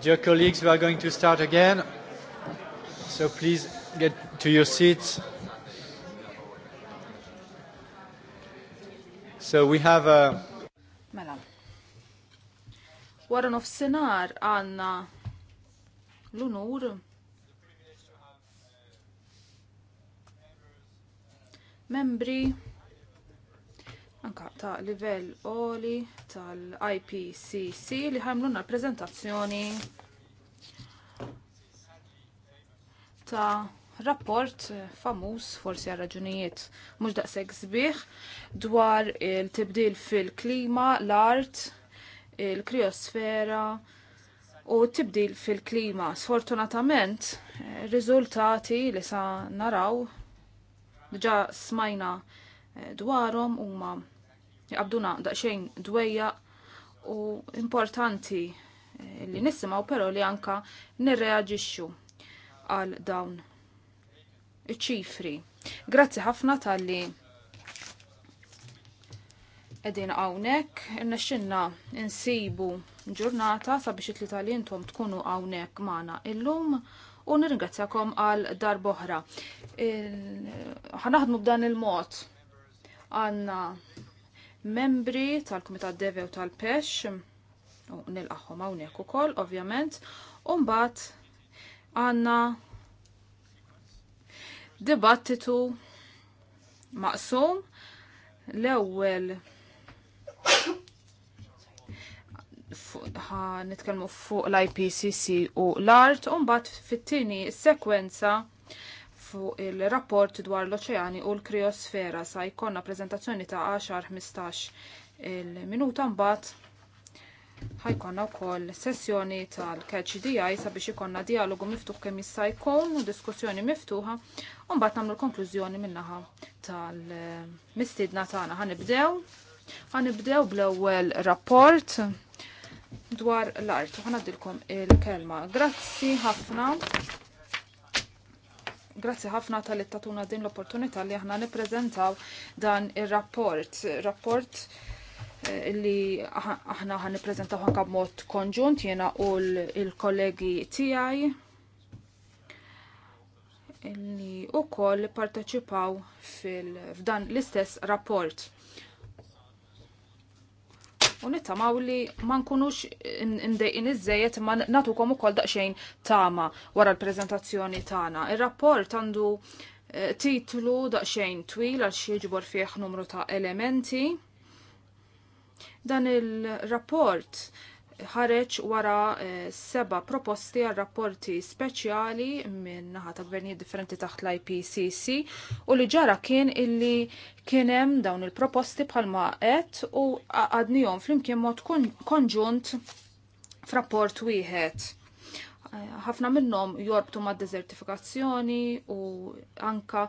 Dear colleagues, we are going to start again. So please get to your seats. So we have a... Mela. Warren of Senar Anna Lunur. membri anka ta' livell oli tal-IPCC li ħamluna prezentazzjoni ta' rapport famuż forsi għal raġunijiet mhux daqshekk sbieħ dwar il-tibdil fil-klima, l-art, il-kriosfera u t-tibdil fil-klima. Sfortunatament, riżultati li sa naraw diġà smajna eh, dwarhom huma jgħabduna daqxejn dwejja u importanti eh, li nisimaw pero li anka nirreagġixxu għal dawn iċ-ċifri. Grazzi ħafna tal-li edin għawnek, naxxinna insibu ġurnata sabiex it li intom tkunu għawnek maħna illum u nirringrazzjakom għal boħra. Ħanaħdmu b'dan il-mod għanna membri tal-Kumitat Devew tal-Pesh, u nil-aħħom hawnhekk ukoll, ovvjament, u mbagħad għandna dibattitu maqsum l-ewwel nitkellmu fuq l-IPCC u l-art u mbagħad fit-tieni sekwenza fuq il-rapport dwar l-oċeani u l-kriosfera sa jkollna prezentazzjoni ta' 10-15 il-minuta mbagħad ħajkonna wkoll sessjoni tal-catch DI sabiex ikonna dialogu miftuħ kemm jista' jkun u diskussjoni miftuħa u mbagħad nagħmlu l-konklużjoni minnaħa tal-mistiedna tagħna. Ħanibdew ħanibdew bl-ewwel rapport dwar l-art u ħanaddilkom il-kelma. Grazzi ħafna. Grazzi ħafna tal tatuna din l-opportunità li aħna nippreżentaw dan ir-rapport. Rapport eh, li aħna ħan nippreżentaw ħanka b'mod konġunt jiena u l-kollegi tiegħi li u koll parteċipaw fil-dan l-istess rapport u nittamaw li ma nkunux indejqin iżżejjed ma natukom ukoll daqsxejn tama wara l-preżentazzjoni tagħna. Ir-rapport għandu eh, titlu daqsxejn twil għal jiġbor fih numru ta' elementi. Dan il-rapport ħareġ wara eh, seba proposti għal rapporti speċjali minn naħa ta' gvernijiet differenti taħt l-IPCC u li ġara kien illi kien hemm dawn il-proposti bħalma qed u għadnihom flimkien mod konġunt f'rapport wieħed ħafna minnhom jorbtu ma' desertifikazzjoni u anka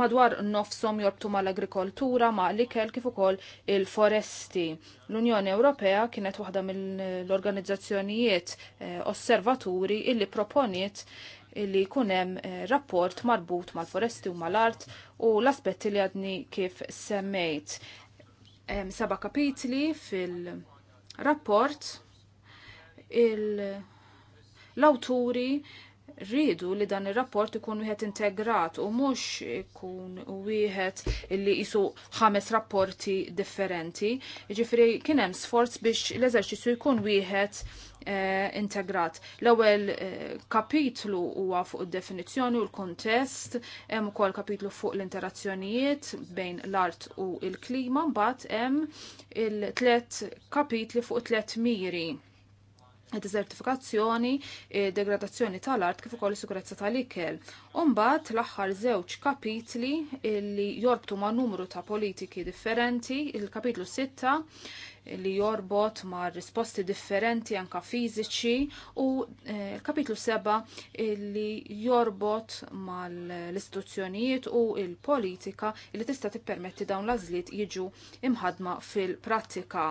madwar nofsom jorbtu ma' l-agrikoltura, ma' l-ikel kif ukoll il-foresti. L-Unjoni Ewropea kienet waħda mill-organizzazzjonijiet eh, osservaturi illi proponiet illi kunem eh, rapport marbut mal-foresti u mal-art u l-aspetti li għadni kif semmejt. Saba kapitli fil-rapport il- L-awturi rridu li dan ir-rapport ikun wieħed integrat u mhux ikun wieħed li isu ħames rapporti differenti. Jiġifieri kien hemm sforz biex l-eżerċizzju jkun wieħed eh, integrat. L-ewwel eh, kapitlu huwa fuq id-definizzjoni u l-kontest, hemm ukoll kapitlu fuq l-interazzjonijiet bejn l-art u l-klima, mbagħad hemm il-tlet kapitli fuq tliet miri desertifikazzjoni, e, degradazzjoni tal-art kif ukoll sikurezza tal-ikel. Umbagħad l-aħħar żewġ kapitli li jorbtu ma' numru ta' politiki differenti, il-kapitlu li jorbot ma' risposti differenti anka fiżiċi u eh, kapitlu 7 li jorbot mal l-istituzzjonijiet u l politika li tista' tippermetti dawn l-azliet jiġu imħadma fil-prattika.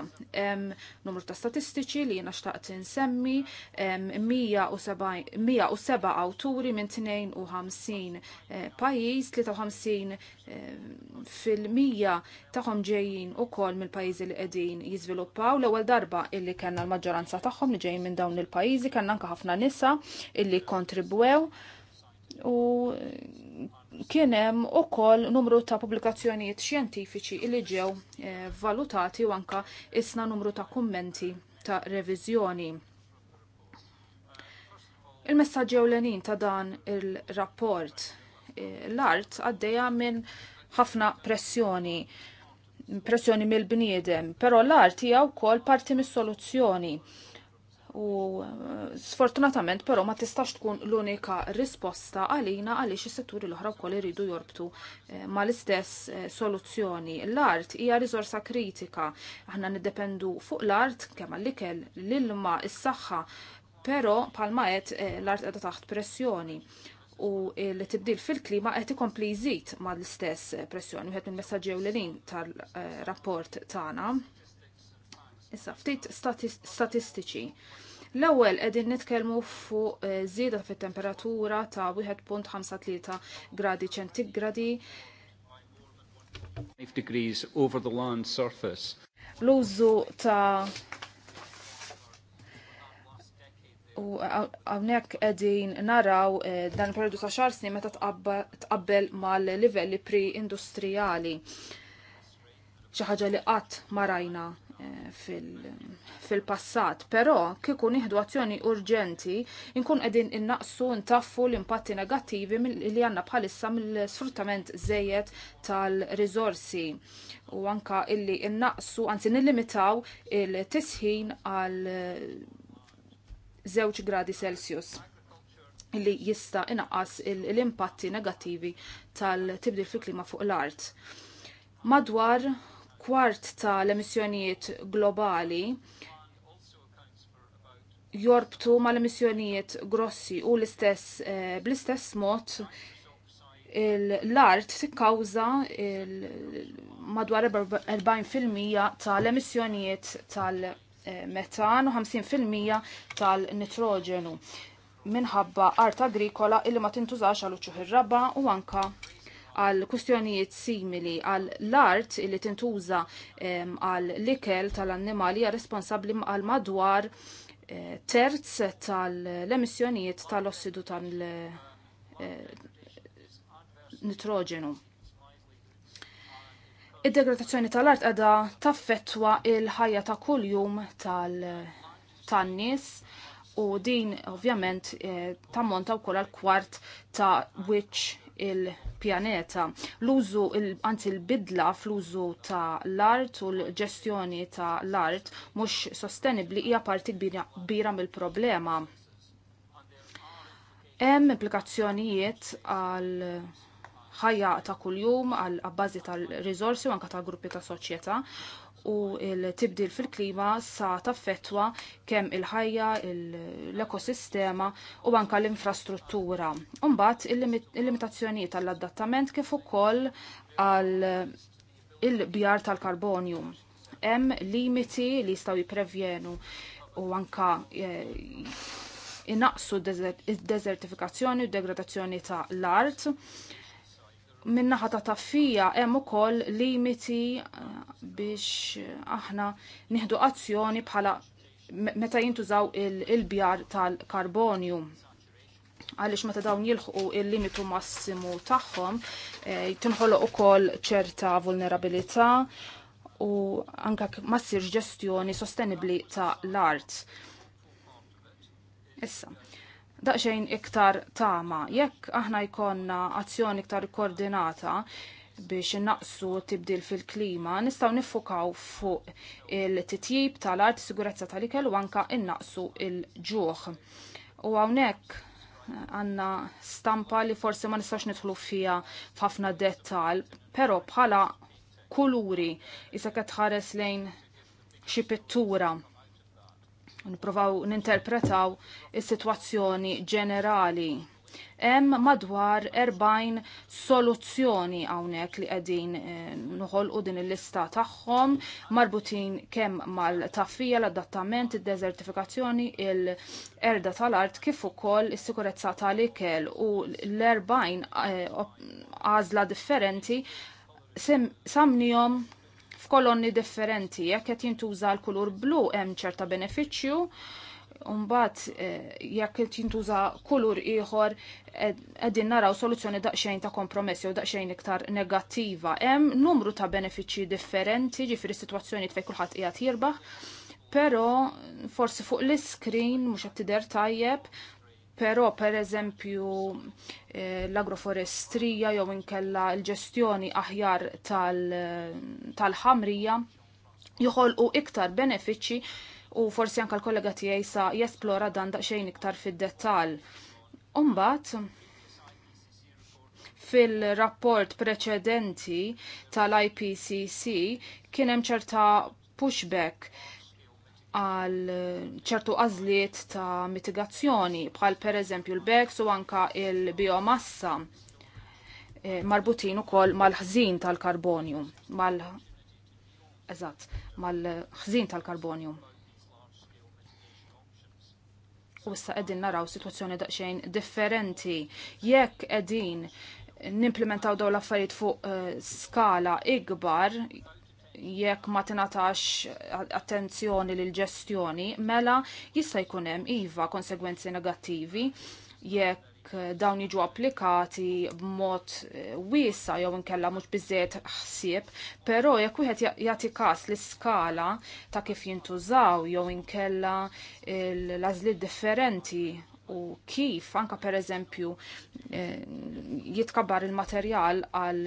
Numru ta' statistiċi li jiena xtaqt insemmi 107 awturi minn 52 eh, pajjiż, 53 eh, fil-mija tagħhom ġejjin ukoll mill-pajjiżi li qegħdin jiżviluppaw l-ewwel darba illi kellna l-maġġoranza tagħhom li ġejjin minn dawn il-pajjiżi kellna anke ħafna nisa illi kontribwew u kien hemm ukoll numru ta' pubblikazzjonijiet xjentifiċi illi ġew eh, valutati u anke isna numru ta' kummenti ta' reviżjoni. Il-messaġġi ewlenin ta' dan il-rapport eh, l-art għaddejja minn ħafna pressjoni pressjoni mill-bniedem, però l-art hija wkoll parti mis-soluzzjoni. U eh, sfortunatament però ma tistax tkun l-unika risposta għalina għaliex is-setturi l-oħra wkoll iridu jorbtu eh, ma l-istess eh, soluzzjoni. L-art hija riżorsa kritika. Aħna niddependu fuq l-art kemm għall-ikel, l-ilma, is-saħħa, però palma qed l-art qiegħda taħt pressjoni u li tibdil fil-klima qed ikompli jżid mal-istess pressjoni wieħed mill-messaġġi ewlenin tal-rapport tagħna. Issa ftit statistiċi. L-ewwel qegħdin nitkellmu fuq eh, żieda fit-temperatura ta' 1.53 gradi ċentigradi. 5 degrees over the land surface. L-użu ta' U għawnek għedin naraw eh, dan il periodu ta' xar snin meta tqabbel mal-livelli pre-industrijali. ħaġa li qatt marajna eh, fil-passat, però kieku nieħdu azzjoni urġenti nkun qegħdin innaqsu ntaffu l-impatti negattivi li għandna bħalissa mill-sfruttament żejjed tal-riżorsi u anka illi innaqsu anzi nillimitaw il-tisħin għal żewġ gradi Celsius li jista inaqqas l-impatti negattivi tal-tibdil fil-klima fuq l-art. Madwar kwart tal-emissjonijiet globali jorbtu mal-emissjonijiet grossi u l-istess eh, bl-istess mod l-art tikkawża madwar 40% tal-emissjonijiet tal metan u 50% tal-nitrogenu minħabba art agrikola illi ma tintużax għal uċuħ ir-raba u anka għal kustjonijiet simili għal l-art illi tintuża għal l-ikel tal-annimali responsabli għal madwar eh, terz tal-emissjonijiet tal-ossidu tal-nitrogenu. Eh, Id-degradazzjoni tal-art għada taffetwa il-ħajja ta' kuljum tal-tannis u din ovvjament e, tammonta wkoll għal kwart ta' wiċ il-pjaneta. L-użu, anzi l-bidla fl-użu ta' l-art u l-ġestjoni ta' l-art mhux sostenibli hija parti kbira mill-problema. Hemm implikazzjonijiet għal ħajja ta' kuljum għal abbażi tal-riżorsi u anka ta' gruppi ta' soċjetà u il-tibdil fil-klima sa taffettwa kemm il-ħajja, l-ekosistema u anka l-infrastruttura. Umbat il-limitazzjoni tal-adattament kif ukoll għal il-bjar tal-karbonju. Hemm limiti li jistgħu jipprevjenu u anka inaqsu id-desertifikazzjoni u degradazzjoni ta' l-art minnaħa ta' taffija hemm ukoll limiti eh, biex eh, aħna nieħdu azzjoni bħala meta jintużaw il-bjar tal-karbonju għaliex meta dawn jilħqu il-limitu massimu tagħhom eh, tinħoloq ukoll ċerta vulnerabilità u anka ma ssirx ġestjoni sostenibbli ta' l-art. Issa, daqsxejn iktar tama. Jekk aħna jkonna azzjoni iktar koordinata biex naqsu tibdil fil-klima, nistaw nifukaw fuq il-titjib tal-art, sigurezza tal-ikel u anka innaqsu il-ġuħ. U għawnek eh, għanna stampa li forse ma nistax nidħlu fija f'ħafna dettal, pero bħala kuluri, jisa tħares lejn xi pittura Nipprovaw ninterpretaw is-sitwazzjoni ġenerali. Hemm madwar 40 soluzzjoni hawnhekk li qegħdin eh, noħolqu din il-lista tagħhom marbutin kemm mal-taffija, l-adattament, id-desertifikazzjoni, il-erda tal-art kif ukoll is-sikurezza tal-ikel u l-40 eh, għażla differenti samnihom f'kolonni differenti. Jekk qed jintuża l-kulur blu hemm ċerta benefiċċju, Umbat, eh, jekk jintuża kulur ieħor qegħdin naraw soluzzjoni daqsxejn ta' kompromessi u daqsxejn iktar negattiva. Hemm numru ta' benefiċċji differenti, ġifieri situazzjoni fejn kulħadd qiegħed jirbaħ, però forsi fuq l iscreen mhux qed tidher tajjeb Però per eżempju eh, l-agroforestrija jew inkella l-ġestjoni aħjar tal-ħamrija joħolqu iktar benefiċċji u forsi anke l-kollega tiegħi sa jesplora dan daqsxejn iktar fid-dettall. Umbagħad fil-rapport preċedenti tal-IPCC kien hemm ċerta pushback għal ċertu għażliet ta' mitigazzjoni bħal per eżempju l-beks u anka il-biomassa eh, marbutin ukoll mal-ħżin tal-karbonju, mal eżatt, mal-ħżin tal-karbonju. U issa qegħdin naraw sitwazzjoni daqsxejn differenti. Jekk qegħdin nimplementaw daw l-affarijiet fuq eh, skala ikbar, jekk ma tingħatax attenzjoni lil ġestjoni mela jista' jkun hemm iva konsegwenzi negattivi jekk dawn jiġu applikati b'mod eh, wiesa jew inkella mhux biżejjed ħsieb, però jekk wieħed jagħti każ l-iskala ta' kif jintużaw jew inkella l-għażliet differenti u kif anka per eżempju eh, jitkabar il-materjal għal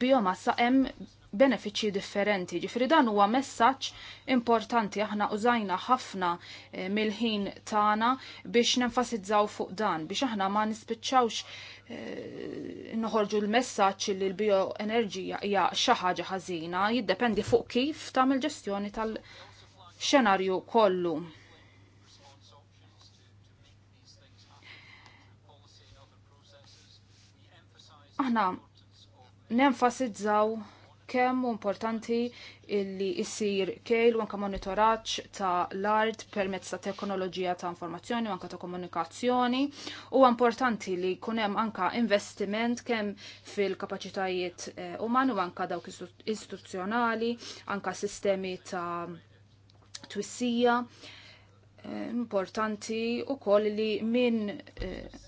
biomassa hemm benefiċċji differenti. Ġifri dan huwa messaġġ importanti aħna użajna ħafna eh, mill-ħin tagħna biex nenfasizzaw fuq dan biex aħna ma nispiċċawx eh, noħorġu l-messaġġ li l-bioenerġija hija xi ħaġa ħażina, jiddependi fuq kif tagħmel ġestjoni tal-xenarju kollu. Aħna nenfasizzaw kemm importanti illi jissir kejl u anka monitoraġġ ta' l-art permezz ta' teknoloġija ta' informazzjoni u anka ta' komunikazzjoni. U importanti li jkun hemm anka investiment kemm fil-kapaċitajiet eh, umani u anka dawk istituzzjonali, anka sistemi ta' twissija eh, importanti u koll li minn eh,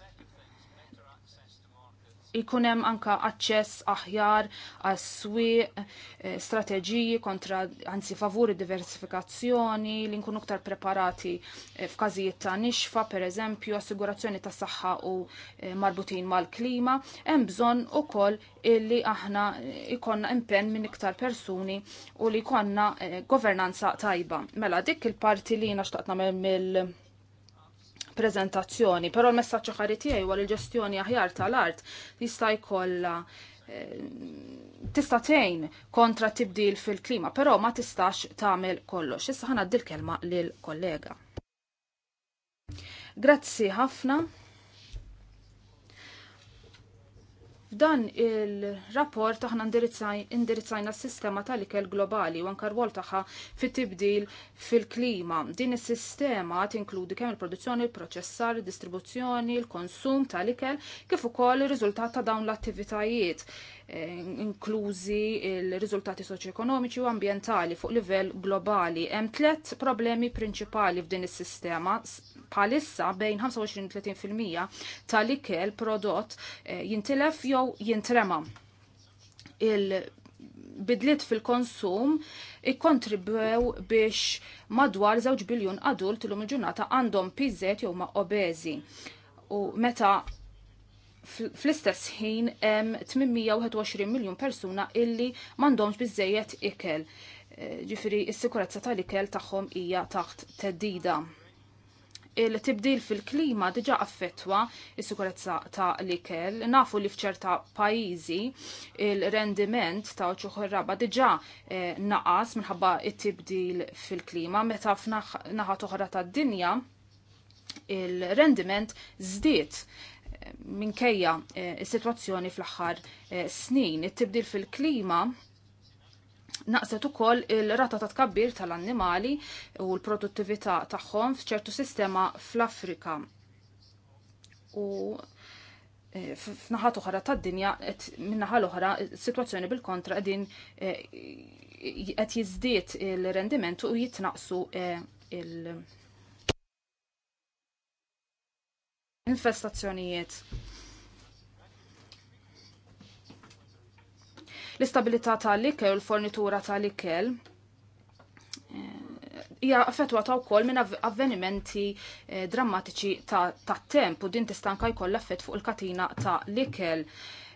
ikun hemm anka aċċess aħjar għas swieq eh, strateġiji kontra anzi favuri diversifikazzjoni li nkunu uktar preparati eh, f'każijiet ta' nixfa, pereżempju assigurazzjoni ta' saħħa u eh, marbutin mal-klima, hemm bżonn ukoll illi aħna ikonna impenn minn iktar persuni u li jkollna governanza tajba. Mela dik il-parti li naxtaqt nagħmel mill prezentazzjoni, però l-messaġġ ħari tiegħi wara l-ġestjoni aħjar tal-art jista' jkollha eh, tista' tgħin kontra tibdil fil-klima, però ma tistax tagħmel kollox. Issa ħana d kelma lil kollega. Grazzi ħafna. F'dan il-rapport aħna indirizzajna s-sistema tal-ikel globali u anka rwol tagħha fit-tibdil fil-klima. Din is-sistema tinkludi kemm il-produzzjoni, il-proċessar, il-distribuzzjoni, il-konsum tal-ikel kif ukoll ir-riżultat ta' dawn l-attivitajiet. Eh, inklużi il-riżultati soċjoekonomiċi u ambjentali fuq livell globali. Hemm tliet problemi prinċipali f'din is-sistema bħalissa bejn 25-30% tal-ikel prodott eh, jintilef jew jintrema. Il bidliet fil-konsum ikkontribwew biex madwar 2 biljun adult l-lum il-ġurnata għandhom pizzet jew ma' obeżi. U meta fl-istess ħin hemm 821 miljun persuna illi m'għandhomx biżejjed ikel. Eh, Ġifieri s-sikurezza tal-ikel tagħhom hija taħt teddida. Il-tibdil fil-klima diġa affettwa s sikurezza ta' l-ikel. Nafu li fċerta pajjiżi il-rendiment ta' ċuħur raba diġa eh, naqas minħabba il tibdil fil-klima meta f'naħa toħra tad-dinja il-rendiment zdiet minkejja eh, is-sitwazzjoni fl-aħħar eh, snin. It-tibdil fil-klima naqset ukoll il-rata ta' tkabbir tal-annimali u l-produttività tagħhom f'ċertu sistema fl-Afrika. U eh, f'naħat oħra tad-dinja qed minnaħa l-oħra sitwazzjoni bil-kontra qegħdin qed jiżdied il-rendiment u jitnaqsu il- infestazzjonijiet. L-istabilità tal-ikel u l-fornitura tal-ikel eh, hija affettwata wkoll minn avvenimenti eh, drammatiċi ta' temp u din tistanka jkollha affett fuq il-katina ta' l-ikel.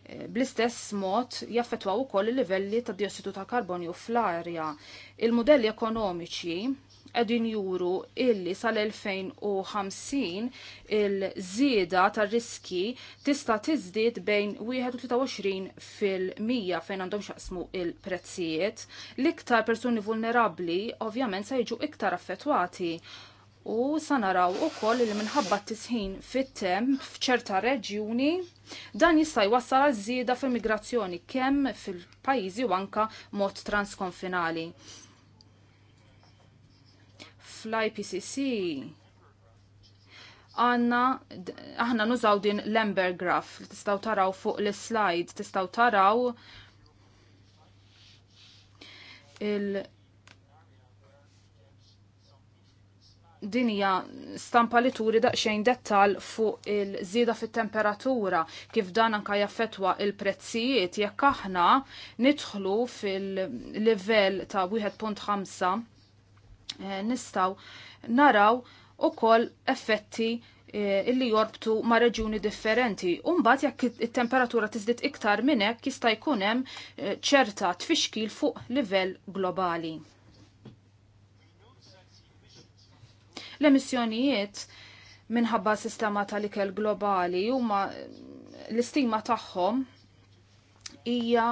Eh, bl-istess mod jaffettwaw ukoll il-livelli ta' diossidu ta' karbonju fl-arja. Il-modelli ekonomiċi qegħdin juru illi sal-2050 il-żieda tar-riski tista' tiżdied bejn 21 fil-mija fejn għandhom xaqsmu il-prezzijiet. L-iktar persuni vulnerabbli ovvjament se jiġu iktar affettwati U sanaraw u koll li minħabba t-tisħin fit-tem fċerta reġjuni dan jista' jwassal għal żieda fil-migrazzjoni kemm fil-pajjiżi u anka mod transkonfinali fl-IPCC għanna, aħna nużaw din l-Ember Graph li tistaw taraw fuq l-slide, tistaw taraw il- dinja stampa li turi daqxejn dettal fuq il-żieda fit-temperatura kif dan anka jaffetwa il-prezzijiet jekk aħna nidħlu fil-livell ta' 1.5 Eh, nistaw naraw u koll effetti eh, illi jorbtu ma' reġuni differenti. Umbat jekk it-temperatura tizdit iktar minn hekk jista' jkun hemm eh, ċerta tfixkil fuq livell globali. L-emissjonijiet minħabba sistema tal-ikel globali huma l-istima tagħhom hija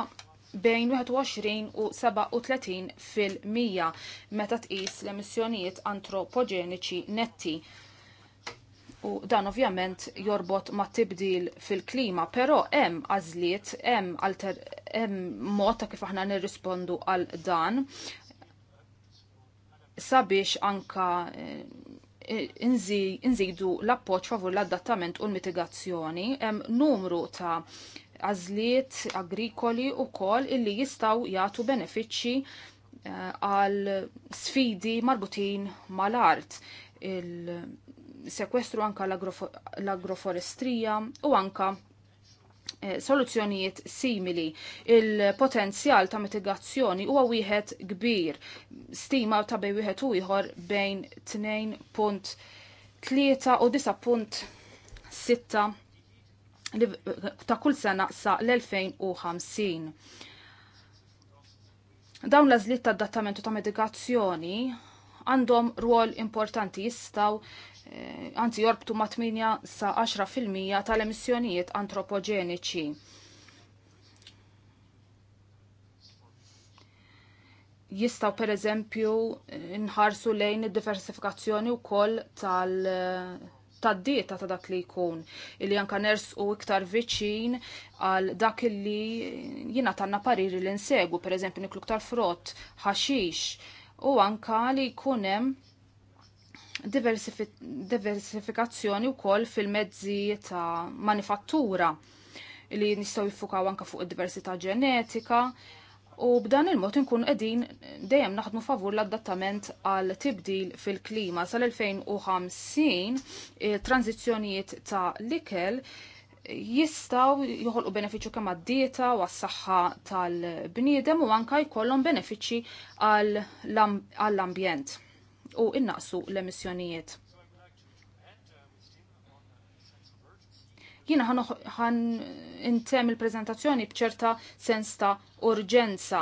bejn 21 u 37 fil-mija meta tqis l-emissjonijiet antropogeniċi netti. U dan ovvjament jorbot ma' tibdil fil-klima, però hemm għażliet, hemm alter hemm mod ta' kif aħna nirrispondu għal dan sabiex anka eh, inżidu l-appoġġ favur l-adattament u l-mitigazzjoni, hemm numru ta' għażliet agrikoli wkoll illi jistgħu jagħtu benefiċċji eh, għal sfidi marbutin mal-art il-sekwestru anka l-agroforestrija u anka eh, soluzzjonijiet simili. Il-potenzjal ta' mitigazzjoni huwa wieħed kbir. Stima ta' bej wieħed u ieħor bejn 2.3 u 9.6 ta' kull sena sa' l-2050. Dawn l-azlit ta' datamentu ta' medikazzjoni għandhom rwol importanti jistaw eh, anzi jorbtu ma' 8 sa 10% tal-emissjonijiet antropogeniċi. Jistaw per eżempju nħarsu lejn id-diversifikazzjoni u koll tal- tad-dieta ta' dak li jkun illi anka nersqu iktar viċin għal dak illi jina tanna pariri li nsegu, per eżempju niklu iktar frott, ħaxix u anka li jkunem diversifikazzjoni u koll fil-mezzi ta' manifattura li nistaw jiffukaw anka fuq id-diversità ġenetika, U b'dan il-mod nkun qegħdin dejjem naħdmu favur l-adattament għal tibdil fil-klima sal-2050 tranzizzjonijiet ta' likel ikel jistaw joħolqu benefiċċju kemm għad-dieta u għas-saħħa tal-bniedem u anka jkollhom benefiċċji għall-ambjent u innaqsu l-emissjonijiet. Jina ħan intem il-prezentazzjoni bċerta sens ta' urġenza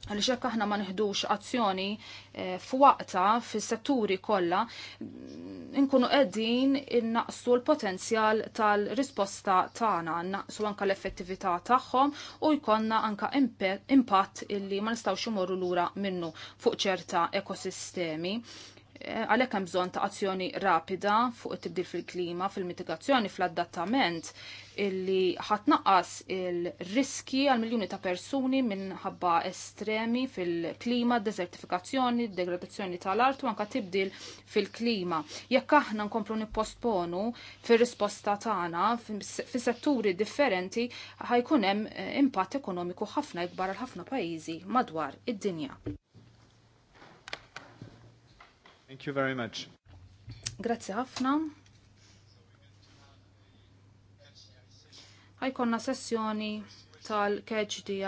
għalli xekka aħna ma nħdux azzjoni eh, f'waqta fis-setturi kollha nkunu qegħdin innaqsu l-potenzjal tal-risposta tagħna, naqsu anka l-effettività tagħhom u jkollna anka impatt illi ma nistgħux imorru lura minnu fuq ċerta ekosistemi. Eh, għalhekk hemm bżonn ta' azzjoni rapida fuq it-tibdil fil-klima, fil-mitigazzjoni, fl-adattament illi ħatnaqqas il-riski għal miljuni ta' persuni minħabba estremi fil-klima, desertifikazzjoni, degradazzjoni tal-art u anka tibdil fil-klima. Jekk aħna nkomplu nipposponu fir-risposta tagħna fis-setturi differenti ħajkun hemm eh, impatt ekonomiku ħafna ikbar għal ħafna pajjiżi madwar id-dinja. Thank you very much. Grazzi ħafna. Ħajkonna sessjoni tal kgdi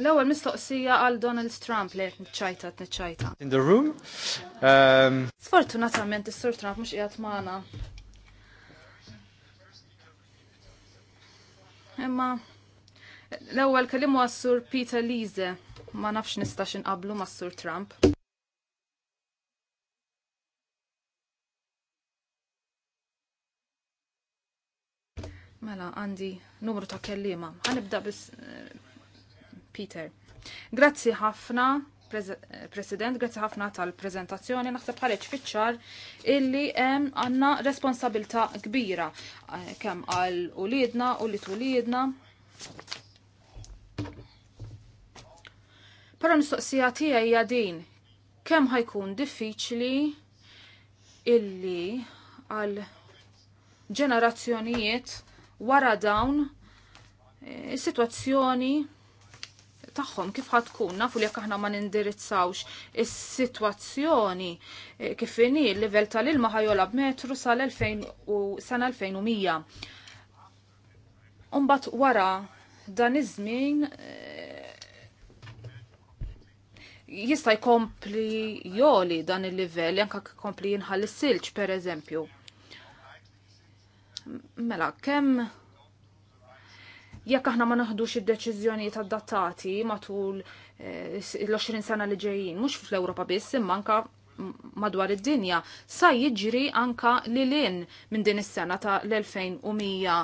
L-ewwel mistoqsija għal Donald Trump li qed niċċajta niċċajta. In the room? Um... Sfortunatament is-Sur Trump mhux qiegħed magħna. Imma l-ewwel kellimu għas-Sur Peter Lise ma nafx nistax inqablu mas-Sur Trump. Mela, għandi numru ta' kellima. Għanibda bis eh, Peter. Grazzi ħafna. President, grazzi ħafna tal-prezentazzjoni, naħseb ħareċ fitxar illi għanna responsabilta kbira eh, kem għal ulidna u li tulidna. Pero mistoqsija tiegħi jadin, din kemm ħajkun diffiċli illi għal ġenerazzjonijiet wara dawn e, is-sitwazzjoni tagħhom kif ħatkun nafu li jekk aħna ma nindirizzawx is-sitwazzjoni e, kif inhi l-livell tal-ilma ħajola metru sal-2000 u sena 2100. Umbat wara dan iż-żmien e, jista' jkompli joli dan il-livell anke kompli jinħall is-silġ pereżempju. Mela, kemm jekk aħna ma naħdux id-deċiżjoni ta' datati matul eh, l-20 sena li ġejjin, mhux fl-Ewropa biss, imma anka madwar id-dinja, sa jiġri anka li lin minn din is-sena ta' l-2100.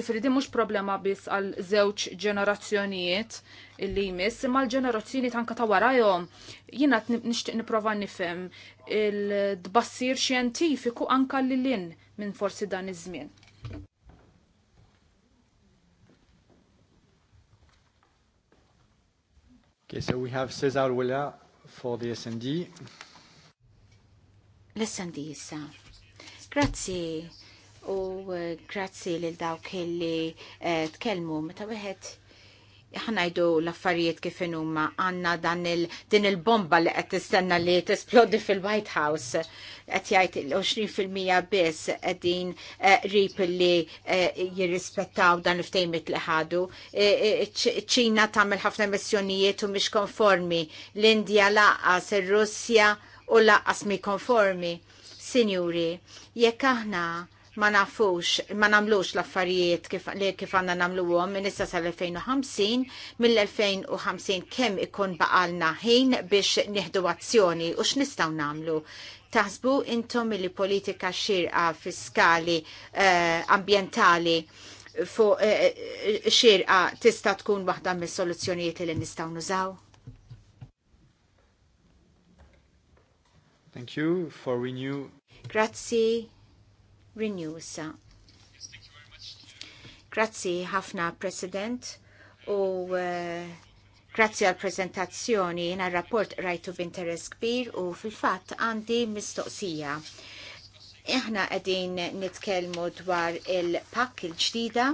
Ġifiri, din mhux problema biss għal żewġ ġenerazzjonijiet illi jmiss, imma l-ġenerazzjonijiet anka ta' warajhom. Jiena nixtieq nipprova nifhem il-tbassir xjentifiku anka li lin minn forsi dan iż-żmien. Okay, so we have Cesar Willa for the SND. L-SND Grazzi u eh, grazzi lil dawk li eh, tkellmu meta wieħed ħanajdu l-affarijiet kif huma għanna dan il din il-bomba li qed tistenna li tesplodi fil-White House qed jgħid il-20% biss qegħdin eh, rip li eh, jirrispettaw dan il-ftejmit li ħadu. Eh, Ċina tagħmel ħafna missjonijiet u mhix konformi, l-Indja laqqas, ir-Russja u laqas mi konformi. Sinjuri, jekk aħna ma nafux, ma namlux l-affarijiet kif, li kif għanna namluwom minn issa sal-2050, mill-2050 kemm ikun baqalna ħin biex nieħdu azzjoni u x'nistgħu namlu. Taħsbu intom li politika xirqa fiskali eh, ambientali fuq eh, xirqa tista' tkun waħda mis-soluzzjonijiet li nistgħu nużaw? Thank you for renew. Grazzi Renew issa. Grazzi ħafna President u uh, Grazzi għal prezentazzjoni jina rapport rajtu Interest kbir u fil-fatt għandi mistoqsija. Iħna għedin nitkelmu dwar il-pak il-ġdida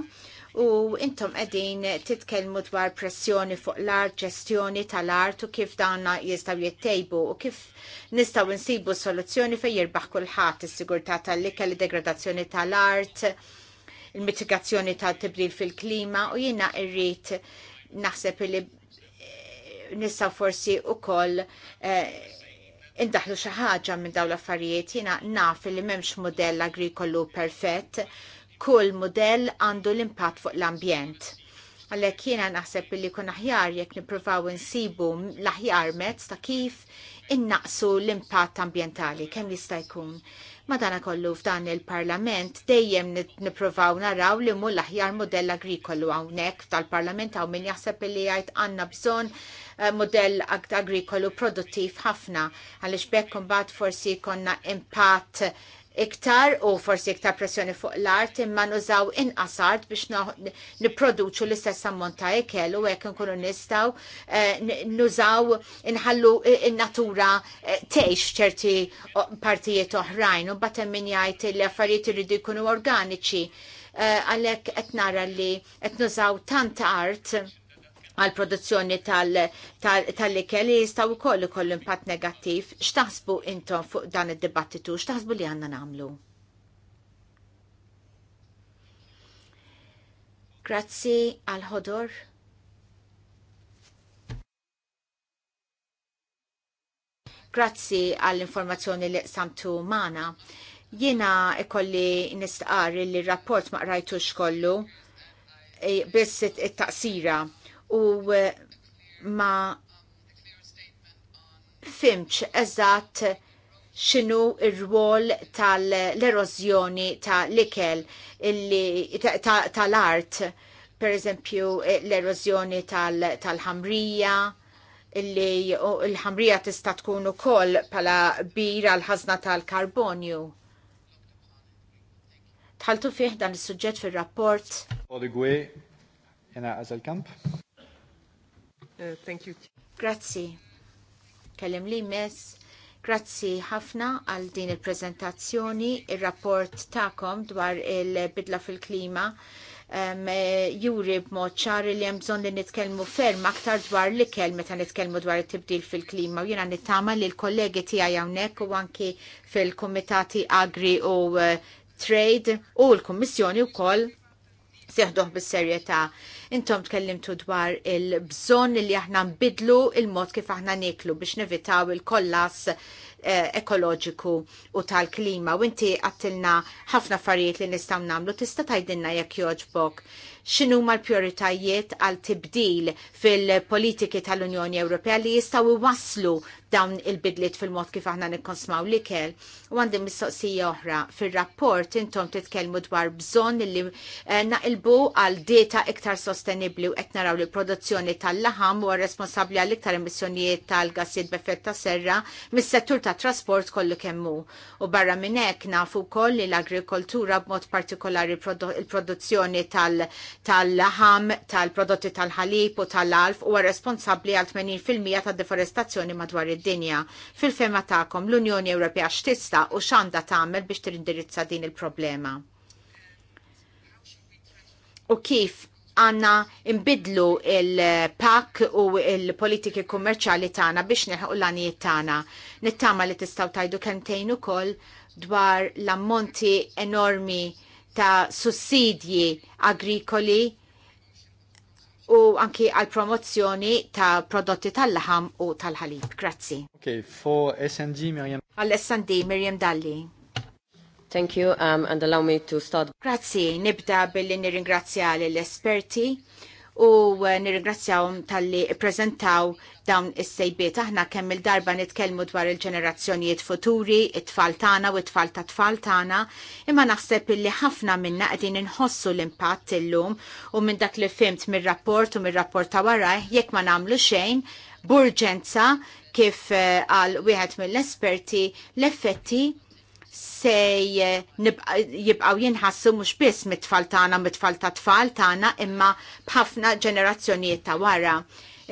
u intom qegħdin titkellmu dwar pressjoni fuq l-art, ġestjoni tal-art u kif danna jistgħu jittejbu u kif nistgħu nsibu soluzzjoni fejn jirbaħ kulħadd is-sigurtà tal-ikel, degradazzjoni tal-art, il-mitigazzjoni tal tibril fil-klima u jiena irrit naħseb li nistgħu forsi wkoll eh, indaħlu xi ħaġa minn dawn l-affarijiet jiena naf li m'hemmx modell agrikolu perfett kull modell għandu l-impatt fuq l-ambjent. Għalhekk jiena naħseb li kun aħjar jekk nippruvaw insibu l-aħjar mezz ta' kif innaqsu l-impatt ambjentali kemm jista' jkun. Madana kollu f'dan il-parlament dejjem nippruvaw naraw li mu l-aħjar modell agrikolu hawnhekk tal-parlament hawn min jaħseb li jgħid għandna bżonn eh, modell agrikolu produttiv ħafna għaliex bekk imbagħad forsi jkollna impatt iktar u forsi iktar pressjoni fuq l-art imma nużaw inqas art biex niproduċu l-istess ammont ta' ikel u hekk inkunu nistgħu eh, nużaw inħallu eh, in-natura eh, tgħix ċerti partijiet oħrajn u mbagħad min jgħid li affarijiet iridu jkunu organiċi għalhekk qed nara li qed nużaw tant art għal produzzjoni tal-ikel jistaw ukoll ikollu impatt negattiv. X'taħsbu intom fuq dan id-dibattitu? X'taħsbu li għandna nagħmlu? Grazzi għal ħodor. Grazzi għall-informazzjoni li samtu mana. Jiena ikolli nistqar li rapport ma qrajtux kollu e, biss it-taqsira u eh, ma fimċ eżatt xinu ir-rwol tal-erozjoni tal-ikel tal-art, per eżempju eh, l-erozjoni tal-ħamrija, illi l-ħamrija tista' tkun ukoll pala bira l-ħażna tal-karbonju. Tħaltu fih dan is-suġġett fir-rapport. Odigwe, jena għażel kamp. Uh, thank you. Grazzi. Kellem li mess. Grazzi ħafna għal din il-prezentazzjoni, il-rapport ta'kom dwar il-bidla fil-klima. Um, eh, juri b'mod ċar li hemm bżonn li nitkellmu ferm aktar dwar li kell meta nitkellmu dwar it-tibdil fil-klima. jiena nittama li l-kollegi tiegħi hawnhekk u anki fil-kumitati agri u eh, trade u l-Kummissjoni wkoll seħduħ bis-serjetà. Intom tkellimtu dwar il-bżonn li aħna nbidlu il-mod kif aħna niklu biex nevitaw il-kollas eh, ekoloġiku u tal-klima. U inti għattilna ħafna affarijiet li nistaw namlu. Tista' tajdinna jekk joġbok x'inhu l-prioritajiet għal tibdil fil-politiki tal-Unjoni Ewropea li jistgħu iwasslu dawn il-bidliet fil-mod kif aħna nikkonsmaw l-ikel. U għandi mistoqsija oħra fil-rapport intom titkellmu dwar bżonn li eh, naqilbu għal dieta iktar sostenibli u qed naraw li produzzjoni tal-laħam u responsabbli għal iktar emissjonijiet tal-gassijiet b'effett ta' serra mis-settur ta' trasport kollu kemmu. U barra minn hekk nafu wkoll li l-agrikoltura b'mod partikolari il-produzzjoni tal-laħam, tal-prodotti tal-ħalib u tal-alf u responsabbli għal 80% tad deforestazzjoni madwar id id-dinja. Fil-fema tagħkom l-Unjoni Ewropea x'tista' u x'għandha tagħmel biex tirindirizza din il-problema. U kif għanna imbidlu il-pak u il-politiki kummerċali tagħna biex neħu l-għanijiet tagħna. Nittama li tistaw tajdu kemtejn ukoll dwar l-ammonti enormi ta' sussidji agrikoli u anki għal promozzjoni ta' prodotti tal-laħam u tal-ħalib. Grazzi. Ok, for SND Miriam. Għal SND Miriam Dalli. Thank you um, and allow me to start. Grazzi, nibda billi nirringrazzja l-esperti u eh, nirringrazzjaw tal-li prezentaw dawn is-sejbiet. Aħna kemm il-darba nitkellmu dwar il-ġenerazzjonijiet futuri, it-tfal tagħna u it-tfal ta' tfal tagħna, imma naħseb illi ħafna minna qegħdin inħossu l-impatt illum u minn dak li fimt mir-rapport u mir-rapport ta' wara jekk ma nagħmlu xejn burġenza kif eh, għal wieħed mill-esperti l-effetti se eh, jibqaw jinħassu mhux biss mit-tfal tagħna mit-tfal ta' tfal tagħna imma b'ħafna ġenerazzjonijiet ta' wara.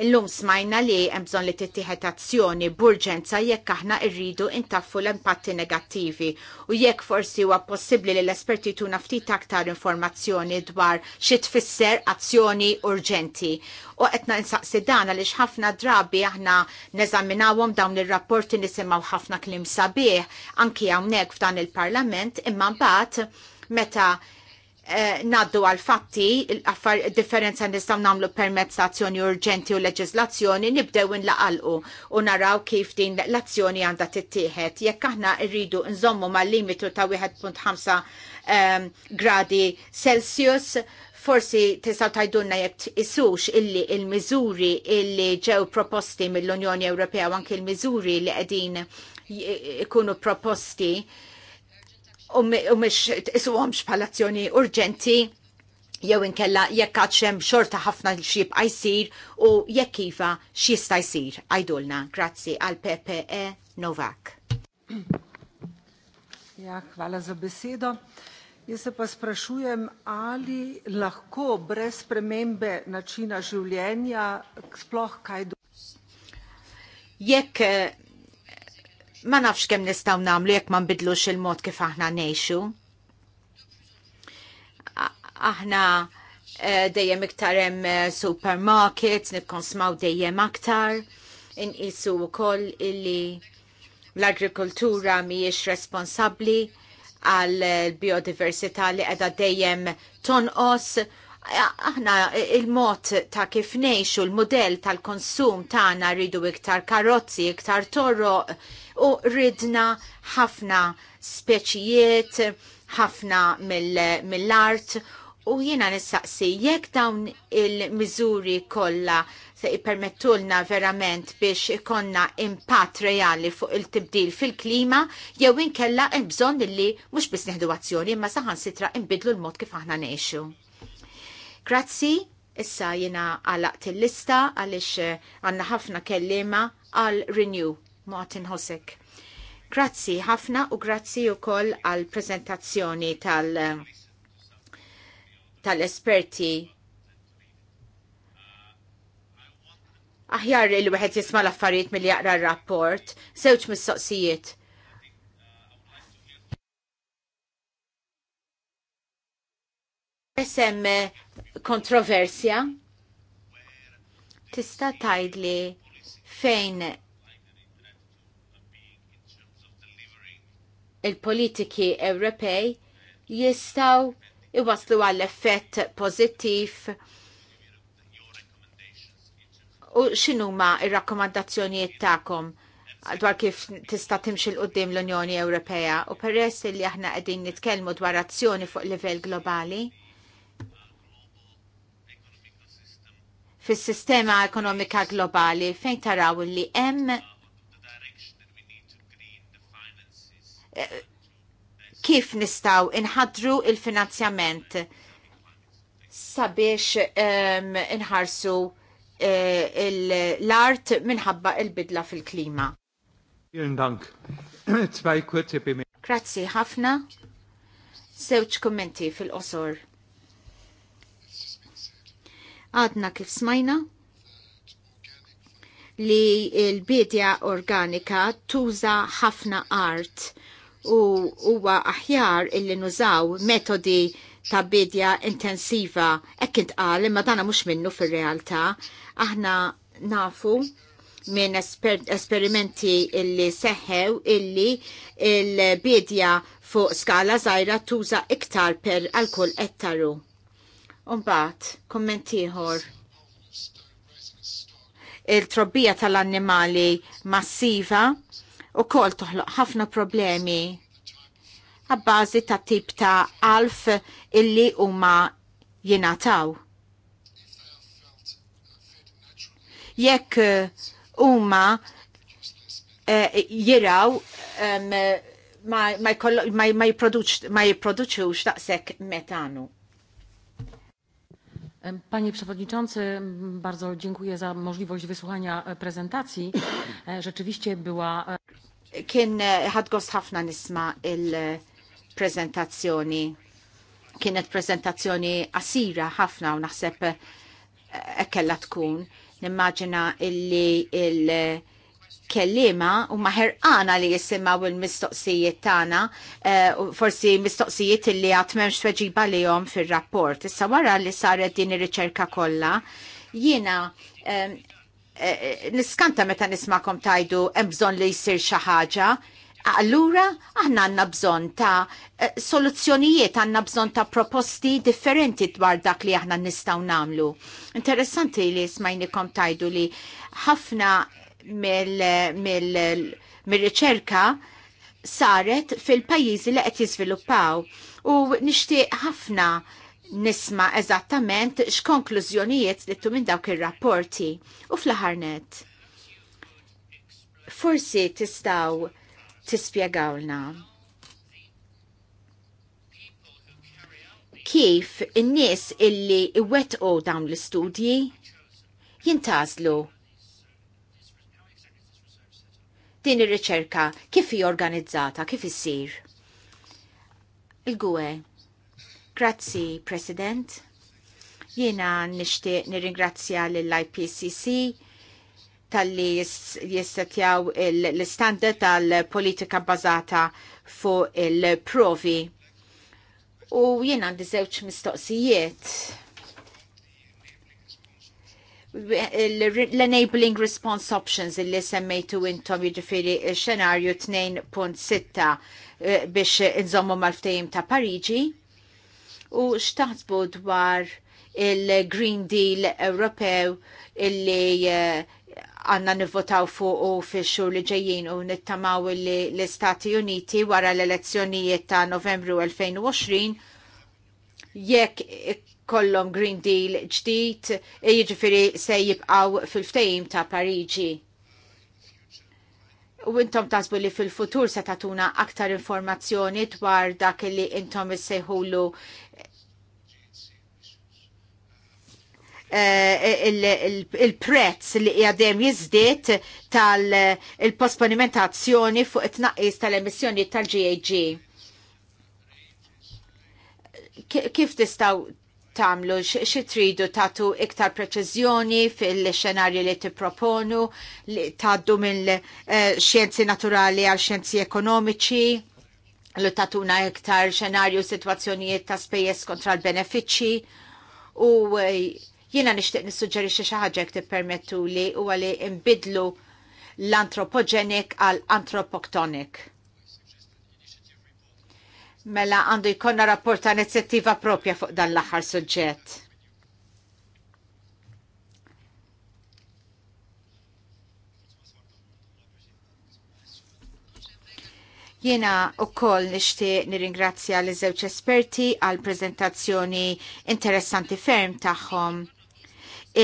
Illum smajna li hemm bżonn li tittieħed azzjoni b'urġenza jekk aħna rridu intaffu l-impatti negattivi u jekk forsi huwa possibbli li l-esperti tuna ftit aktar informazzjoni dwar xi tfisser azzjoni urġenti. U qed insaqsi dan għaliex ħafna drabi aħna neżaminawhom dawn ir-rapporti nisimgħu ħafna kliem sabiħ anki hawnhekk f'dan il-Parlament imma mbagħad meta Eh, naddu għal fatti l differenza nistaw namlu permezz azzjoni urġenti u leġislazzjoni nibdew inlaqalqu u naraw kif din l-azzjoni għandha tittieħed. Jekk aħna rridu nżommu mal-limitu ta' 1.5 ehm, gradi Celsius, forsi tistaw tajdunna jek isux illi il-mizuri illi ġew proposti mill-Unjoni Ewropea u anki il-mizuri li qegħdin ikunu proposti u mhix isu għomx palazzjoni urġenti jew inkella jekk għad xem xorta ħafna xib għajsir u jekk kifa xista jisir għajdulna. Grazzi għal PPE Novak. Ja, hvala za besedo. Jaz se pa sprašujem, ali lahko brez spremembe načina življenja sploh kaj do... Jekk eh, ma nafx kemm nistgħu nagħmlu jekk ma nbidlux il-mod kif aħna ngħixu. Aħna e, dejjem iktar hemm e, supermarket, nikkonsmaw dejjem aktar, inqisu wkoll illi l-agrikoltura mhijiex responsabbli għal biodiversità li qiegħda dejjem tonqos aħna il-mod ta' kif ngħixu l-modell tal-konsum tagħna rridu iktar karozzi, iktar torro, u ridna ħafna speċijiet, ħafna mill-art u jiena nissaqsi jekk dawn il-miżuri kollha se ipermettulna verament biex ikonna impatt reali fuq il-tibdil fil-klima, jew inkella hemm bżonn illi mhux biss neħdu azzjoni imma saħan sitra imbidlu l-mod kif aħna ngħixu. Grazzi, issa jiena għalaqt il-lista għaliex għandna ħafna kellima għal Renew. Martin Hosek. Grazzi ħafna u grazzi u koll għal prezentazzjoni tal tal-esperti Aħjar il wieħed jisma l-affarijiet mill jaqra r-rapport, sewċ mis-soqsijiet. Esem eh, kontroversja, tista' tajdli fejn il-politiki Ewropej jistaw iwaslu għall effett pozittiv u ma il-rakkomandazzjonijiet ta'kom dwar kif tista' il qudiem l-Unjoni Ewropea u peress li aħna qegħdin nitkellmu dwar azzjoni fuq livell globali. Fis-sistema ekonomika globali fejn taraw li hemm kif nistaw inħadru il-finanzjament sabiex um, inħarsu uh, l-art minħabba il-bidla fil-klima. Grazzi ħafna. Sewċ kommenti fil-qosor. Għadna kif smajna li l-bidja organika tuża ħafna art u huwa aħjar illi nużaw metodi ta' bidja intensiva hekk intqal imma dana mhux minnu fir-realtà aħna nafu minn esper esperimenti illi seħħew illi il-bidja fuq skala żgħira tuża iktar per alkol ettaru. Umbat, kommentiħor. Il-trobbija tal-annimali massiva u kol toħloq ħafna problemi għabbażi ta' tip ta' alf illi huma jenataw. Jekk eh, huma eh, jiraw ma, ma, ma, ma jiproduċux metanu. Panie Przewodniczący, bardzo dziękuję za możliwość wysłuchania e, prezentacji. E, rzeczywiście była... E, kien eh, ħadgost ħafna nisma il-prezentazzjoni. Kienet prezentazzjoni asira ħafna u naħseb eh, ekkella tkun. Nimmaġina illi il-kellima u għana li jisimaw il-mistoqsijiet tana, eh, u forsi mistoqsijiet illi għatmemx tweġiba li jom fil-rapport. Issa wara li saret din ir-riċerka kollha, jiena Eh, eh, niskanta meta nismakom tajdu hemm bżonn li jsir xi ħaġa. Allura aħna għandna bżonn ta' eh, soluzzjonijiet, għandna bżonn ta' proposti differenti dwar dak li aħna nistgħu nagħmlu. Interessanti li smajnikom tajdu li ħafna mill-riċerka saret fil-pajjiżi li qed jiżviluppaw u nixtieq ħafna nisma eżattament x'konklużjonijiet li tu minn dawk ir-rapporti. U fl-ħarnet, forsi tistaw tispjegawlna kif in-nies illi iwettqu dawn l-istudji jintażlu. din ir-riċerka kif hi organizzata, kif issir. Il-gwe. Grazzi, President. Jiena nixtieq nirringrazzja lill-IPCC tal-li jistatjaw l-standard tal-politika bazata fuq il-provi. U jien għandi żewġ mistoqsijiet. L-enabling response options il-li semmejtu intom jiġifieri xenarju 2.6 eh, biex inżommu mal-ftejim ta' Pariġi u xtaħsbu dwar il-Green Deal Ewropew illi eh, għanna nivvotaw fuq u fi xur li ġejjin u nittamaw li l-Istati Uniti wara l-elezzjonijiet ta' novembru 2020 jekk kollom Green Deal ġdid eh, jiġifieri se jibqaw fil-ftejim ta' Pariġi u intom tasbu li fil-futur se tatuna aktar informazzjoni dwar dak li intom issejħulu eh, il-prezz li jadem jizdiet tal-posponimentazzjoni fuq it-naqis tal-emissjoni tal-GAG. Kif tistaw tamlu xi tridu tatu iktar preċiżjoni fil xenarju li tipproponu li taddu mill eh, xjenzi naturali għal xjenzi ekonomiċi li tatuna iktar xenarju situazzjonijiet ta' spejjeż kontra l-benefiċċji u eh, jiena nixtieq nissuġġerixxi xi ħaġa jekk tippermettu li huwa li nbidlu l antropogenik għal antropoktonik. Mela għandu jkonna rapport ta' inizjattiva propja fuq dan l-aħħar suġġett. Jena u koll nishti nir-ingrazzja li żewġ esperti għal prezentazzjoni interessanti ferm tagħhom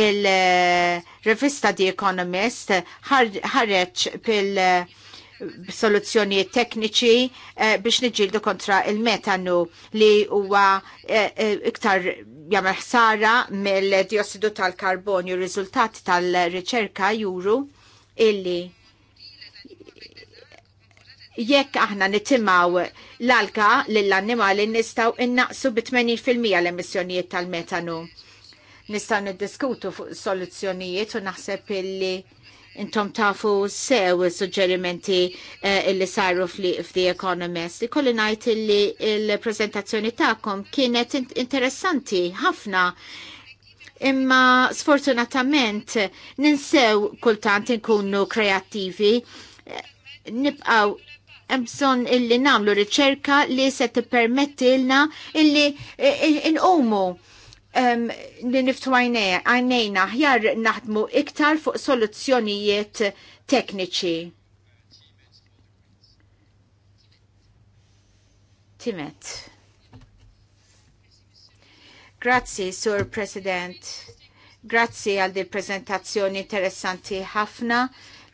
il-revista The Economist ħareċ pil- uh, soluzzjonijiet tekniċi eh, biex niġġieldu kontra il-metanu li huwa eh, eh, iktar jagħmel ħsara mill-diossidu tal-karbonju. Riżultati tal-riċerka juru illi jekk aħna nitimaw l-alka lill-annimali nistaw innaqsu bi 80% l-emissjonijiet tal-metanu. Nistaw niddiskutu fuq soluzzjonijiet u naħseb illi intom tafu sew suġġerimenti eh, illi saru f'The Economist. Ikolli ngħid illi il prezentazzjoni tagħkom kienet interessanti ħafna imma sfortunatament ninsew kultant inkunu kreattivi nibqaw bżon illi namlu riċerka li se tippermettilna illi eh, eh, inqumu. In um, li niftu għajnejna ħjar naħdmu iktar fuq soluzzjonijiet tekniċi. Timet. Grazzi, Sur President. Grazzi għal di prezentazzjoni interessanti ħafna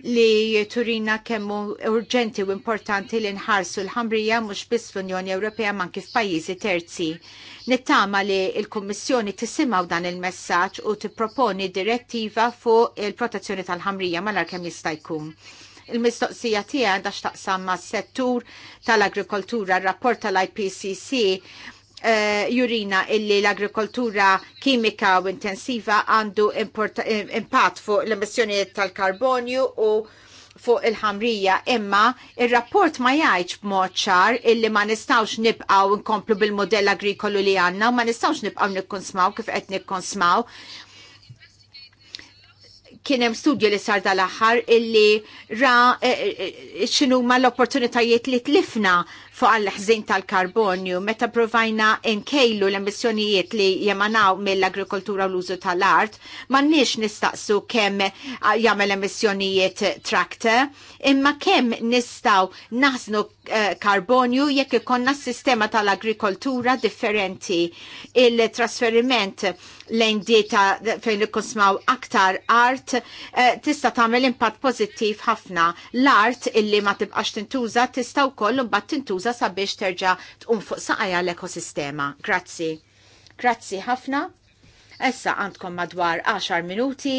li turina kemmu urġenti u importanti li nħarsu l-ħamrija mhux biss fl-Unjoni Ewropea man kif pajizi terzi. Nittama li l-Kummissjoni tisimaw dan il-messaġġ u tipproponi direttiva fuq il-protezzjoni tal-ħamrija malar arkem jista' jkun il-mistoqsija tiegħi għandha x'taqsam mas-settur tal-agrikoltura, r-rapport tal-IPCC Uh, jurina illi l-agrikoltura kimika u intensiva għandu impatt fuq l-emissjonijiet tal-karbonju u fuq il-ħamrija imma il-rapport ma jgħidx b'mod ċar illi ma nistawx nibqaw nkomplu bil-modell agrikolu li għanna u ma nistawx nibqaw nikkonsmaw kif qed nikkonsmaw kien hemm studju li sar dal-aħħar illi ra eh, eh, xinu ma l-opportunitajiet li tlifna fuq għall-ħżin tal-karbonju, meta provajna nkejlu l-emissjonijiet li jemanaw mill-agrikoltura u l-użu tal-art, nix nistaqsu kemm jagħmel emissjonijiet trakte, imma kemm nistaw naħsnu eh, karbonju jekk ikonna sistema tal-agrikoltura differenti. Il-trasferiment lejn dieta fejn ikkonsmaw aktar art eh, tista' tagħmel impatt pożittiv ħafna. L-art illi ma tibqax tintuża tista' wkoll imbagħad tintuża ħaġa sabiex terġa' tqum fuq saqajja l-ekosistema. Grazzi. Grazzi ħafna. Issa għandkom madwar 10 minuti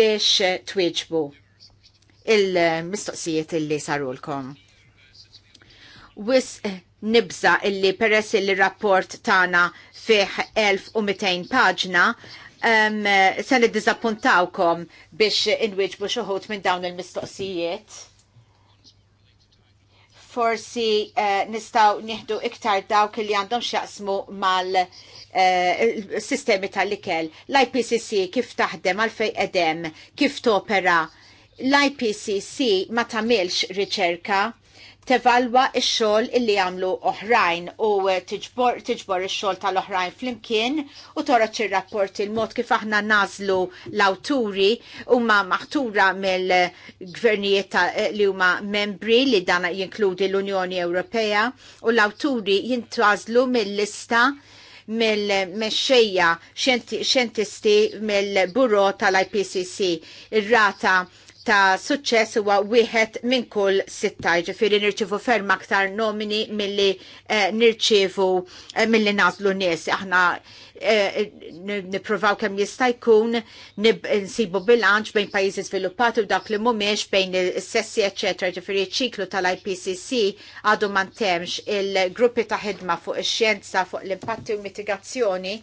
biex twieġbu il-mistoqsijiet illi sarulkom. Wis nibza illi peress il-rapport tana fih 1200 paġna um, sen id-dizappuntawkom biex inwiġbu xoħut minn dawn il-mistoqsijiet forsi uh, nistaw nieħdu iktar dawk li għandhom xaqsmu mal eh, sistemi tal-ikel. L-IPCC kif taħdem għalfej edem, kif topera. L-IPCC ma tamilx riċerka tevalwa x-xogħol illi għamlu oħrajn u eh, tiġbor ix-xogħol tal-oħrajn flimkien u tora ċir rapport il-mod kif aħna nażlu l-awturi huma maħtura mill-gvernijiet eh, li huma membri li dan jinkludi l-Unjoni Ewropea u l-awturi jintważlu mill-lista mill mesċeja xjentisti mill-buro tal-IPCC. Ir-rata ta' suċċess huwa wieħed minn kull sitta, ġifieri nirċivu ferm aktar nomini milli eh, nirċivu eh, milli nażlu nies. Aħna eh, nippruvaw kemm jista' jkun nsibu bilanċ bejn pajjiżi żviluppati u dak li mhumiex bejn is-sessi eċetera, ġifieri ċiklu tal-IPCC għadu ma ntemx il-gruppi ta' ħidma fuq ix-xjenza fuq l-impatti u mitigazzjoni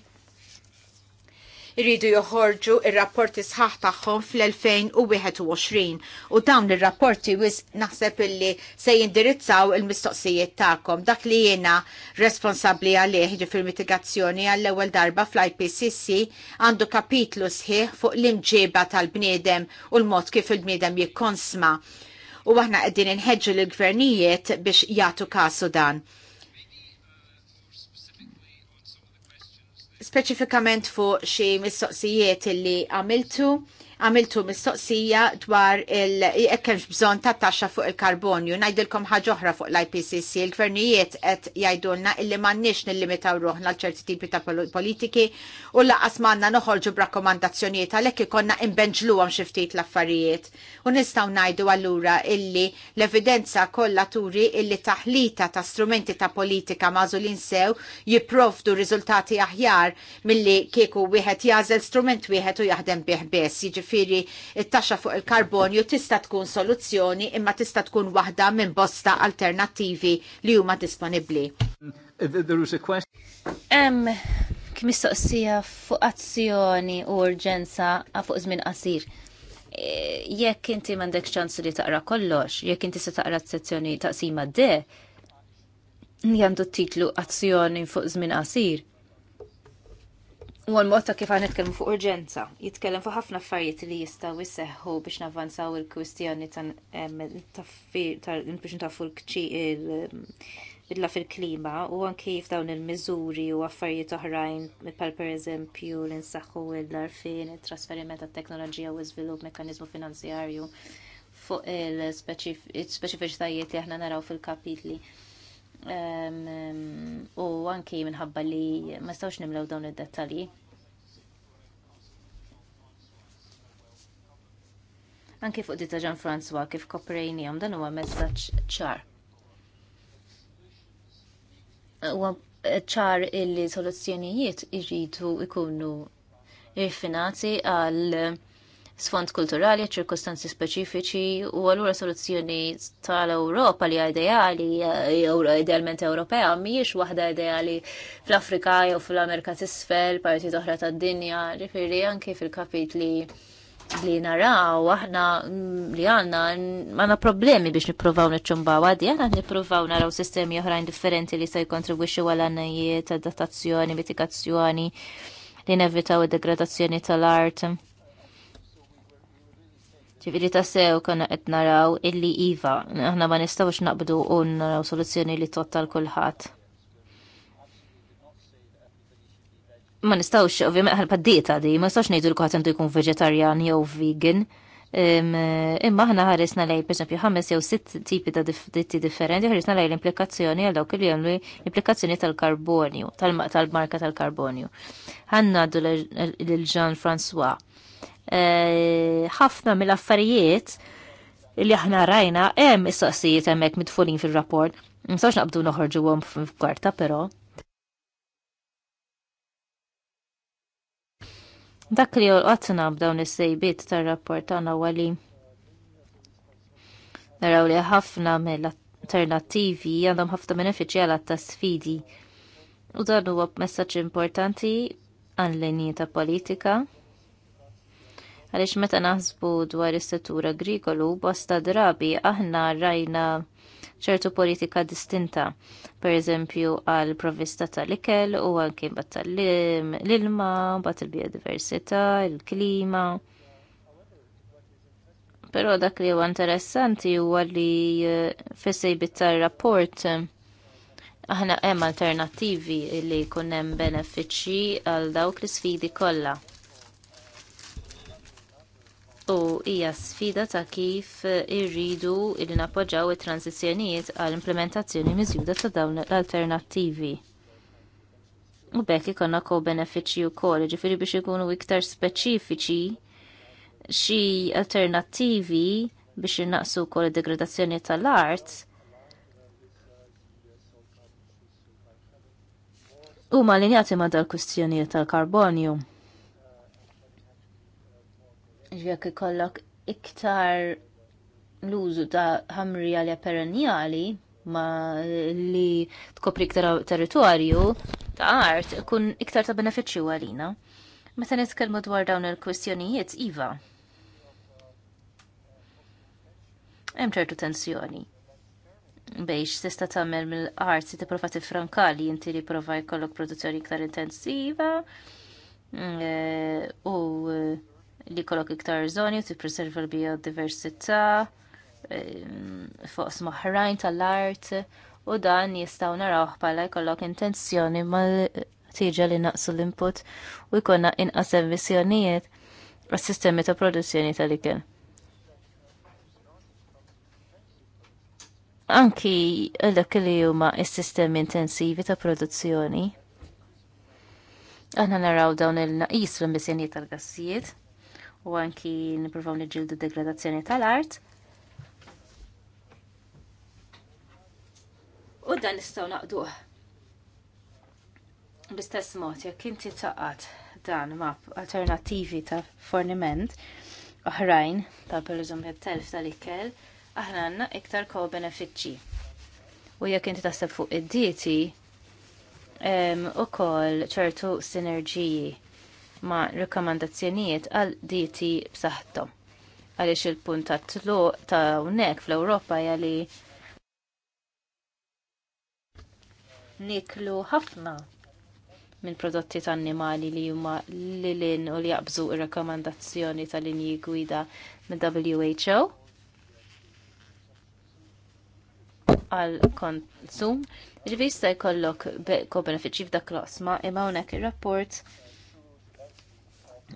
iridu joħorġu il rapporti sħaħ tagħhom fl-2021 u dawn ir-rapporti wis naħseb illi se jindirizzaw il-mistoqsijiet tagħkom. Dak li jiena responsabbli għalih fil mitigazzjoni għall-ewwel darba fl-IPCC għandu kapitlu sħiħ fuq l-imġiba tal-bniedem u l-mod kif il-bniedem jikkonsma u aħna qegħdin inħeġġu l-gvernijiet biex jagħtu kasu dan speċifikament fuq xi mistoqsijiet illi għamiltu għamiltu mistoqsija dwar il-ekkemx bżon ta' taxxa fuq il-karbonju. Najdilkom ħagħuħra fuq l-IPCC, il-gvernijiet qed jgħidulna illi m'għandniex nillimitaw ruħna l-ċerti tipi ta' politiki u laqas m'għandna noħolġu b'rakkomandazzjonijiet għalhekk ikonna imbenġluhom xi ftit l-affarijiet. U nistgħu ngħidu allura illi l-evidenza kollha turi illi taħlita ta' strumenti ta' politika mażulin sew jipprovdu riżultati aħjar milli kieku wieħed jażel strument wieħed u jaħdem bih Jiġifieri ġifiri it-taxxa fuq il-karbonju tista' tkun soluzzjoni imma tista' tkun waħda minn bosta alternattivi li huma disponibbli. Hemm kif mistoqsija fuq azzjoni u urġenza fuq żmien qasir. E, jekk inti m'għandek ċans li taqra kollox, jekk inti se taqra sezzjoni taqsima D, jandu titlu azzjoni fuq żmien qasir U għal-mod ta' kif għan nitkellmu fuq urġenza, jitkellem fuq ħafna affarijiet li jistaw jisseħħu biex navvanzaw il-kwistjoni tal-biex ntafu l-bidla fil-klima u anki dawn il-miżuri u affarijiet oħrajn, pal per eżempju l-insaħħu l-arfin, il-trasferiment ta' teknoloġija u iżvilupp mekanizmu finanzjarju fuq il-speċifiċtajiet li aħna naraw fil-kapitli u anki minħabba li ma stawx nimlew dawn id-dettalji. Anki fuq dita ġan Franswa kif koprejni għam dan huwa messaġġ ċar. Huwa ċar illi soluzzjonijiet iġitu ikunu irfinati għal sfond kulturali, ċirkostanzi speċifiċi u għallura soluzzjoni tal-Europa li ideali, eh, idealment Ewropea, miex waħda ideali fl-Afrika jew fl-Amerika t-isfel, parti oħra tad-dinja, ġifiri anki fil-kapitli li naraw, aħna mm, li għanna, għanna problemi biex niprofaw neċumbaw għaddi, għanna niprofaw naraw sistemi oħrajn differenti li se jkontribwixxu għal għannajiet, adattazzjoni, mitigazzjoni, li nevitaw id-degradazzjoni tal-art Ġifiri ta' sew kena qed naraw illi iva, aħna ma nistawx naqbdu u naraw soluzzjoni li tottal kulħadd. Ma nistawx, ovvijament, għal dieta di, ma nistawx nejdu l-kuħat jendu jkun vegetarian jew vegan. Imma ħna ħarisna lej, per esempio, ħames jew sitt tipi ta' ditti differenti, ħarisna lej l-implikazzjoni għal dawk li għamlu l-implikazzjoni tal-karbonju, tal-marka tal-karbonju. Ħanna għaddu l-ġan François Eh, ħafna mill-affarijiet li aħna rajna hemm is-soqsijiet hemmhekk midfulin fir-rapport. Msax naqbdu għom f'kwarta però. Dak li jolqotna b'dawn is-sejbiet tar-rapport tagħna għali naraw li ħafna mill-alternattivi għandhom ħafna benefiċċji għal ta' sfidi. U dan huwa messaġġ importanti għan linji ta' politika Għaliex meta naħsbu dwar is-settur agrikolu bosta drabi aħna rajna ċertu politika distinta, pereżempju għal provvista tal-ikel u anke bat l-ilma, bat il-biodiversità, il-klima. Però dak li huwa interessanti huwa li eh, fis-sejbit tar-rapport aħna hemm alternattivi li jkun hemm benefiċċji għal dawk l-isfidi kollha u hija sfida ta' kif irridu li nappoġġaw it-tranzizzjonijiet għall implementazzjoni miżjuda ta' dawn l-alternattivi. U bekk ikonna ko benefiċi wkoll, ġifiri biex ikunu iktar speċifiċi xi alternattivi biex innaqsu wkoll id-degradazzjoni tal-art l-injati ma' dal-kwistjonijiet tal-karbonju jekk ikollok iktar l-użu ta' għalja perenniali ma li tkopri iktar territorju ta' art kun iktar ta' benefiċċju għalina. Meta nitkellmu dwar dawn il kwestjonijiet iva. Hemm ċertu tensjoni biex tista' tagħmel mill-art si tipprova tiffrankali inti li prova jkollok produzzjoni iktar intensiva eh, u li kolok iktar zoni u tippreserva l-biodiversità eh, fuq smaħrajn tal-art u dan jistaw naraw bħala jkollok intenzjoni ma tiġa li naqsu l-input u jkollna inqas emissjonijiet għas-sistemi ta' produzzjoni tal-ikel. Anki dak li huma s-sistemi intensivi ta' produzzjoni. Aħna naraw dawn il-naqis l-emissjonijiet tal-gassijiet u anki niprofaw niġġieldu degradazzjoni tal-art. U dan nistgħu naqduħ. Bistess istess mod, jekk inti taqqat dan ma' alternattivi ta' forniment oħrajn, ta' pereżempju telf tal-ikel, aħna għanna iktar ko benefiċċji. U jekk inti taħseb fuq id-dieti, kol ċertu sinerġiji ma' rekomandazzjonijiet għal diti b'saħħithom. Għaliex il-punt ta' tluq ta' hawnhekk fl-Ewropa hija li niklu ħafna minn prodotti ta' annimali li huma lilin u li jaqbżu ir rakkomandazzjoni tal-linji gwida minn WHO. għal konsum, ġivista jkollok ko benefiċi f'dak l-osma imma unek il-rapport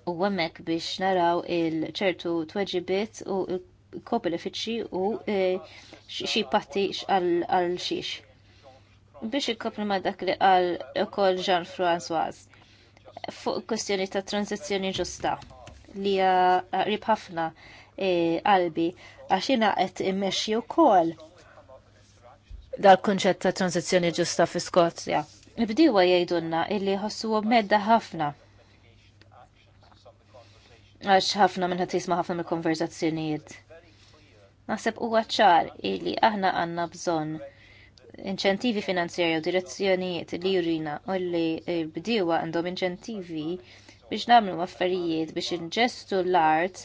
u għemmek biex naraw il-ċertu tweġibiet u kopi l-fittxi u e, xie patti għal xiex. Biex ikkopri ma dak li għal ukoll Jean François fuq kustjoni ta' tranzizjoni ġusta li rib ħafna e, qalbi għax għet qed immexxi wkoll dal-kunċett ta' tranzizjoni ġusta fi Skozja. Ibdiwa jgħidulna illi ħossu medda ħafna għax ħafna minn tisma' ħafna mill konverzazzjonijiet Naħseb huwa ċar illi aħna għandna bżonn inċentivi finanzjarji u direzzjonijiet li jurina u li bdiwa għandhom inċentivi biex nagħmlu affarijiet biex inġestu l-art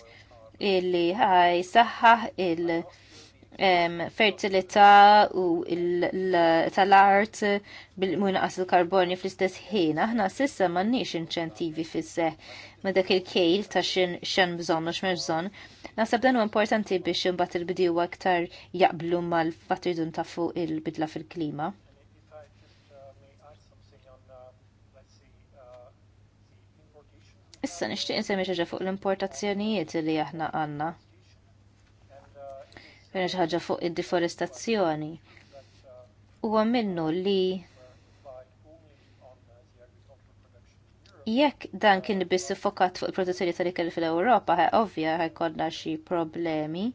illi ħaj saħħa il- fertilità u tal-art bil-munaqas il-karbonju fl-istess ħin. Aħna sissa m'għandniex inċentivi fisse ma dak il-kejl ta' xin xen bżonn u xmer bżonn. Nasab dan huwa importanti biex imbagħad il-bidiju aktar jaqblu mal fatridun ta' fuq il-bidla fil-klima. Issa nixtieq nsemmi xi fuq l-importazzjonijiet li aħna għandna minna xi ħaġa fuq id-deforestazzjoni. Huwa minnu li jekk dan kien biss fokat fuq il-produzzjoni tal-ikel fil-Ewropa, ovvja ħajkollna xi problemi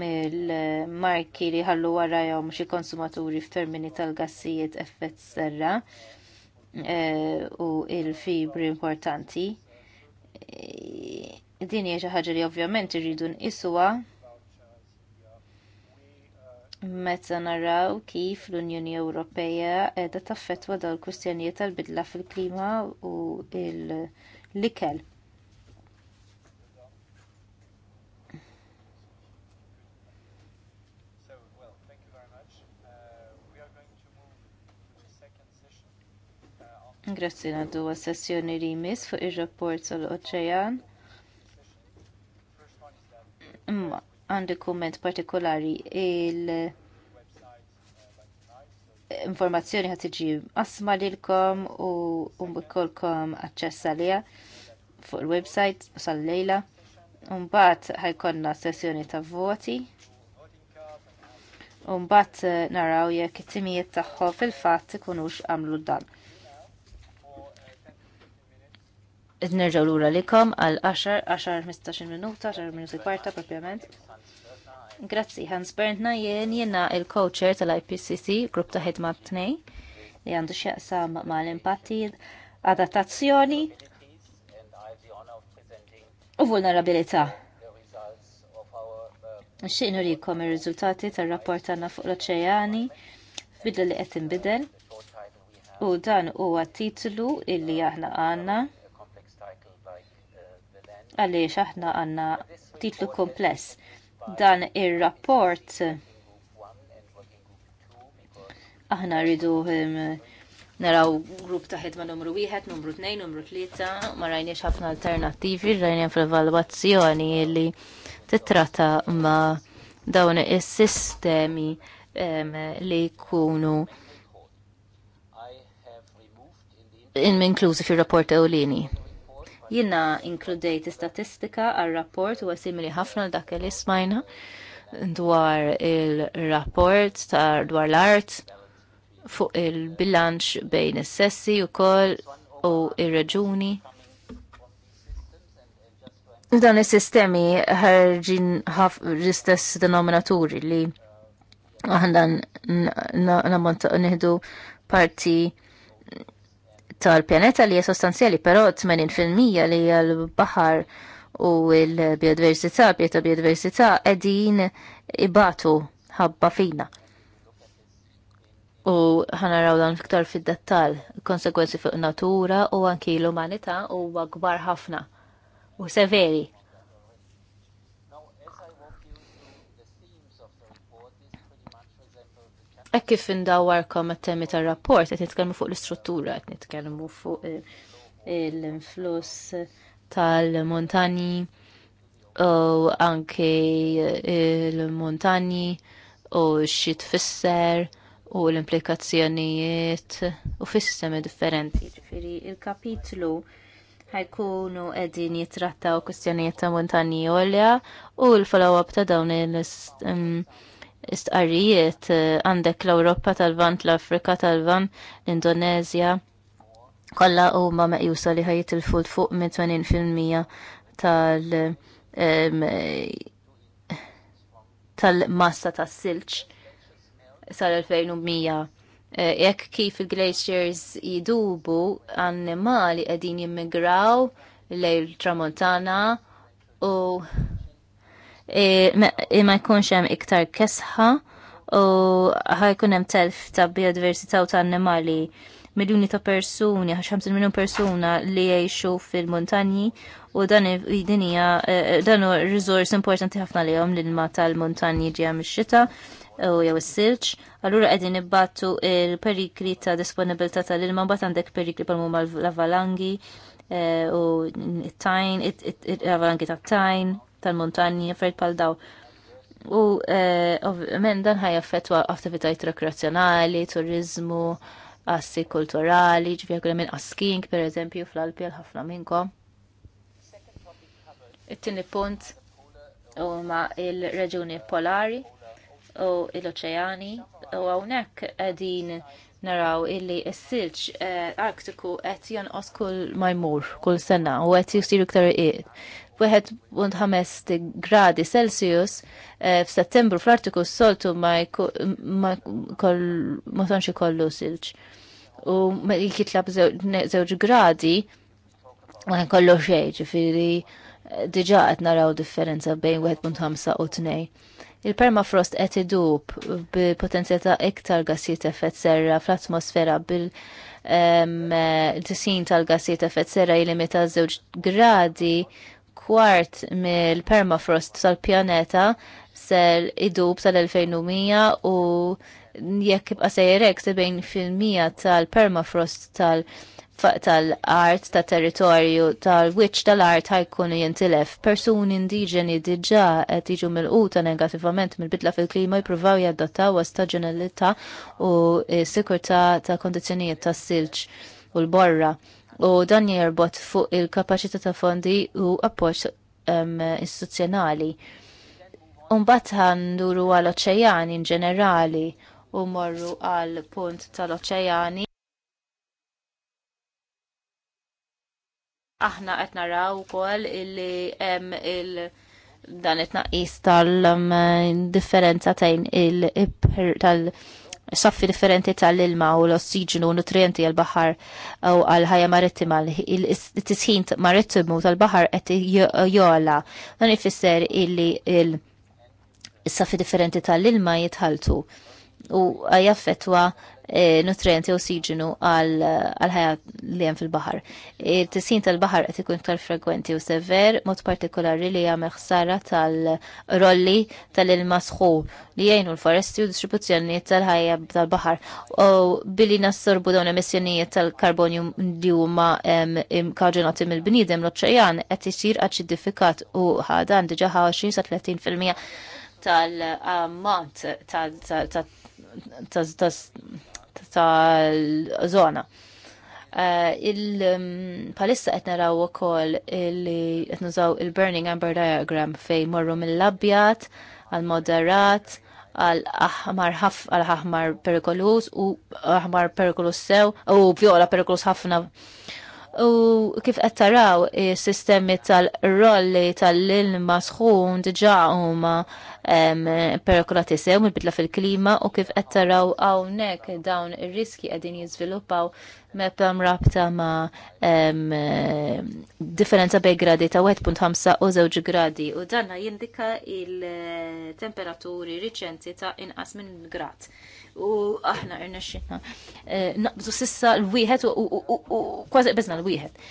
mill-marki li ħallu warajhom xi konsumaturi f'termini tal-gassijiet effett serra eh, u il-fibri importanti. Din hija xi ħaġa li ovvjament irridu nqisuha meta naraw kif l-Unjoni Ewropea qiegħda taffettwa dawn il-kwistjonijiet tal-bidla fil-klima u l-ikel. Grazzi għaddu sessjoni li jmiss fuq ir rapport tal-oċean. Imma, għandi komment partikolari il informazzjoni ħat tiġi asma lilkom u umbikolkom aċċess għalija fuq il-website sal-lejla. Umbat ħajkonna sessjoni ta' voti. Umbat eh, naraw jekk it-timijiet tagħhom fil-fatt ikunux għamlu dan. Nerġaw l-ura likom għal 10-15 minuta, 10 minuti kwarta propjament. Grazzi, Hans Bernd jien jiena il-coacher tal-IPCC, grupp ta' ħidma t-tnej, li għandu xieqsam ma' l-impatti, adattazzjoni u vulnerabilità. Xinu rikom il-rizultati tal-rapport għanna fuq l-oċejani, bidu li qed bidel, u dan huwa titlu illi aħna għanna għaliex aħna għanna titlu kompless dan ir-rapport aħna rridu um, naraw grupp ta' ħidma numru 1, numru 2, numru 3, ma rajniex ħafna alternattivi, rajnien fil-valwazzjoni li titrata ma dawn is-sistemi um, li jkunu inklużi fil-rapport ewlieni. Jina inkludejt statistika għal-rapport u għasimili ħafna dak li smajna dwar il-rapport dwar l-art fuq il-bilanċ bejn is-sessi u koll u ir-reġuni. Dan is-sistemi ħarġin ħaf l-istess denominaturi li għandan namont nieħdu parti tal-pjaneta li hija sostanzjali, però 80% li l-baħar u l-biodiversità, pjeta biodiversità, edin ibatu ħabba fina. U ħanaraw dan iktar fid-dettal, konsekwenzi fuq natura u anki l-umanità u għagbar ħafna u severi. E kif indawarkom għat-temi tal-rapport, għet nitkellmu fuq l-istruttura, għet nitkellmu fuq l-influss tal-montani u anke l-montani u xi tfisser u l-implikazzjonijiet u fissemi differenti. Ġifiri, il-kapitlu ħajkunu qegħdin jitrattaw kwistjonijiet ta' montani u l-follow-up ta' dawn il- istqarrijiet eh, għandek l-Ewropa tal-Vant, l-Afrika tal-Vant, l-Indonezja, kollha huma meqjusa li ħajt il-fult fuq minn 20 tal- tal-massa tas-silġ sal-2100 eh, jekk kif il-glaciers jidubu annimali qegħdin jimmigraw lejl tramontana u Eh, eh, ma jkunx hemm iktar kesħa u ħajkun hemm telf ta' biodiversità u ta' annimali miljoni ta' persuni, 50 miljon persuna li jgħixu fil-montanji u dan id-dinja eh, dan hu rizors importanti ħafna li għom l-ilma tal-montanji ġija mix-xita u jew is-silġ. Allura qegħdin ibbattu il-perikli ta' disponibilità tal-ilma bat għandek perikli bħal huma l-avalangi u it-tajn, l-avalangi tat-tajn tal-montagni affarijiet bħal daw. U eh, men dan ħaj affettwa attivitajiet rekreazzjonali, turizmu, assi kulturali, ġifja kull minn asking per eżempju fl-Alpi ħafna minnkom. It-tieni punt huma il-reġuni polari u l-oċeani u hawnhekk qegħdin naraw illi s-silġ uh, eh, arktiku qed jonqos kull majmur kull sena u qed jisir iktar iqiet. 1.5 gradi Celsius eh, f'Settembru fl-Artiku s-soltu ma tonx ikollu silġ. U jitlab zewġ gradi ma kollu xej, ġifiri eh, diġa qed naraw differenza bejn 1.5 u 2. Il-permafrost qed idub bil-potenzjal ta' iktar gassijiet effett serra fl-atmosfera bil- ehm, eh, tisin tal-gassiet effett serra jilimita żewġ gradi kwart mill-permafrost tal-pjaneta ser idub tal-2100 u jekk ibqa' sejrek sebgħin fil-mija tal-permafrost tal- tal-art, ta' territorju, tal wiċċ tal-art ħajkun jintilef. Persuni indiġeni diġa qed jiġu mill-quta negattivament mill-bidla fil-klima jippruvaw jadattaw għas staġjonalità u sikurtà ta' kondizzjonijiet tas-silġ u l-borra u dan jirbot fuq il-kapacità ta' fondi u appoġġ istituzzjonali. Umbat għanduru għal-oċejani in ġenerali u morru għal-punt tal-oċejani. aħna qed naraw ukoll illi hemm il dan it-tnaqqis tal-differenza il-tal saffi differenti tal-ilma u l-ossiġenu u nutrienti għal-bahar u għal-ħajja marittima l-tisħin marittimu tal-bahar qed jgħala. Dan ifisser illi il-saffi differenti tal-ilma jitħaltu u jaffetwa eh, nutrienti u siġinu għal-ħajja li hemm fil-baħar. Il-tisin tal-baħar qed ikun iktar frekwenti u sever, mod partikolari li jagħmel ħsara tal-rolli tal-ilma sħu li jgħinu l-foresti u distribuzzjoni tal-ħajja tal-baħar. U billi nassorbu dawn emissjonijiet tal-karbonju li huma kawġenati mill-bniedem l-oċejan qed isir aċidifikat u ħadan diġa 20 sa 30 fil-mija tal-ammont tal-zona. Eh, Il-palissa um, qed naraw ukoll li qed nużaw il-burning amber diagram fej morru mill-labjat għal-moderat għal-aħmar għal-aħmar perikolus u aħmar perikolus sew u vjola perikolus ħafna U kif qed taraw is-sistemi tal-rolli tal-ilma sħun diġà huma perikolati sew mill-bidla fil-klima u kif qed taraw hawnhekk dawn ir-riski qegħdin jiżviluppaw mebda rabta ma' differenza bej gradi ta' 1.5 u 2 gradi u danna jindika il-temperaturi riċenti ta' inqas minn grad u aħna irna xitna. Eh, naqbżu sissa l wihet u kważi bezna l-wieħed.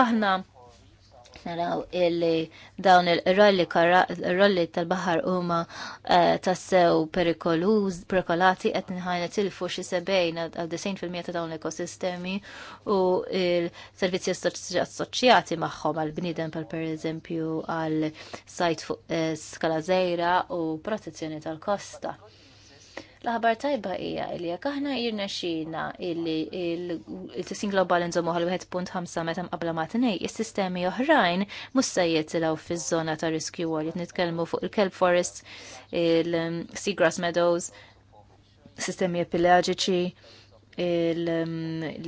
Aħna naraw illi dawn il-rolli tal-bahar huma eh, tassew perikoluz, perikolati qed nħajnet il xi sebejn għal 90% ta' dawn l-ekosistemi u il-servizzi assoċjati magħhom għal bniedem pal pereżempju għal sajt fuq eh, skala żejra u protezzjoni tal-kosta. L-ħabar tajba hija li jekk aħna jirna xina illi il-tisin global nżommu għal 1.5 meta qabla ma' tnej, is-sistemi oħrajn mhux se jitilgħu fiż-żona ta' riskju għal nitkellmu fuq il-kelb forest, il-seagrass meadows, sistemi epilagiċi,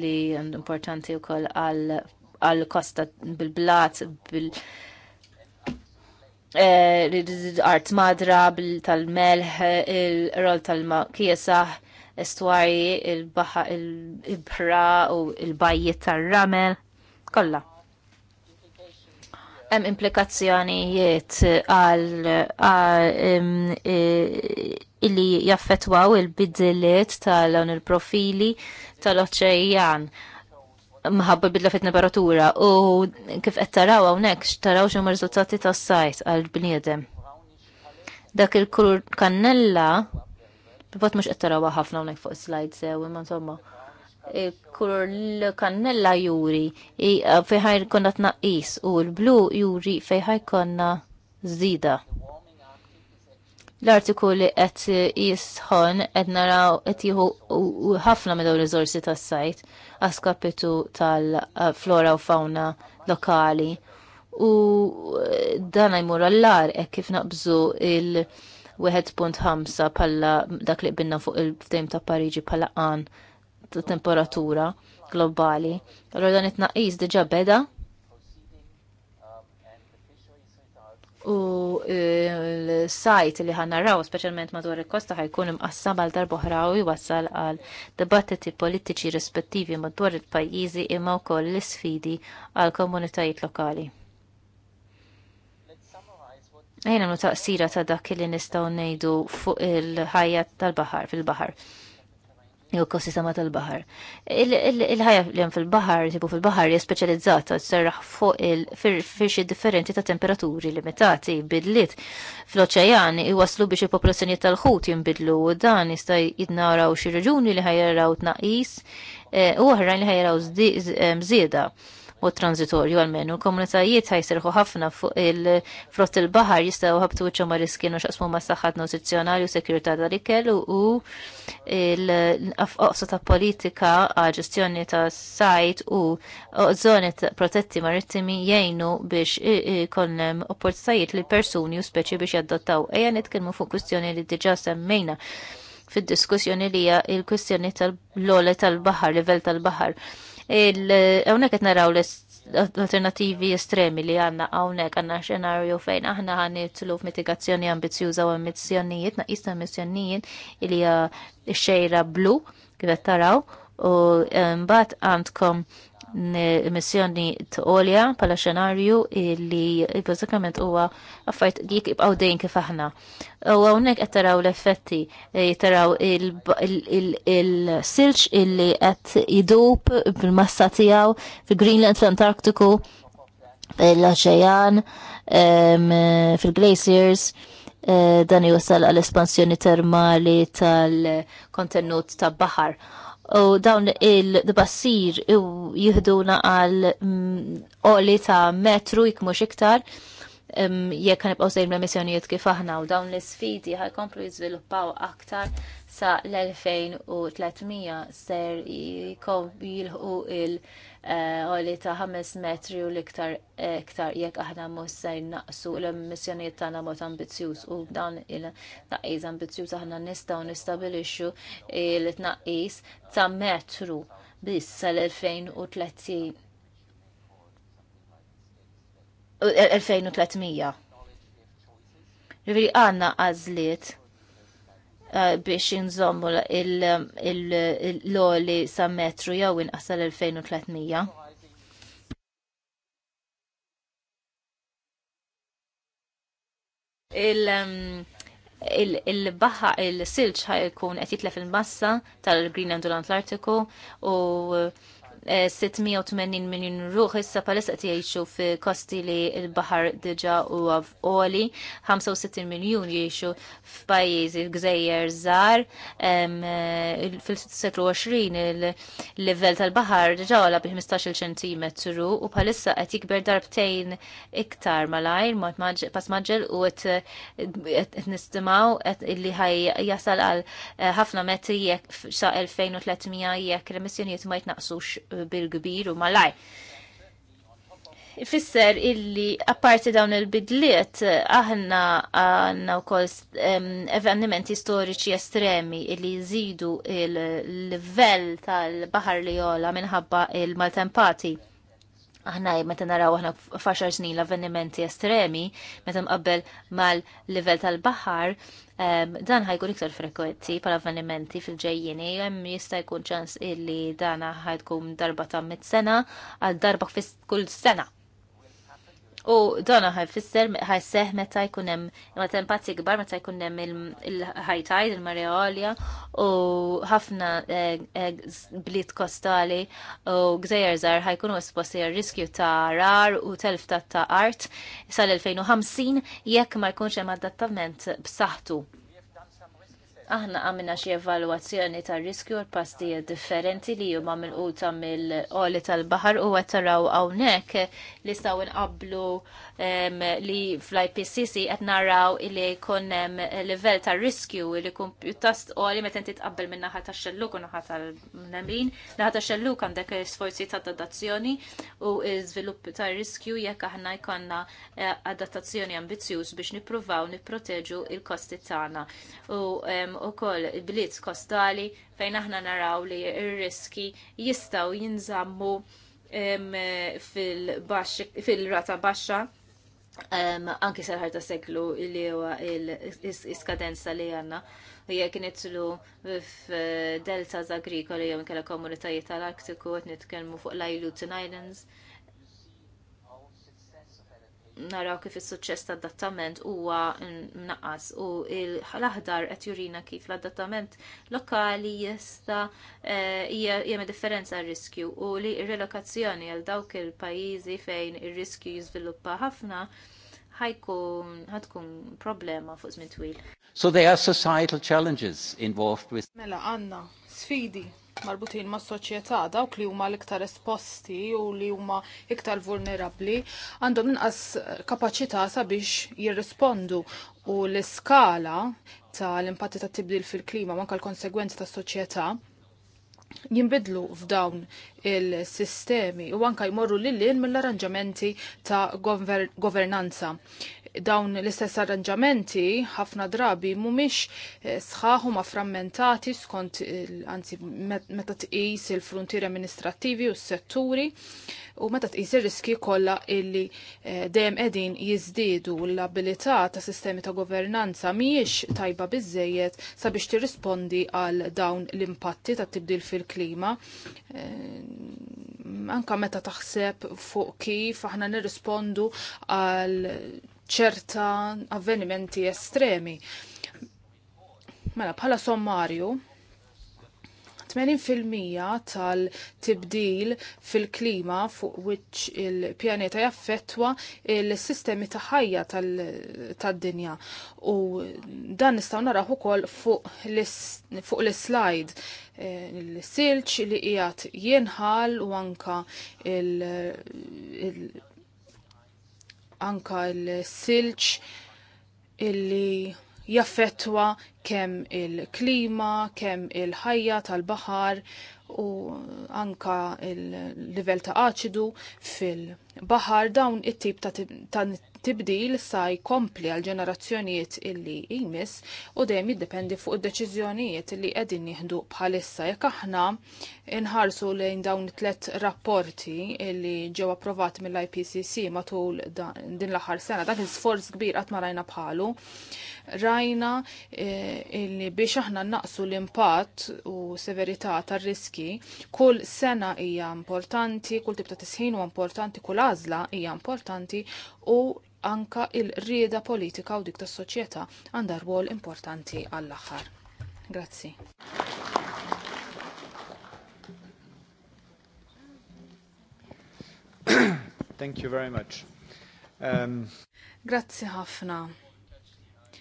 li importanti u koll għal kosta bil-blat, bil-, -blat, bil Eh, art madra tal-melħ, il-rol tal kiesa estuari, il-baħa, il-ibra u il bajiet tal-ramel, kolla. Hemm implikazzjonijiet għal e, illi jaffetwaw il-bidiliet tal-on il-profili tal oċejjan mħabba bidla fit temperatura u kif qed taraw hawnhekk x'taraw xi riżultati tas-sajt għal bniedem. Dak il-kulur kannella Bivot qed tarawha ħafna hawnhekk fuq slides sew, imma insomma. Kulur l-kannella juri, fejħaj konna tnaqqis u l-blu juri fejħaj konna żida. L-artikoli qed jisħon qed naraw qed jieħu ħafna minn dawn riżorsi tas-sajt għaskapitu tal-flora u fauna lokali. U eh, dan jmur għallar e kif naqbżu il-1.5 palla dak li binna fuq il-ftejm ta' Pariġi palla għan ta' temperatura globali. Allora dan it-naqis diġa beda u e, l-sajt li raw, specialment madwar il-kosta, ħajkun imqassam għal darboħra u jwassal għal dibattiti politiċi rispettivi madwar il-pajjiżi imma wkoll l-sfidi għal komunitajiet lokali. Ejna nu taqsira ta' dak li nistgħu ngħidu fuq il-ħajja tal-baħar fil baħar jew ekosistema tal-baħar. Il-ħajja li hemm fil-baħar, tipu fil bahar hija speċjalizzata tserraħ fuq il-firxi differenti ta' temperaturi limitati bidlit fl-oċean iwaslu biex il-popolazzjonijiet tal-ħut jinbidlu u dan jista' jidnaraw xi reġuni li ħajjaraw tnaqis eh, u oħrajn li ħajjaraw eh, żieda mod transitorju għalmenu. Komunitajiet ħajserħu ħafna fuq il-frott il-bahar jistaw ħabtu ċoma riskin u xaqsmu ma saħħat nozizjonali u sekurita tal-ikel u l-afqoqsa ta' politika għal ġestjoni ta' sajt u zoni protetti marittimi jgħinu biex konnem opportunitajiet li persuni u speċi biex jaddottaw. Ejja nitkellmu fuq kwistjoni li diġa semmejna fid-diskussjoni li hija il tal-bahar, level tal-bahar. tal-lole tal-baħar, livell tal-baħar. Hawnhekk qed naraw alternativi estremi li għanna hawnhekk għandna xenarju fejn aħna t-luf mitigazzjoni ambizjuza u emissjonijiet, naqis ta' emissjonijiet li xejra blu kif taraw u eh, mbagħad għandkom emissjoni ta' olja pala xenarju li bazzikament huwa affajt dik ibqaw dejn kif aħna. U hawnhekk qed taraw l-effetti, eh, taraw il-silġ illi qed jidub bil-massa tiegħu fil-Greenland, fil antarktiku fil oċejan fil-glaciers eh, dan jwassal għall espansjoni termali tal-kontenut ta' bahar u dawn il-bassir jihduna għal mm, oli ta' metru jikmu iktar mm, jekk kan ibqaw sejm l-emissjonijiet kif aħna u dawn l-sfidi ħajkomplu jizviluppaw aktar sa l-2300 ser jilħu il- għoli eh, ta' 5 metri u l-iktar eh, iktar jekk aħna mhux se naqsu l ta' tagħna mod ambizjuż u dan il-tnaqqis ambizjuż aħna nistgħu nistabilixxu l-tnaqqis ta' metru biss sal-2030. Er, er, 2300. Ġifieri għandna għażliet Uh, biex jinżommu l għoli sa metru jew inqas l-2300. il-baħħa um, il-silġ ħajkun qed jitlef il-massa tal-Greenland u l antartiku u 680 miljon ruħ issa palissa qed jgħixu f'kosti li l-baħar diġà għav f'qoli, 65 miljun jgħixu f'pajjiżi gżejjer żgħar fil-seklu 20 il-livell tal-baħar diġà għala bi 15 ċentimetru u palissa qed jikber darbtejn iktar malajr pas maġġel u qed nistimaw li ħaj jasal għal eh, ħafna metri jekk sa' 2300 jek l-emissjonijiet ma jitnaqsux bil gbir u malaj. Ifisser illi apparti dawn il-bidliet aħna għanna u kol evenimenti storiċi estremi illi jżidu il-livell tal-bahar li jola minħabba il-maltempati. Aħna meta naraw aħna faxar snin l-avvenimenti estremi, meta mqabbel mal-livell tal-baħar, dan ħajkun iktar frekwenti pal avvenimenti fil-ġejjini, hemm jista' jkun ċans illi dan ħajkun darba ta' mit-sena għal darba kull sena U donna ħajfisser ħajseħ meta jkun hemm meta impatti kbar meta jkun hemm il-high tide, il-marea u ħafna eh, eh, bliet kostali u gżejjer żgħar ħajkunu esposti riskju ta' rar u telf ta' art sal-2050 jekk ma jkunx hemm adattament b'saħħtu Aħna għamina xie evaluazzjoni ta' riskju l pastijiet differenti li huma mill-quta mill-qoli tal-baħar u għattaraw hawnhekk li staw inqablu li fl-IPCC qed naraw li jkun hemm livell ta' riskju li jkun pjuttost għali meta inti tqabbel minn naħa tax-xelluk u naħa tal-nemlin, naħa tax-xelluk għandek sforzi ta' adattazzjoni u l-iżvilupp ta' riskju jekk aħna jkollna eh, adattazzjoni ambizzjuż biex nippruvaw nipproteġu il-kosti tagħna. U wkoll bliet kostali fejn aħna naraw li ir-riski jistgħu jinżammu fil-rata baxxa um, anki sal-ħar ta' seklu li huwa l-iskadenza li għanna. Hija kien itlu f'deltas agrikoli jew inkella komunitajiet tal-Arktiku qed nitkellmu fuq l-Aleutian Islands naraw kif is-suċċess tad-adattament huwa nnaqqas u l-aħdar qed jurina kif l-adattament lokali jista' eh, jagħmel differenza r-riskju u li r-relokazzjoni għal dawk il-pajjiżi fejn ir-riskju jiżviluppa ħafna ħajkun ħadkun problema fuq żmien twil. So there are societal challenges involved with Mela għandna sfidi marbutin ma' soċjetà dawk li huma l-iktar esposti u li huma iktar vulnerabbli għandhom inqas eh, kapaċità sabiex jirrispondu u l-iskala tal-impatti ta' tibdil fil-klima manka l-konsegwenzi tas soċjetà jimbidlu f'dawn il-sistemi u anka jmorru lil lin mill-arranġamenti ta' governanza dawn l-istess arranġamenti ħafna drabi mhumiex eh, sħaħu ma frammentati skont anzi meta tqis il-frontieri amministrattivi u s-setturi u meta tqis ir-riski kollha illi eh, dejjem qegħdin jiżdiedu l-abilità ta' sistemi ta' governanza mhijiex tajba biżejjed sabiex tirrispondi għal dawn l-impatti ta' tibdil fil-klima. Eh, anka meta taħseb fuq kif aħna nirrispondu għal ċerta avvenimenti estremi. Mela, bħala sommarju, 80% tal-tibdil fil-klima fuq which il-pjaneta jaffettwa il-sistemi ta' ħajja tad-dinja. U dan nistgħu naraw ukoll fuq l-slide eh, l-silċ li qiegħed jinħal u anka il anka l-silġ illi jaffettwa kemm il-klima, kemm il-ħajja tal-baħar u anka il-livell ta' aċidu fil- baħar dawn it-tip ta' tibdil sa jkompli għal ġenerazzjonijiet illi jmiss u dejjem jiddependi fuq id-deċiżjonijiet illi qegħdin nieħdu bħalissa jekk aħna nħarsu lejn dawn tliet rapporti illi ġew approvat mill-IPCC matul din l-aħħar sena dak il-sforz kbir qatt ma rajna bħalu. Rajna eh, illi biex aħna naqsu l-impatt u severità tar-riski kull sena hija importanti, kull tip ta' tisħin huwa importanti, kull l-għażla hija importanti u anka il-rieda politika u dik tas-soċjetà għandha rwol importanti għall-aħħar. Grazzi. Thank you very much. Um... Grazzi ħafna.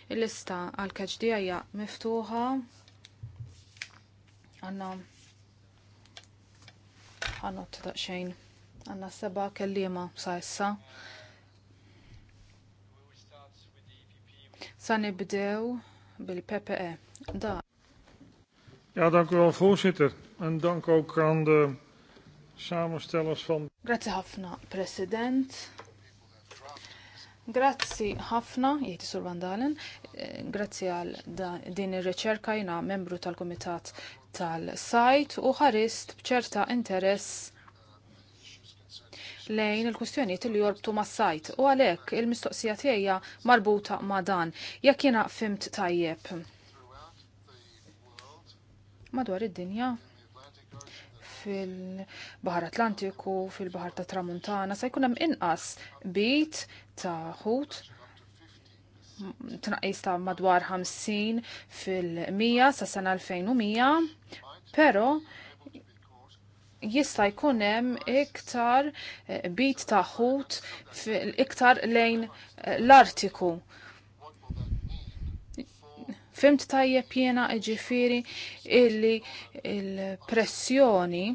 Il-lista għal-kaġdija għajja miftuħa. Għanna għanna t-taqxejn. Għanna seba kellima sa' issa. Sa' nibdew bil-PPE. Da. Ja, dank u wel, voorzitter. En dank ook aan de samenstellers van... Grazie ħafna, president. Grazzi ħafna, jieti Sur Vandalen, eh, grazzi għal din ir reċerka jina membru tal-Kumitat tal-Sajt u ħarist bċerta interess lejn il-kustjonijiet li jorbtu mas-sajt u għalhekk il-mistoqsija tiegħi marbuta ma' dan jekk jiena fimt tajjeb. Madwar id-dinja fil-Bahar Atlantiku, fil-Bahar ta' Tramuntana, se jkun hemm inqas bit ta' ħut tnaqis ta' madwar 50 fil-100 sa' sena 2100, pero jista' jkun hemm iktar eh, bit ta' iktar lejn eh, l-Artiku. Fimt tajjeb jiena ġifiri illi il-pressjoni il pressjoni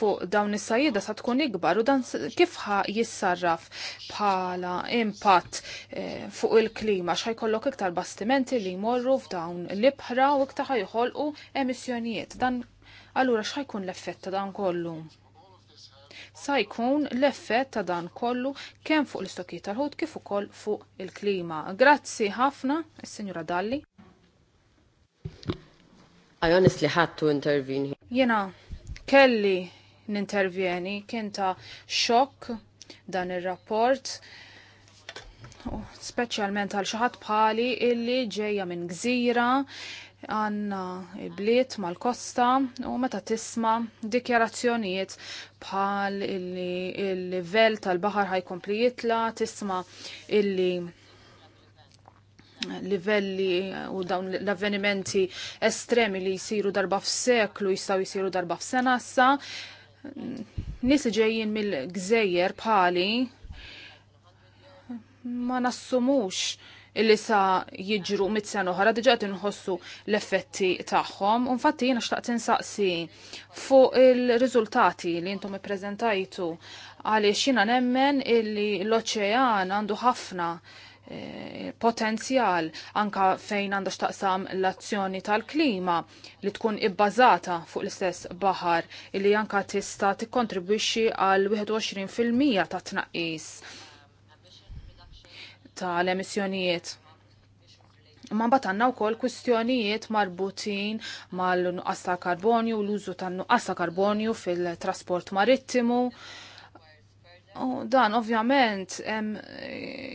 fuq dawn is-sajjida sa tkun ikbar u dan kif jissarraf bħala impatt eh, fuq il-klima x'ħajkollok iktar bastimenti li jmorru f'dawn l-ibħra u iktar jħolqu emissjonijiet. Dan allura jkun l-effett ta' dan kollu? Sa jkun l-effett ta' dan kollu kemm fuq l-istokkijiet tal-ħut kif ukoll fuq il-klima. Grazzi ħafna, is-Sinjura Dalli. I honestly had to intervene here. Jena, kelli nintervjeni kien ta' xokk dan ir-rapport speċjalment għal xi bħali illi ġejja minn gżira għanna il-bliet mal-kosta u meta tisma dikjarazzjonijiet bħal il-livell tal-baħar ħajkompli jitla, tisma illi livelli u dawn l-avvenimenti estremi li jisiru darba f'seklu jistaw jisiru darba f'sena sa' nisi ġejjin mill-gżejjer bħali ma nassumux illi sa jiġru mit-sen oħra diġa qed inħossu l-effetti tagħhom. Infatti jiena xtaqt insaqsi fuq il-riżultati li intom ippreżentajtu għaliex jiena nemmen illi l-oċean għandu ħafna Eh, potenzjal anka fejn għandha xtaqsam l-azzjoni tal-klima li tkun ibbażata fuq l-istess baħar li anka tista' tikkontribwixxi għal 21% ta' tnaqqis tal-emissjonijiet. Ma mbagħad għandna wkoll kwistjonijiet marbutin mal-nuqqas ta' karbonju l-użu tan-nuqqas ta' karbonju fil-trasport marittimu dan ovvjament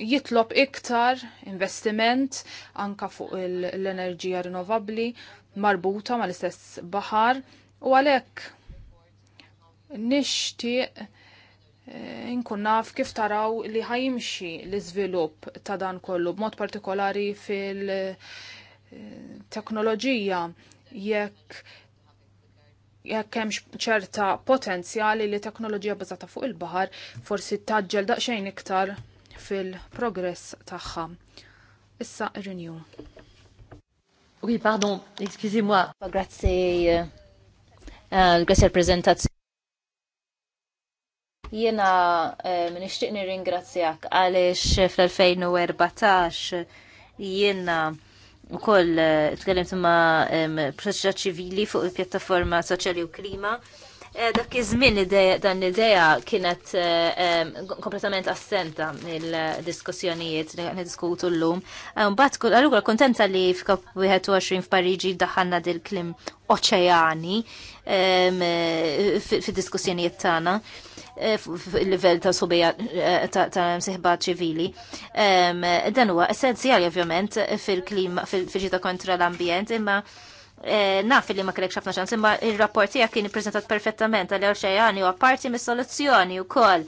jitlob iktar investiment anka fuq l-enerġija rinnovabli marbuta ma l-istess bahar u għalek nishti eh, Inkun naf kif taraw li ħajimxi l-iżvilupp ta' dan kollu b'mod partikolari fil-teknoloġija eh, jekk jekk hemm ċerta potenzjali li teknoloġija bażata fuq il-baħar forsi taġġel daqsxejn iktar fil-progress tagħha. Issa rinju. Oui, pardon, excusez-moi. Grazie, eh, eh, grazie al prezentazzjoni Jena uh, eh, ringrazzjak nirringrazzjak għaliex fl-2014 jiena u koll eh, tkellimt ma' proċċa ċivili fuq il-pjattaforma soċjali u klima. Eh, dak iż-żmien dan l-idea kienet eh, kompletament assenta mill-diskussjonijiet li qed diskutu llum. Mbagħad kull allura kontenta li f'kap 21 f'Pariġi daħanna dil-klim oċeani fid-diskussjonijiet tagħna. Eh, fil-livell ta' subija eh, ta' msiħba ċivili. Dan huwa essenzjali ovvjament fil-klima, fil-ġita kontra l-ambjent, imma eh, naf li ma kellek xafna ċans, imma il-rapport tiegħek kien ippreżentat perfettament għal xejani u apparti mis-soluzzjoni wkoll.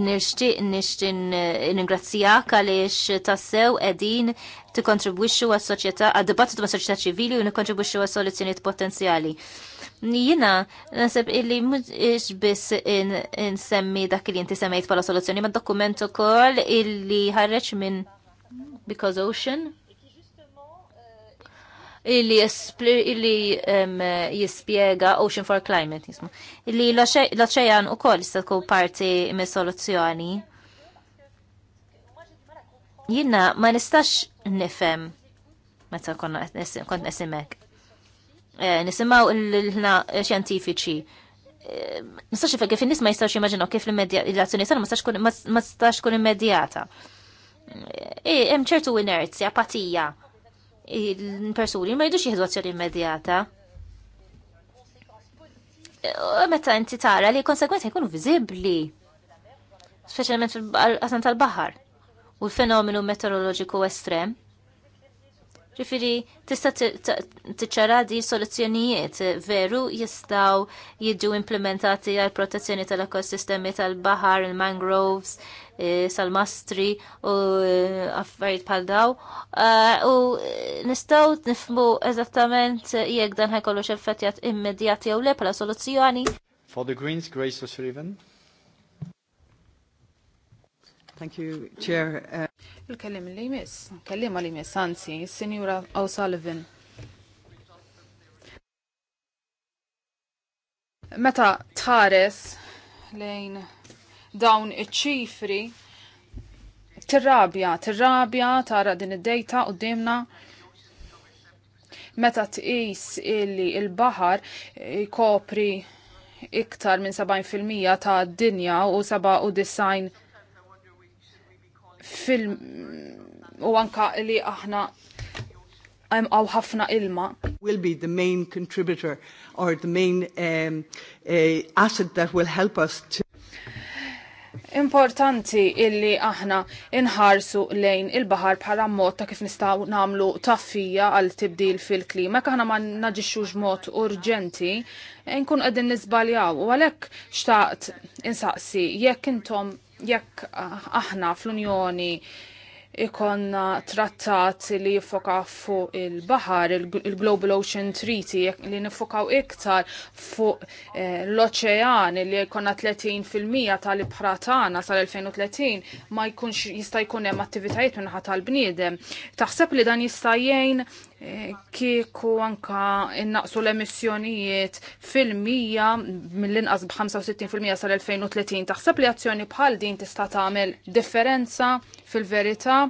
Nirxtiq n ningrazzjak għaliex tassew edin tikkontribwixxu għas-soċjetà għad-dibattitu ma' soċjetà ċivili u nikkontribwixxu għas-soluzzjonijiet potenzjali. Jina, nasib illi mux biss insemmi dak li inti semmejt pala soluzzjoni, ma dokument ukoll illi ħarreċ minn Because Ocean illi illi um, jispiega Ocean for Climate jismu. Illi l-oċejan u koll jistatku parti me soluzzjoni. Jina ma nistax nifem meta konna kont nesimek nisimaw il-ħna xjentifiċi. Nistax ifek kif in-nies ma jistgħux jimmaġinaw kif l immedjazzjoni sar ma stax tkun immedjata. Hemm ċertu inerzja, apatija il-persuni ma jidux jihdu azzjoni immedjata. Meta inti tara li konsekwenzi jkunu viżibbli, speċjalment fil-qasam tal-baħar u l-fenomenu meteoroloġiku estrem Ġifiri, tista tiċċaradi soluzzjonijiet veru jistaw jiġu implementati għal protezzjoni tal-ekosistemi tal-bahar, il-mangroves, eh, sal-mastri u eh, affarijiet pal daw. Eh, u nistaw nifmu eżattament jekk dan ħajkollu xeffetjat immedjati jew le bħala soluzzjoni. For the Greens, Grace O'Sullivan. Thank you, Chair. Uh... Il-kellim li jmiss, kellima li jmiss, anzi, il O'Sullivan. Meta tħares lejn dawn iċ-ċifri, tirrabja, tirrabja tara din id-dejta u dimna meta tqis illi il-baħar kopri iktar minn 70% ta' dinja u 97 fil u anka li aħna għaw ħafna ilma. Will be the main contributor or the main um, uh, asset that will help us to Importanti illi aħna inħarsu lejn il-bahar bħala mod ta' kif nistgħu nagħmlu taffija għal tibdil fil-klima, aħna ma naġixxux mod urġenti, eh, nkun qegħdin nisbaljaw u għalhekk xtaqt insaqsi jekk intom jekk aħna fl-Unjoni ikonna trattat li jifoka fuq il-bahar, il-Global Ocean Treaty, li nifokaw iktar fuq eh, l-oċean li jikonna 30% tal ibħratana tagħna 2030 ma jkunx jista' jkun hemm attivitajiet minħa tal-bniedem. Taħseb li dan jista' jgħin kieku anka innaqsu l-emissjonijiet fil-mija mill-inqas b-65% sal-2030. Taħseb li azzjoni bħal din tista' tagħmel differenza fil-verità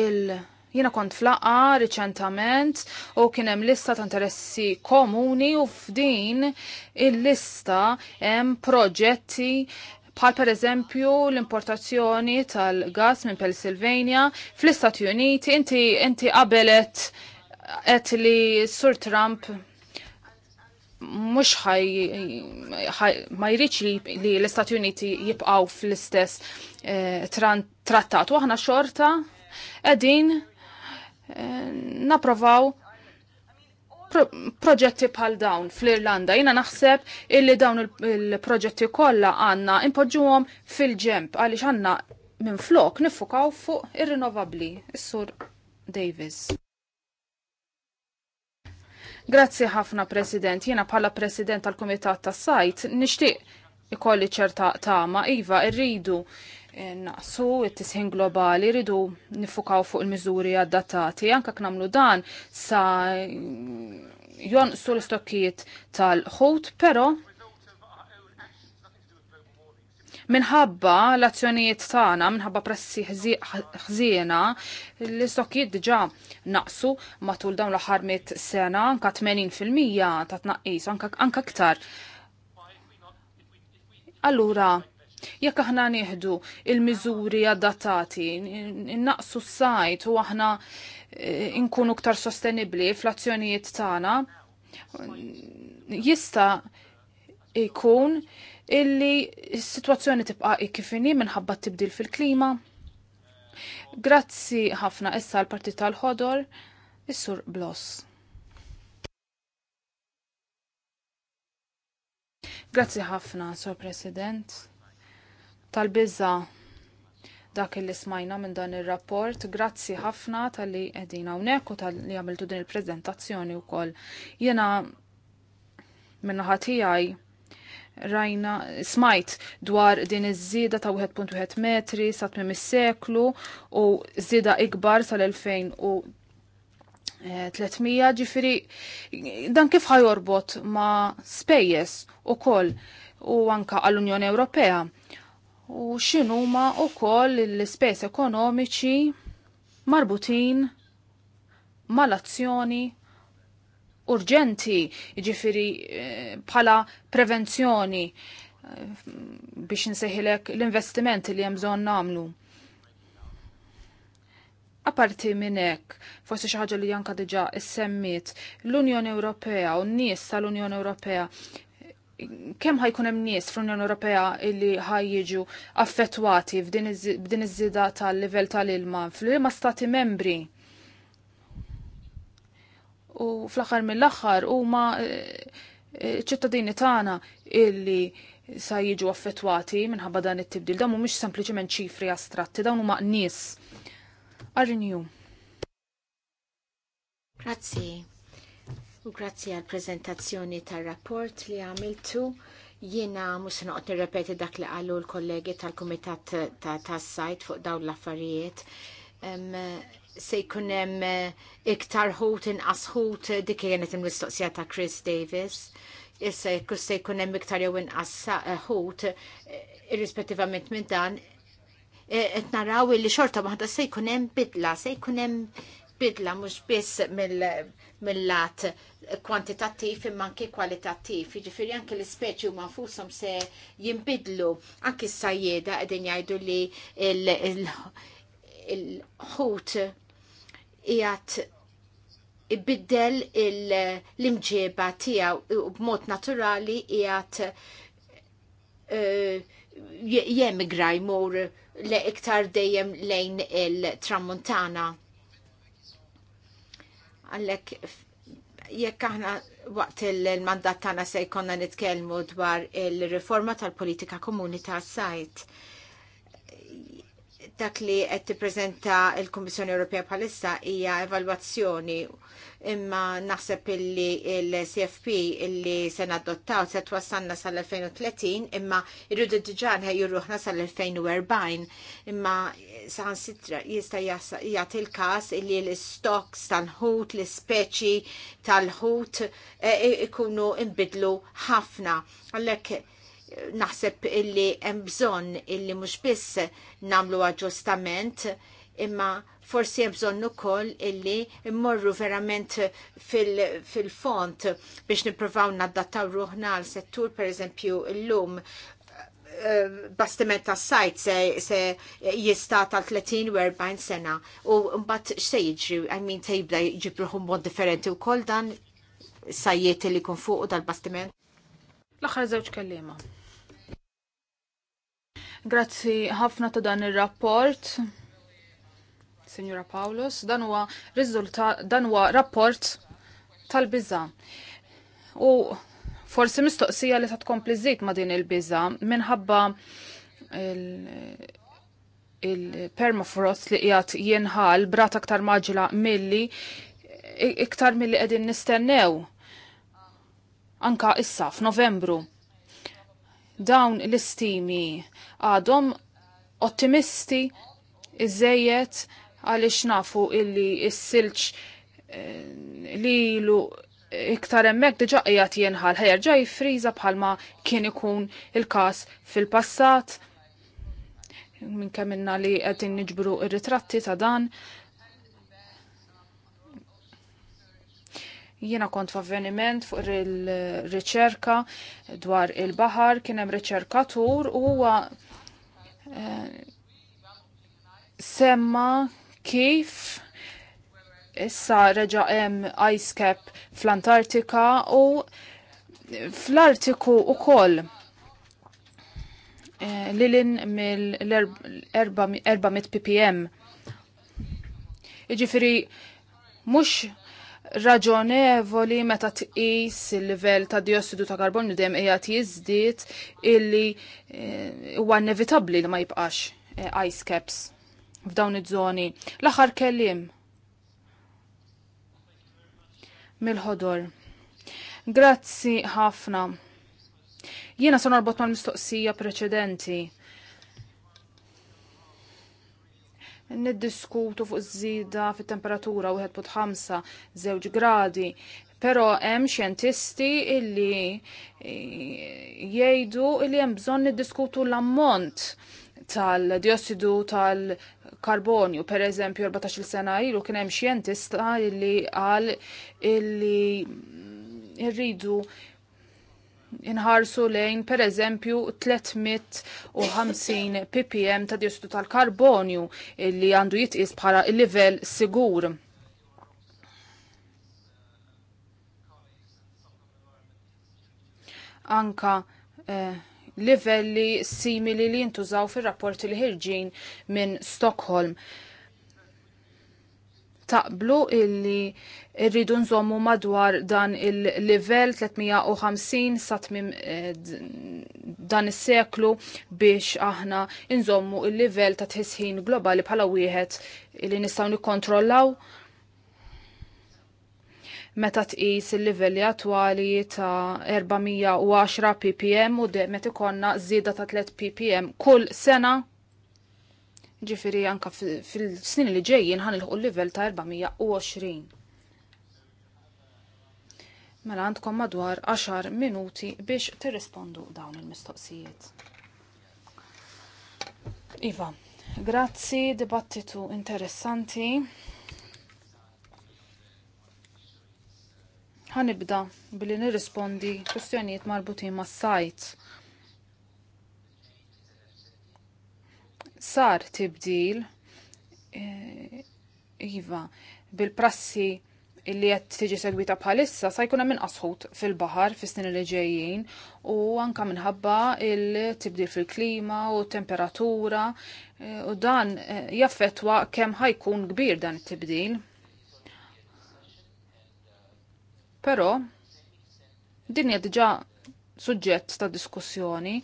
il- Jina kont flaqa riċentament u kien hemm lista ta' interessi komuni u f'din il-lista hemm proġetti bħal per eżempju l-importazzjoni tal-gas minn Pennsylvania fl-Istati Uniti, inti inti qabelet qed li Sur Trump mhux ma jridx li l-Istati Uniti jibqgħu fl-istess eh, trattat u aħna xorta qegħdin eh, naprovaw proġetti bħal dawn fl-Irlanda. Jina naħseb illi dawn il-proġetti kollha għandna impoġġuhom fil-ġemp għaliex għandna minn flok nifukaw fuq ir-rinnovabbli. Is-Sur Davis. Grazzi ħafna President, jiena bħala President tal-Kumitat tas-Sajt nixtieq ikolli ċerta ma' iva, irridu naqsu it-tisħin globali rridu nifukaw fuq il-miżuri għaddatati. Anka knamlu dan sa jonqsu l-istokkijiet tal-ħut, pero minħabba l-azzjonijiet tagħna, minħabba pressi ħżiena, l-istokkijiet diġà naqsu matul dawn l-aħħar sena anka 80% ta' tnaqqis, anka aktar Allura, Jekk aħna nieħdu il-miżuri adattati, innaqsu s-sajt u aħna inkunu e, ktar sostenibli fl-azzjonijiet tagħna, jista' ikun illi s-sitwazzjoni tibqa' kifini minħabba tibdil fil-klima. Grazzi ħafna issa l-Partit tal-Ħodor, is-Sur Bloss. Grazzi ħafna, Sor President tal-biża dak il smajna minn dan ir-rapport. Grazzi ħafna tal-li qegħdin hawnhekk u tal-li għamiltu din il prezentazzjoni wkoll. Jiena minnaħa tiegħi rajna smajt dwar din iż-żieda ta' 1.1 metri sa tmiem is-seklu u żieda ikbar sal 300 eh, ġifiri dan kif ħajorbot ma' spejjes u koll u anka għall-Unjoni Ewropea u x'inhuma wkoll l-ispejs ekonomiċi marbutin mal-azzjoni urġenti, ġifiri eh, bħala prevenzjoni eh, biex nseħilek l-investimenti li jemżon namlu. Aparti minn hekk, forsi xi ħaġa li janka diġà issemmiet, l-Unjoni Ewropea u n-nies tal-Unjoni Ewropea kemm ħajkun hemm nies fl-Unjoni Ewropea illi ħajjiġu affettwati b'din iż-żida tal-livell tal-ilma fl-ilma stati membri. U fl-aħħar mill-aħħar huma eh, eh, ċittadini tagħna illi sa jiġu affettwati minħabba dan it-tibdil dan mhumiex sempliċiment ċifri astratti dawn huma nies. Arrinju. Grazzi u grazzi għal prezentazzjoni tal-rapport li għamiltu. Jiena mhux se noqgħod nirrepeti dak li qalu l-kollegi tal-Kumitat tas-sajt fuq dawn l-affarijiet. Se jkun hemm eh, iktar ħut inqas ħut eh, dik kienet il-mistoqsija ta' Chris Davis. Issa jekk se jkun hemm iktar jew inqas eh, ħut irrispettivament minn dan qed naraw li xorta waħda se jkun hemm bidla, se jkun hemm bidla mhux biss mill-lat kwantitattiv imma anke kwalitattiv. Jiġifieri anke l-ispeċi huma nfushom se jinbidlu. Anke s-sajjeda qegħdin jgħidu li l-ħut qiegħed ibiddel l-imġieba tiegħu b'mod naturali qiegħed e, jemigra jmur le iktar dejjem lejn il-tramuntana Għallek jekk aħna waqt il-mandat tagħna se jkollna nitkellmu dwar il-riforma tal-politika komuni tas-sajt dak li qed tippreżenta l-Kummissjoni Ewropea bħalissa hija evalwazzjoni imma naħseb illi l-CFP illi se nadottaw se twassanna sal-2030 imma irridu diġà nħejju ruħna sal-2040 imma san sitra jista' jagħti l-każ illi l istoks tal-ħut, l ispeċi tal-ħut e- e- ikunu imbidlu ħafna. Għalhekk naħseb illi hemm bżonn illi mhux biss nagħmlu aġġustament imma forsi hemm bżonn ukoll illi mmorru verament fil-font fil biex nippruvaw naddattaw ruħna għal settur pereżempju llum eh, bastiment ta' sajt se, se jista ta' 30 u 40 sena u mbagħad x'se jiġri, I mean se jibda jġibruħu mod differenti u kol dan sajjiet li kun fuq dal-bastiment. L-aħħar żewġ kelliema. Grazzi ħafna ta' dan ir-rapport. Signora Paulus, dan huwa dan huwa rapport tal-biża. U forsi mistoqsija li ta' tkompli żid ma' din il-biża minħabba il-permafrost li qiegħed jinħal brat aktar maġla milli iktar milli qegħdin nistennew anka issa f'Novembru. Dawn l-istimi għadhom ottimisti iżejjed għaliex nafu illi s-silġ eh, li lu iktar emmek diġa qijat jenħal ħejerġa' jifriża bħalma kien ikun il-każ fil-passat minn kemmina li qed nġbru ir-ritratti ta' dan Jiena kont f'avveniment fuq il-riċerka dwar il-bahar, kien hemm riċerkatur u huwa eh, semma kif issa reġa' hemm ice cap fl-Antartika u fl-Artiku ukoll eh, lilin mill-400 ppm. Iġifiri, mux raġonevoli meta tqis il-livell ta' diossidu ta' karbonju dejjem qiegħed jiżdied illi eh, huwa inevitabbli li ma jibqax eh, ice caps f'dawn iż-żoni. L-aħħar kellim mill-ħodor. Grazzi ħafna. Jiena se norbot mal-mistoqsija preċedenti niddiskutu fuq żida fit-temperatura wieħed ħamsa żewġ gradi. Però hemm xjentisti illi e, jgħidu illi hemm bżonn niddiskutu l-ammont tal-diossidu tal-karbonju. Per eżempju, 14 sena ilu kien hemm xjentista illi qal illi rridu il inħarsu lejn per eżempju 350 ppm ta' diossidu tal-karbonju li għandu jitqis bħala il-livell sigur. Anka eh, livelli simili li jintużaw fir-rapporti li ħirġin minn Stockholm taqblu illi rridu nżommu madwar dan il-level 350 sa tmim eh, dan is-seklu biex aħna nżommu il-level ta' tħisħin globali bħala wieħed li nistgħu nikkontrollaw meta tqis il-livelli attwali ta' 410 ppm u meta ikonna żieda ta' 3 ppm kull sena Ġifiri anka fil-snin li ġejjin ħan il livell ta' 420. Mela għandkom madwar 10 minuti biex tirrispondu dawn il-mistoqsijiet. Iva, grazzi, dibattitu interessanti. Ħanibda billi nirrispondi kwestjonijiet marbutin mas-sajt sar tibdil eh, iva bil-prassi illi qed tiġi segwita bħalissa sa jkun hemm asħut fil-baħar fis-snin li ġejjin u anka minħabba il-tibdil fil-klima u temperatura eh, u dan eh, jaffetwa kemm ħajkun kbir dan it-tibdil. Però din hija diġà suġġett ta' diskussjoni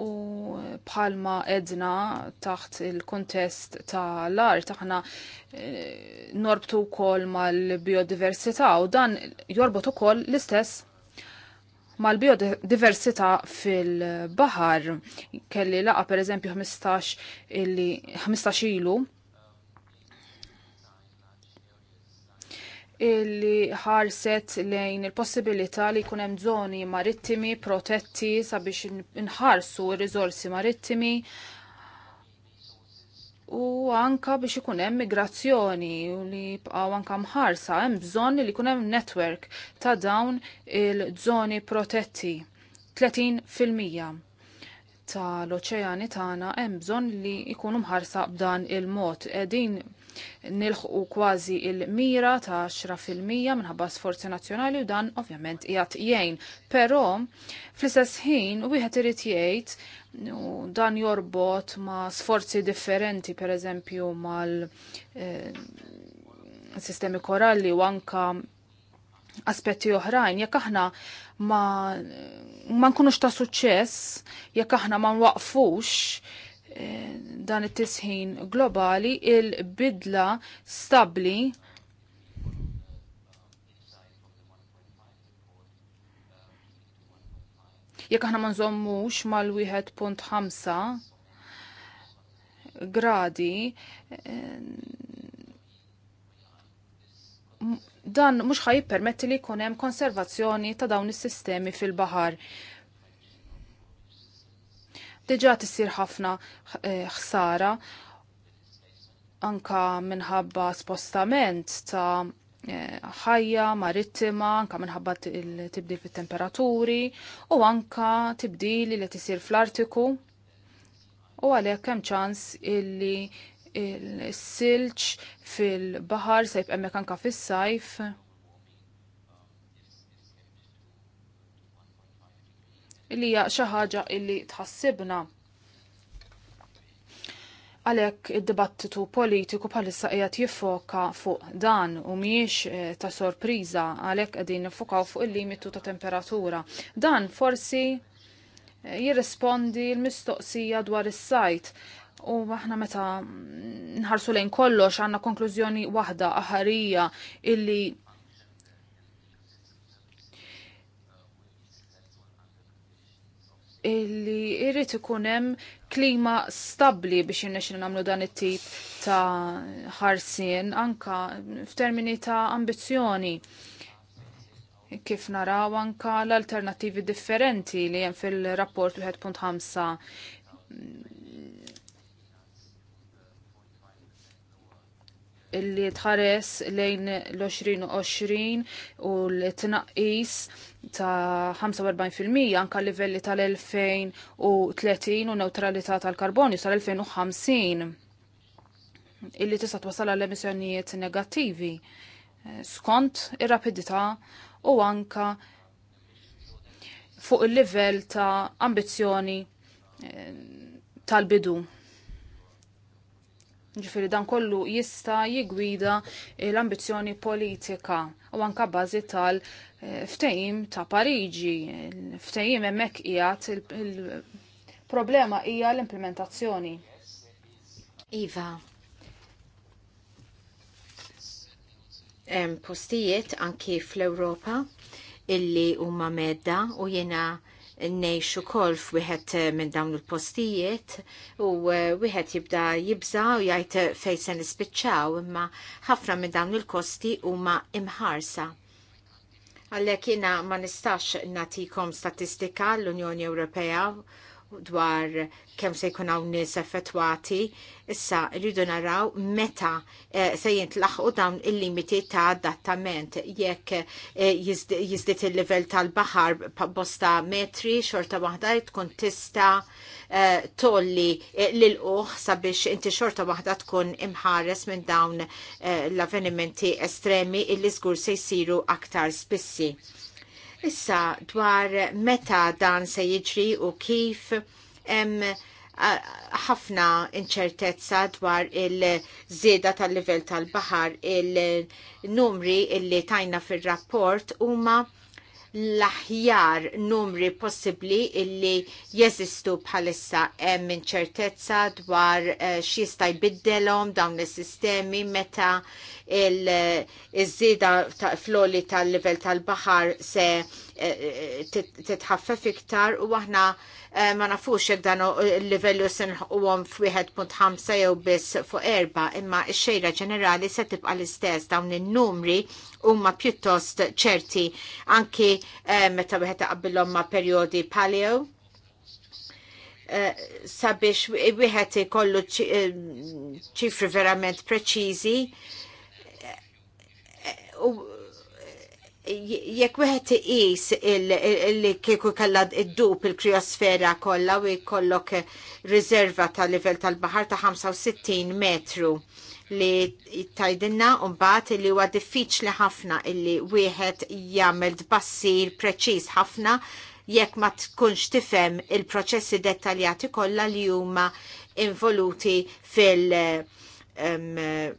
u bħalma edna taħt il-kontest ta' l-art aħna eh, norbtu wkoll mal-biodiversità u dan jorbot ukoll l-istess mal-biodiversità fil-baħar kelli laqa per eżempju 15 illi 15 ilu illi ħarset lejn il-possibilità li jkun hemm żoni marittimi protetti sabiex inħarsu r-riżorsi marittimi u anka biex ikun hemm migrazzjoni u li bqgħu anka mħarsa hemm bżonn li jkun hemm netwerk ta' dawn il-żoni protetti 30 fil-mija tal-oċeani tagħna hemm bżonn li jkunu mħarsa b'dan il-mod. Qegħdin nilħu kważi il-mira ta' 10% minħabba sforzi nazzjonali u dan ovvjament jgħat jgħin. Però fl-istess ħin wieħed irid jgħid dan jorbot ma' sforzi differenti, per eżempju mal eh, sistemi koralli u anka aspetti oħrajn, jekk aħna ma, ma nkunux ta' suċċess, jekk aħna ma nwaqfux dan it-tisħin globali il-bidla stabli jekk aħna ma nżommux mal-1.5 gradi eh, dan mhux ħaj jippermetti li jkun hemm konservazzjoni ta' dawn is-sistemi fil-baħar diġa tissir ħafna eh, ħsara anka minħabba spostament ta' eh, ħajja marittima, anka minħabba tibdil fit-temperaturi u anka tibdil li tisir fl-artiku u għalhekk hemm ċans illi il-silġ fil-baħar se emmek anka fis-sajf li hija xi ħaġa li tħassibna. Għalhekk id-dibattitu politiku bħalissa qiegħed jiffoka fuq dan u mhijiex eh, ta' sorpriża għalhekk qegħdin nifokaw fuq il-limitu ta' temperatura. Dan forsi eh, jirrispondi l-mistoqsija dwar is-sajt u aħna meta nħarsu lejn kollox għandna konklużjoni waħda aħarija illi illi irrit ikun hemm klima stabbli biex jirnexxin nagħmlu dan it-tip ta' ħarsien anka f'termini ta' ambizzjoni kif naraw anka l-alternattivi differenti li hemm fil-rapport 1.5 li tħares lejn l-2020 u l-tnaqqis ta' 45% anka livelli tal-2030 u neutralità tal-karbonju tal-2050 illi tista' twasal għal emissjonijiet negattivi eh, skont ir-rapidità u anka fuq il-livell ta' ambizzjoni eh, tal-bidu. Ġifiri dan kollu jista jigwida eh, l-ambizjoni politika u anka bażi tal-ftejim eh, ta' Pariġi. Ftejim hemmhekk ijat il-problema hija l-implementazzjoni. Iva. Hemm postijiet anki fl-Ewropa illi huma medda u jiena nejx ukoll f'wieħed eh, minn dawn il-postijiet u eh, wieħed jibda jibża u jgħid eh, fejn se nispiċċaw imma ħafna minn dawn il-kosti huma imħarsa. Għalhekk jiena ma nistax natikom statistika l-Unjoni Ewropea dwar kemm se jkun hawn nies effettwati, issa rridu naraw meta eh, se jintlaħqu dawn il-limiti ta' adattament jekk eh, jiżdied il-livell tal-baħar bosta metri xorta waħda tkun tista' eh, tolli lil uħ sabiex inti xorta waħda tkun imħares minn dawn l-avvenimenti estremi illi żgur se jsiru aktar spissi Issa dwar meta dan se jiġri u kif hemm ħafna inċertezza dwar il-żieda tal-livell tal-baħar il-numri illi tajna fil-rapport huma l-aħjar numri possibbli illi jeżistu bħalissa hemm inċertezza dwar eh, x'jista' jbiddelhom dawn is-sistemi meta il-żida fl-oli tal-level tal-bahar se eh, eh, titħaffef iktar u aħna eh, ma nafux jek dan il-level jusin u għom f-1.5 jew biss fuq erba imma x-xejra ġenerali se tibqa l-istess dawn il-numri huma pjuttost ċerti anki meta wieħed taqabbilhom ma' perjodi paleo sabiex wieħed ikollu ċifri verament preċiżi Eh, jekk wieħed iqis li kieku kellha ddub il-kriosfera kollha u jkollok riserva ta' livell tal-baħar ta' 65 metru li tajdinna mbagħad li huwa diffiċli ħafna illi wieħed jagħmel tbassir preċiż ħafna jekk ma tkunx tifhem il-proċessi dettaljati kollha li huma involuti fil- eh,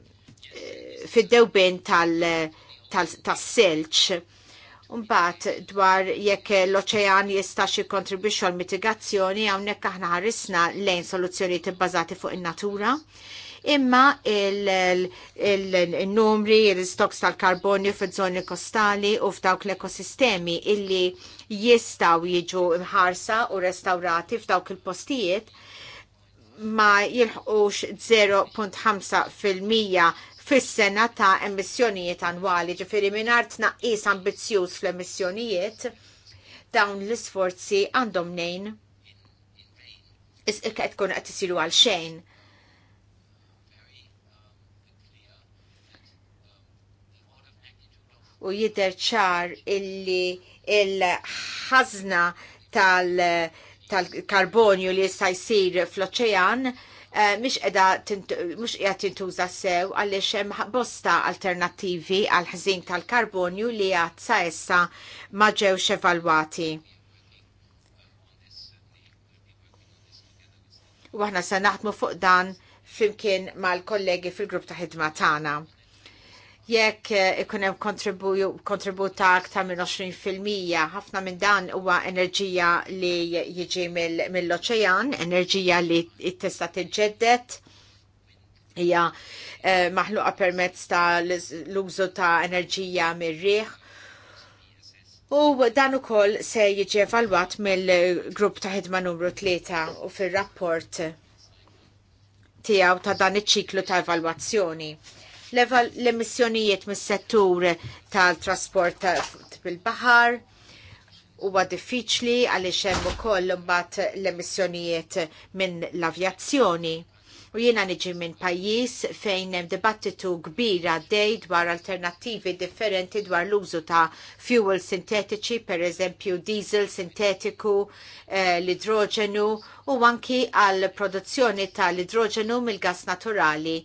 fid-dewbin tal- tas-selċ. Umbat dwar jekk l-oċean jistax jikkontribwixxu għal mitigazzjoni hawnhekk aħna ħarisna lejn soluzzjonijiet bbażati fuq in-natura. Imma il-numri, il-stoks tal-karbonju fi żoni kostali u f'dawk l-ekosistemi illi jistaw jiġu mħarsa u restaurati f'dawk il-postijiet ma jilħqux 0.5% fis-sena ta' emissjonijiet annwali, ġifieri mingħajr tnaqqis ambizzjuż fl-emissjonijiet, dawn l-isforzi għandhom nejn qed tkun qed isiru għal xejn. U jidher ċar illi il-ħażna tal- tal-karbonju li jista' jsir fl-oċean Eh, mhix qiegħda mhux qiegħed tintuża sew għaliex hemm bosta alternattivi għal ħżin tal-karbonju li għad sa issa ma ġewx evalwati. U aħna se naħdmu fuq dan flimkien mal-kollegi fil-grupp ta' ħidma tagħna jekk eh, ikun hemm kontribut ta' aktar minn 20% fil-mija, ħafna minn dan huwa enerġija li jiġi mill-oċean, enerġija li tista' tiġġedded hija eh, maħluqa permezz ta' l-użu ta' enerġija mir-riħ. U dan ukoll se jiġi evalwat mill-grupp ta' ħidma numru 3 u fir-rapport tiegħu ta' dan iċ-ċiklu ta' evalwazzjoni l-emissjonijiet mis-settur tal-trasport bil-bahar huwa diffiċli għaliex hemm ukoll mbagħad l-emissjonijiet minn l-avjazzjoni. U jiena niġi minn pajjiż fejn hemm dibattitu kbira għaddej dwar alternattivi differenti dwar l-użu ta' fuel sintetiċi, per eżempju diesel sintetiku, eh, l-idroġenu u anki għal produzzjoni tal-idroġenu mill-gas naturali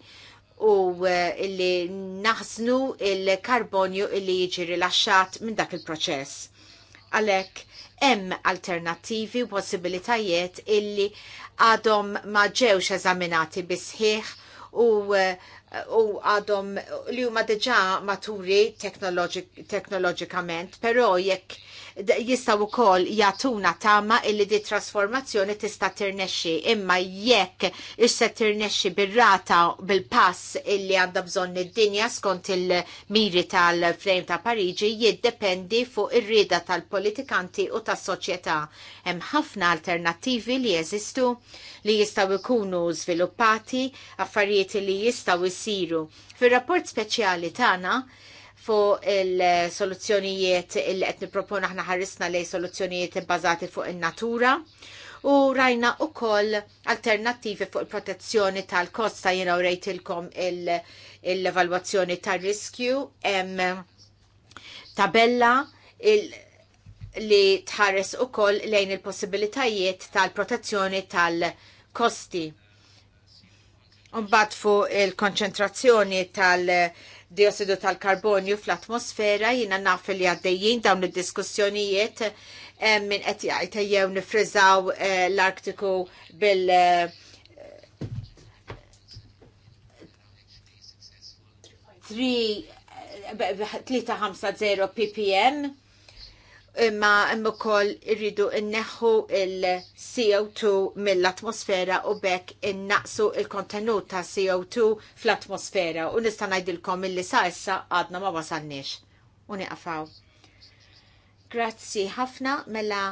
u eh, illi naħsnu il-karbonju illi jiġi rilaxxat minn dak il-proċess. Għalek, hemm alternativi u possibilitajiet illi għadhom ma ġewx eżaminati bisħiħ u eh, u għadhom li huma diġà maturi teknoloġikament, però jekk jistgħu wkoll jagħtuna tama illi di trasformazzjoni tista' tirnexxi, imma jekk ix se tirnexxi bir-rata bil-pass illi għandha bżonn id-dinja skont il-miri tal-frame ta' Pariġi jiddependi fuq ir-rieda tal-politikanti u tas-soċjetà. Hemm ħafna alternattivi li jeżistu li jistgħu jkunu żviluppati, affarijiet li jistgħu jisiru. Fil-rapport speċjali tagħna fuq il-soluzzjonijiet il qed nipproponu aħna ħarrisna lej soluzzjonijiet bbażati fuq in-natura u rajna wkoll alternattivi fuq il-protezzjoni tal-kosta jiena u rejtilkom l-evalwazzjoni tar riskju em tabella il li tħares ukoll lejn il-possibilitajiet tal-protezzjoni tal-kosti Unbat fuq il-konċentrazzjoni tal-diossidu tal-karbonju fl-atmosfera jiena naf li għaddejjin dawn id-diskussjonijiet minn qed jgħid jew nifriżaw l arktiku bil- three 350 ppm imma hemm ukoll irridu nneħħu il-CO2 mill-atmosfera u bekk innaqsu il-kontenut ta' CO2 fl-atmosfera u nista' ngħidilkom illi sa issa għadna ma wasalniex u niqafaw. Grazzi ħafna mela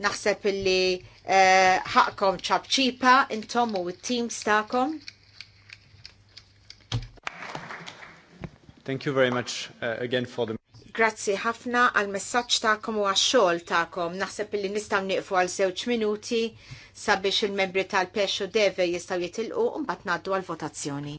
naħseb illi eh, ħaqkom ċabċipa intom u t-team stakom. Thank you very much uh, again for the Grazzi ħafna għal messaġġ tagħkom u għax-xogħol tagħkom. Naħseb li nistgħu nieqfu għal żewġ minuti sabiex il-membri tal-Pesċu Deve jistgħu jitilqu u mbagħad ngħaddu għal votazzjoni.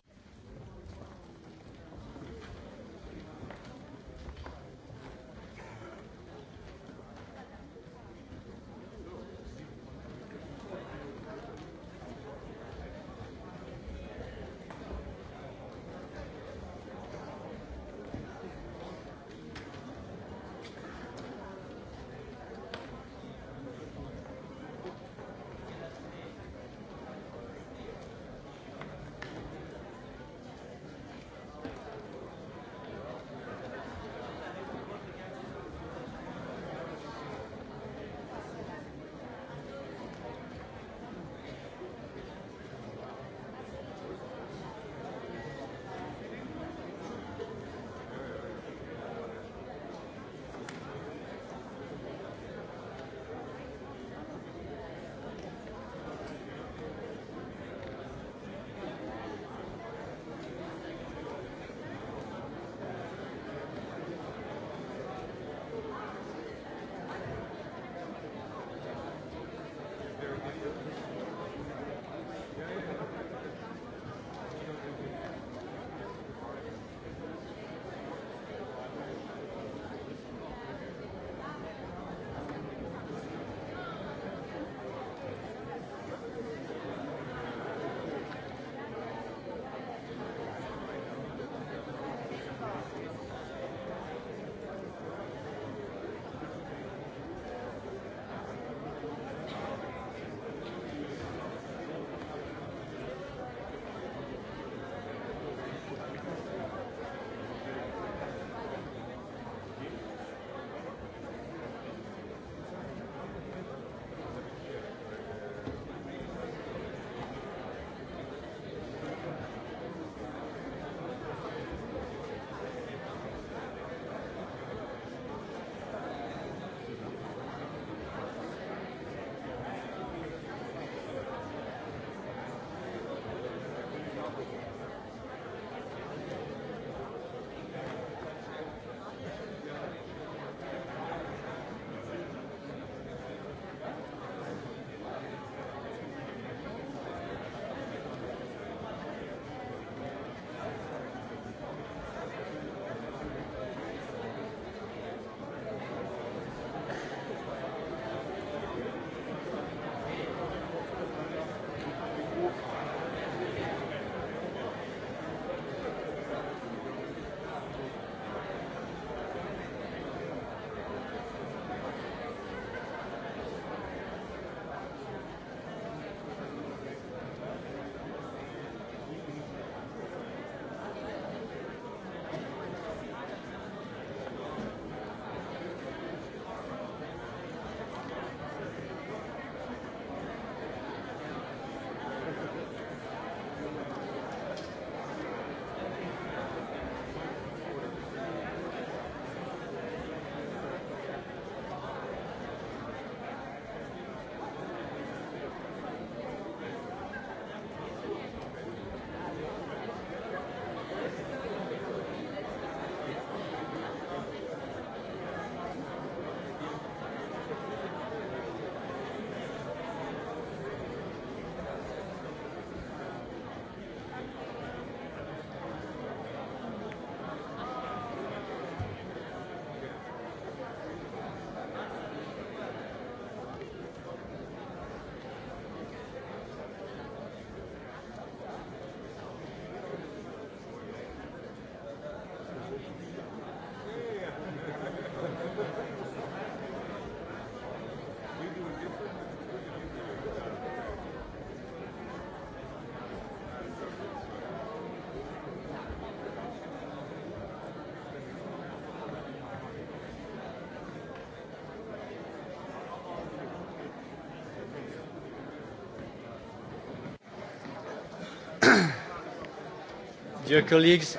Dear colleagues,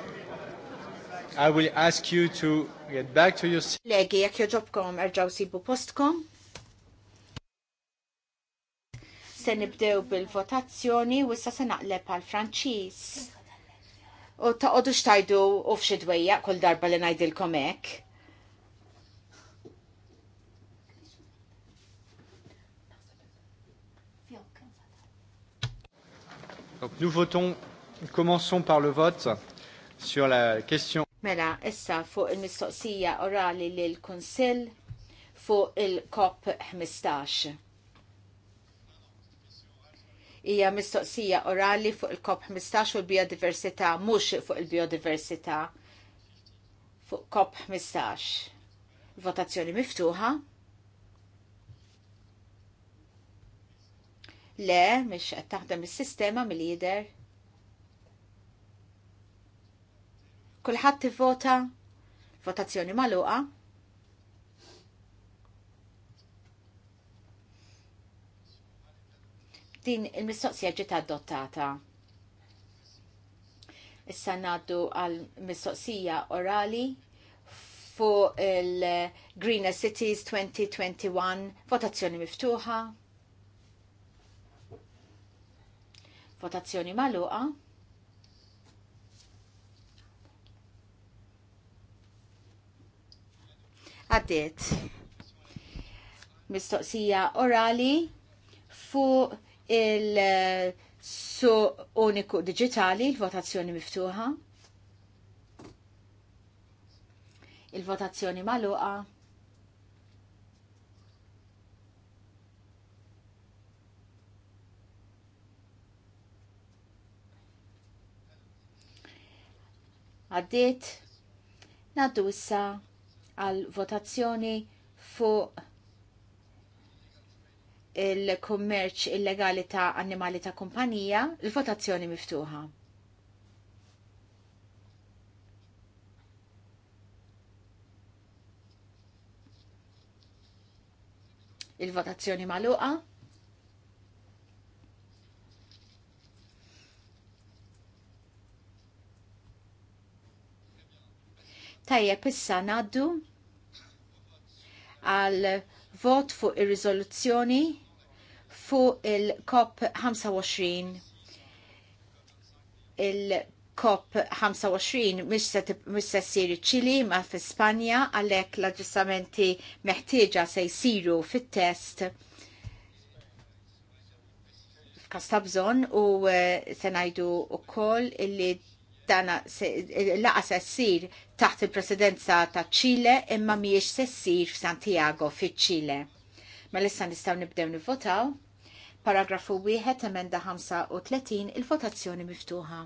I will ask you to get back to your seat. Legi, jek joġobkom erġaw sibu postkom. Se nibdew bil-votazzjoni u issa se naqleb għal Franċiż. U taqodu xtajdu u f'xi dwejja kull darba li ngħidilkom hekk. Donc nous votons Commençons par le vote sur la question. Mela, issa fuq il-mistoqsija orali lil konsil fuq il-COP 15. Hija mistoqsija orali fuq il-COP 15 u l-biodiversità, mhux fuq il-biodiversità fuq COP 15. Votazzjoni miftuħa. Le, mish qed taħdem is-sistema mill-jider. Kulħadd tivvota votazzjoni magħluqa. Din il-mistoqsija ġiet adottata. Issa ngħaddu għal mistoqsija orali fuq il-Greener Cities 2021, votazzjoni miftuħa, votazzjoni maluqa. Għaddiet. Mistoqsija orali fuq il-su eh, uniku digitali, il-votazzjoni miftuħa. Il-votazzjoni maluqa. għaddiet naddu issa għal votazzjoni fuq il-kummerċ illegali ta' annimali ta' kumpanija, il-votazzjoni miftuħa. Il-votazzjoni maluqa. Tajjeb issa naddu għal vot fuq ir-riżoluzzjoni fuq il-COP 25. Il-COP 25 mhux se ssir ċili ma fi Spanja għalhekk l-aġġustamenti meħtieġa se jsiru fit-test f'kas bżonn u eh, se ngħidu wkoll illi dana laqa se ssir taħt il-presidenza ta' Ċile imma miex se ssir f'Santiago fi ċile. Ma mela issa nistgħu nibdew nivvotaw. Paragrafu wieħed emenda 35 il-votazzjoni miftuħa.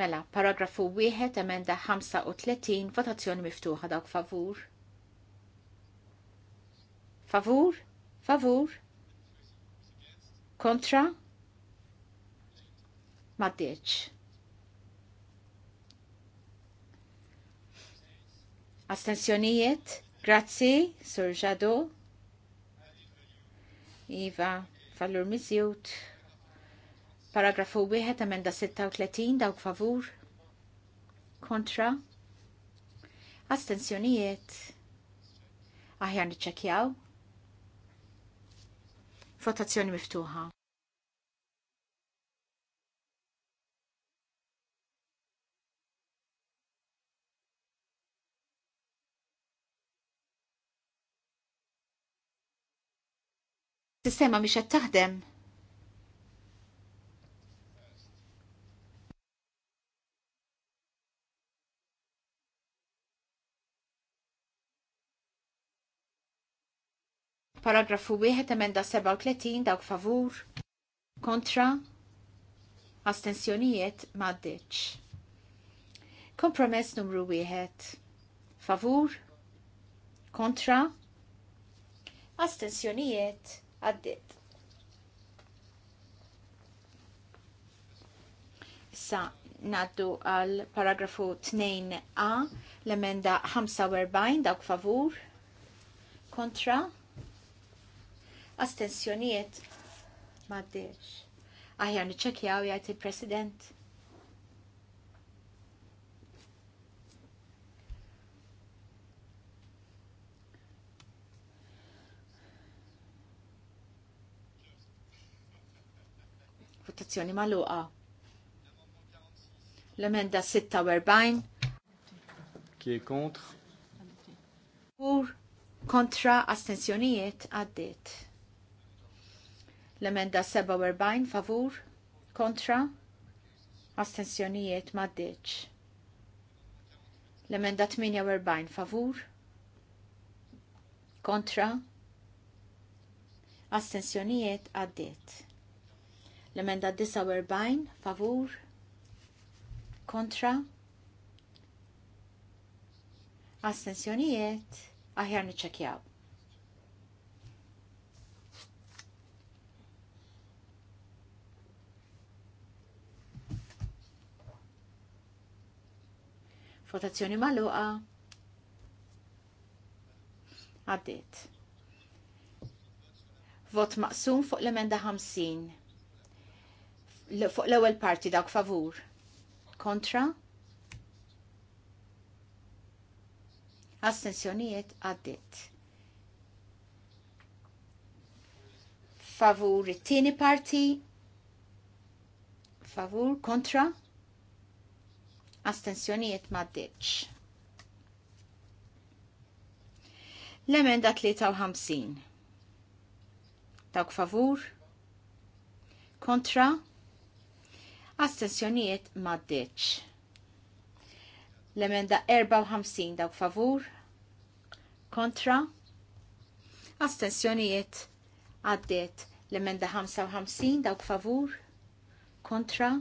Mela, paragrafu 1, emenda 35, votazzjoni miftuħa dawk favur. Favur? Favur? Kontra? Maddeċ. Astensjonijiet? Grazzi, Sur Jado. Iva, fallur mizjut. Paragrafu 1, emenda 36, dawk favur. Kontra. Astenzjonijiet. Aħjar niċċekjaw. Votazzjoni miftuħa. Sistema mhix qed taħdem. Paragrafu 1 emenda 37 dawk favur kontra astensjonijiet maddiċ. Kompromess numru 1 favur kontra astensjonijiet għaddit. Issa naddu għal paragrafu 2a l-emenda 45 dawk favur kontra astensjonijiet maddeċ. Aħjar niċċekjaw jgħid il-President. Votazzjoni maluqa. L-emenda 46. Qui est contre? kontra astensjonijiet għaddiet. L-emenda 47 favur kontra astensjonijiet maddiċ. L-emenda 48 favur kontra astensjonijiet għaddiet. L-emenda 49 favur kontra astensjonijiet aħjar niċċekjaw. Votazzjoni maluqa. Għaddit. Vot maqsum fuq l-emenda 50. Fuq l-ewwel parti dawk favur. Kontra. Astensjonijiet għaddit. Favur it-tieni parti. Favur kontra astensjonijiet maddeċ. L-emenda 53. Dawk favur, kontra, astensjonijiet maddeċ. L-emenda 54 dawk favur, kontra, astensjonijiet għaddiet. L-emenda 55 dawk favur, kontra,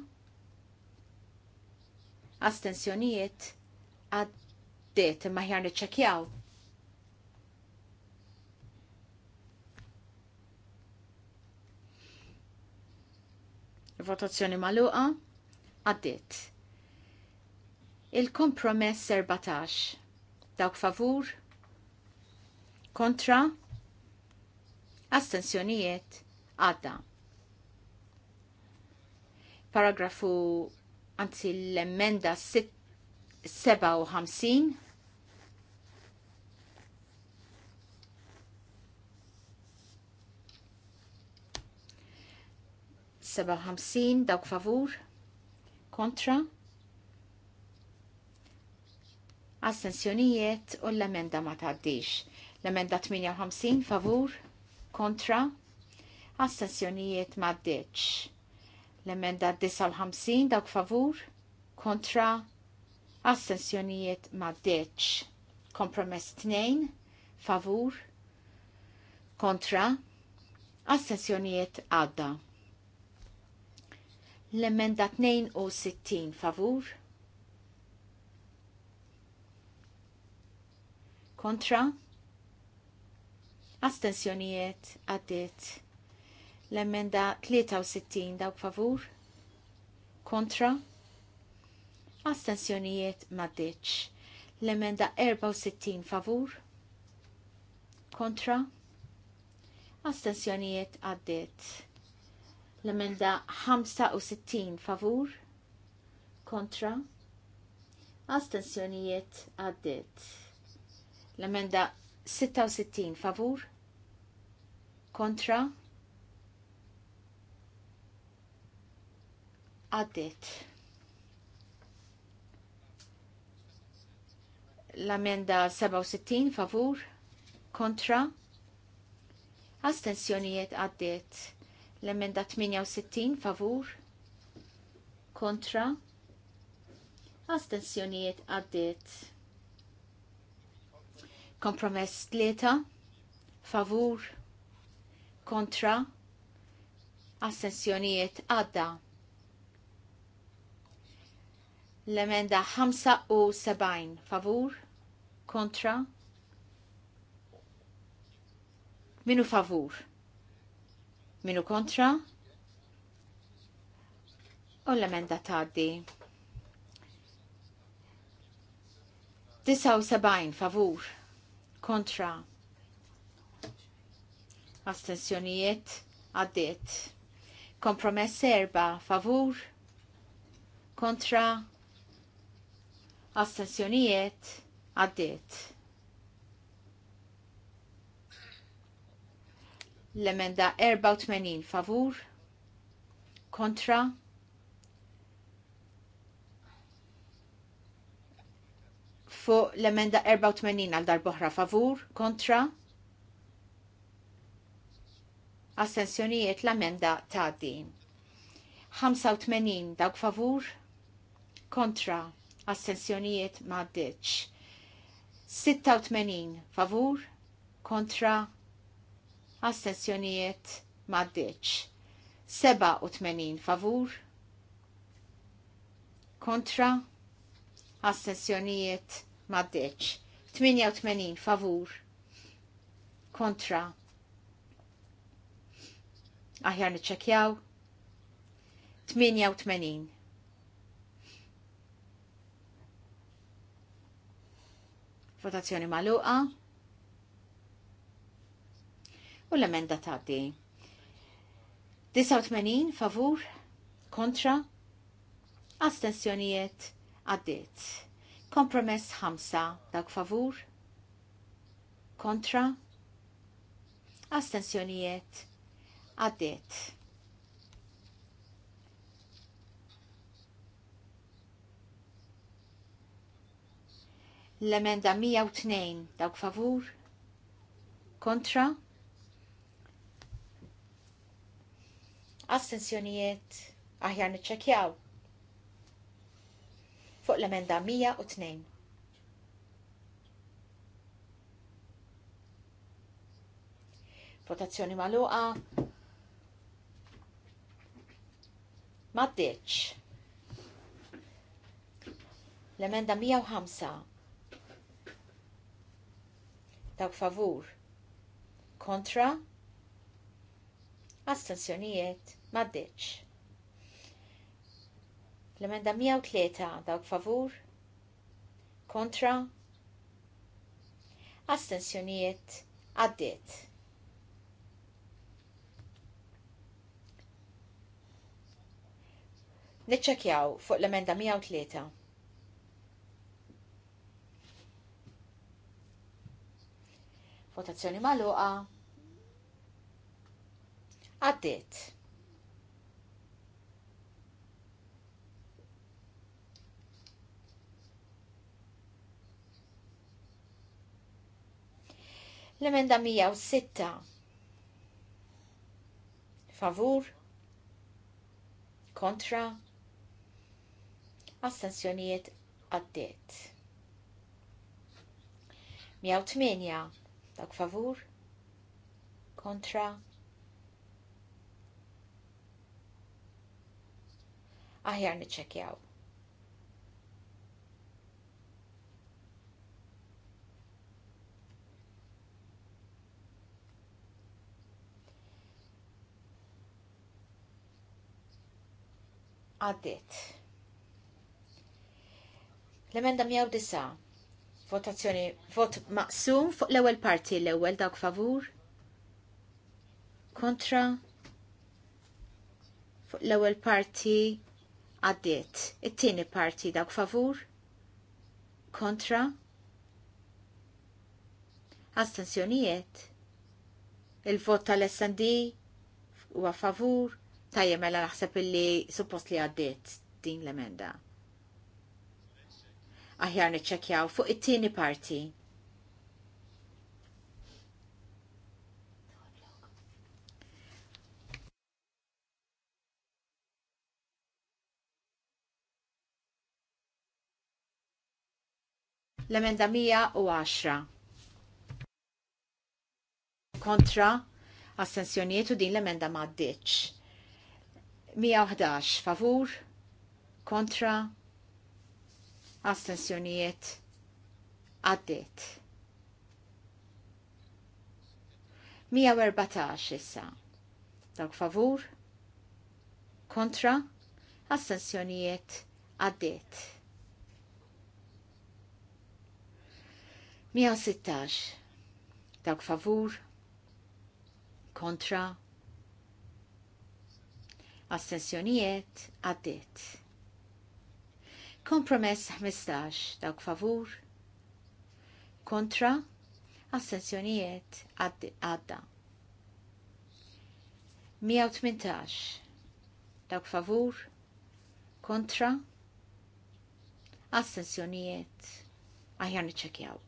astensjonijiet għaddiet imma ħjar niċċekjaw. Votazzjoni maluqa għaddiet. Il-kompromess 14. Dawk favur? Kontra? Astensjonijiet għadda. Paragrafu anzi l-emenda 57 dawk favur kontra Astensjonijiet u l-emenda ma taddix. L-emenda 58 favur kontra astensjonijiet ma taddix L-emenda 59 dawk favur kontra ma deċ. Kompromess 2 favur kontra astensjonijiet għadda. L-emenda 62 favur kontra astensjonijiet għaddit L-emenda 63 dawk favur kontra astensjonijiet maddiċ. L-emenda 64 favur kontra astensjonijiet għaddit. L-emenda 65 favur kontra astensjonijiet għaddit. L-emenda 66 favur kontra għaddit. L-amenda 67 favur kontra astensjonijiet għaddit. L-emenda 68 favur kontra astensjonijiet għaddit. Kompromess tlieta favur kontra astensjonijiet għadda. L-emenda 75 favur kontra minu favur minu kontra u l-emenda taddi 79 favur kontra astensjonijiet għaddiet kompromess erba favur kontra astensjonijiet għaddiet. L-emenda 84 favur kontra fuq l-emenda 84 għal darboħra favur kontra astensjonijiet l-emenda ta' din. 85 dawk favur kontra assenzjonijiet ma ddiċ. 86 favur kontra assenzjonijiet ma ddiċ. 87 favur kontra assenzjonijiet ma ddiċ. 88 favur kontra aħjar niċċekjaw 88 Votazzjoni maluqa. U l-emenda taddi. 89 favur kontra astensjonijiet għaddit. Kompromess 5 dak favur kontra astensjonijiet għaddit. L-emenda 102 dawk favur kontra astensjonijiet aħjar niċċekjaw fuq l-emenda 102. Votazzjoni maluqa. Maddeċ. L-emenda 105 dawk favur kontra astensjonijiet maddiċ. L-emenda 103 dawk favur kontra astensjonijiet għaddiet. Niċċekjaw fuq l-emenda 103. Votazzjoni maluqa. Għaddit. L-emenda 106. Favur. Kontra. Astensjonijiet għaddiet. 108 Dak favur? Kontra? Aħjar niċċekjaw. Għaddit. L-emenda 109 Votazzjoni, vot maqsum fuq l-ewwel parti l-ewwel dawk favur. Kontra. Fuq l-ewwel parti għaddiet. It-tieni parti dawk favur. Kontra. Astensjonijiet. Il-vot tal-SND huwa favur. Tajjem mela naħseb illi suppost li għaddiet din l-emenda aħjar niċċekjaw fuq it-tieni parti. l-emenda 110. Kontra assenzjoniet u din l-emenda maddiċ. 111 favur, kontra astensjonijiet għaddit. 114 issa. Dawk favur, kontra, astensjonijiet għaddit. 116 dawk favur, kontra, astensjonijiet għaddit. Kompromess 15 dawk favur kontra assenzjonijiet għadda. 118 dawk favur kontra assenzjonijiet aħjar niċċekjaw.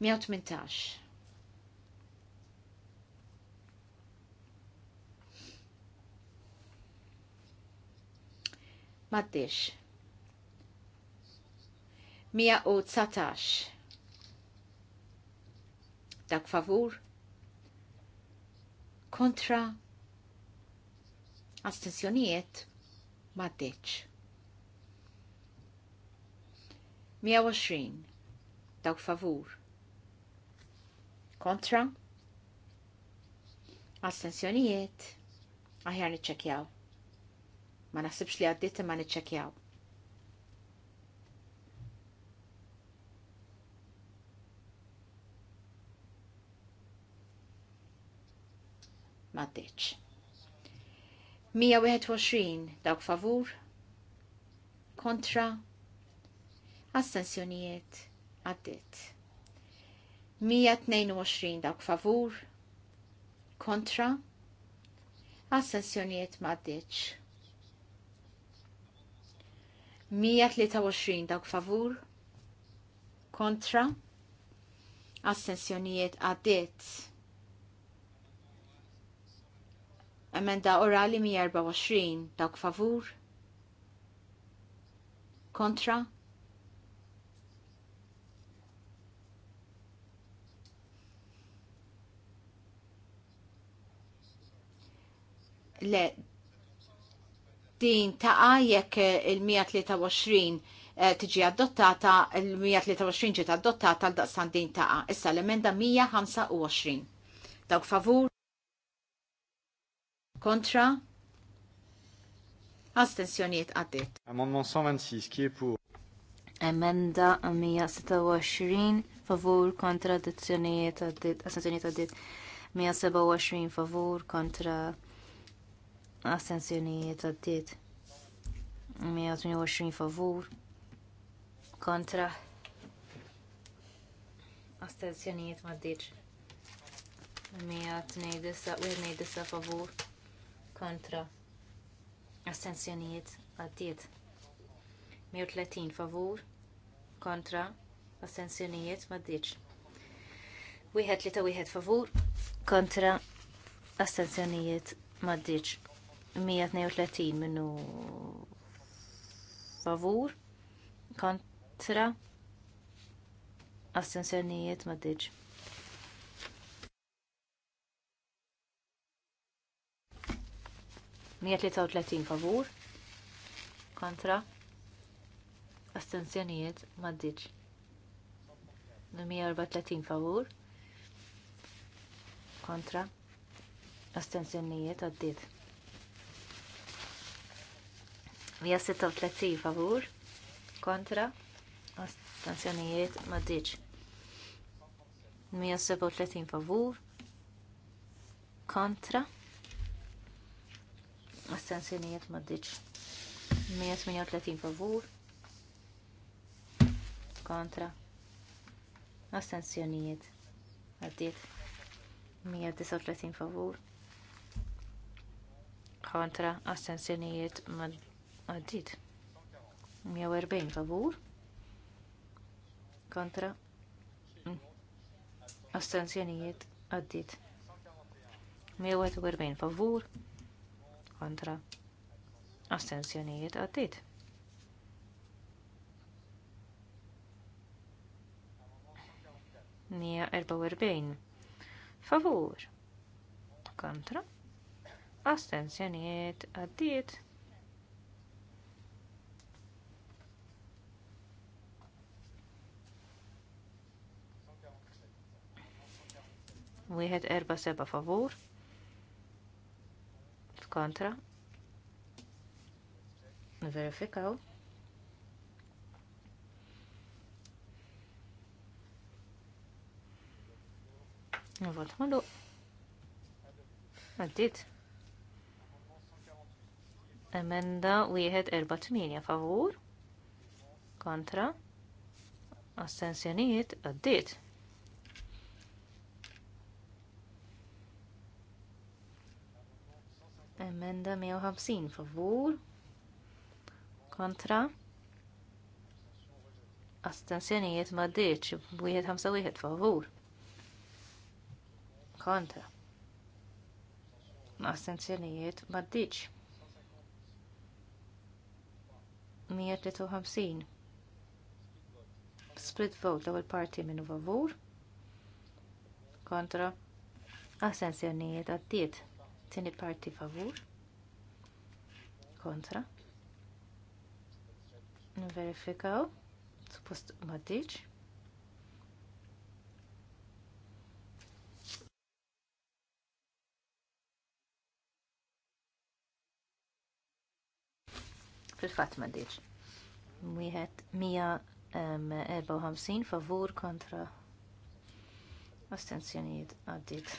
118 Maddix. 119. Dak favur? Kontra? Astensjonijiet? Maddix. 120. Dak favur? Kontra? Astensjonijiet? Aħjar niċċekjaw ma naħsibx li għaddiet imma niċċekjaw. Ma ddiċ. 121 dawk favur, kontra, astensjonijiet għaddit. 122 dawk favur, kontra, astensjonijiet ma 123 dawk favur kontra assenzjonijiet għaddiet emenda orali 124 dawk favur kontra le din taqa jekk il-123 eh, tiġi adottata, il-123 ġiet adottata għal daqsan din taqa. Issa l-emenda 125. Dawk favur? Kontra? Astensjoniet għaddit. Amendment 126, kje pu? Emenda 126, favur kontra astensjoniet għaddit, astensjoniet għaddit. 127 favur kontra Astenzjonijiet għaddiet. 128 favur kontra astenzjonijiet maddiċ 192 favur kontra astenzjonijiet għaddiet 130 favur kontra astenzjonijiet maddiċ wieħed li ta' wieħed favur kontra astenzjonijiet maddiċ 132 minnu favur kontra astensjonijiet ma diġ. Miet li taw favur kontra astensjonijiet ma diġ. 134 favur kontra astensjonijiet għaddit. 136 iva, favur kontra astensjonijiet maddiċ 137 favur kontra astensjonijiet maddiċ 138 favur kontra astensjonijiet għaddiet 139 favur kontra astensjonijiet maddiċ Għaddit. 140 favur. Kontra. Mm. Astenzjonijiet. Għaddit. 141 favur. Kontra. Astenzjonijiet. Għaddit. Mija 144 favur kontra astenzjonijiet għaddiet Wieħed erba' seba' favur kontra. Verifikaw. Vot malu. Għaddit. Emenda wieħed erba' tminja favur. Kontra. Astensjonijiet għaddit. Emenda 150 favur kontra astensjonijiet ma ddiċ wieħed ħamsa wieħed favur kontra astensjonijiet ma ddiċ 153 split vote l-ewwel parti minnu favur kontra astensjonijiet għaddiet Tieni parti favur. Kontra. Nverifikaw. Suppost maddiċ. Fil-fat maddiċ. Mwihet 154 favur kontra astenzjoniet għaddit.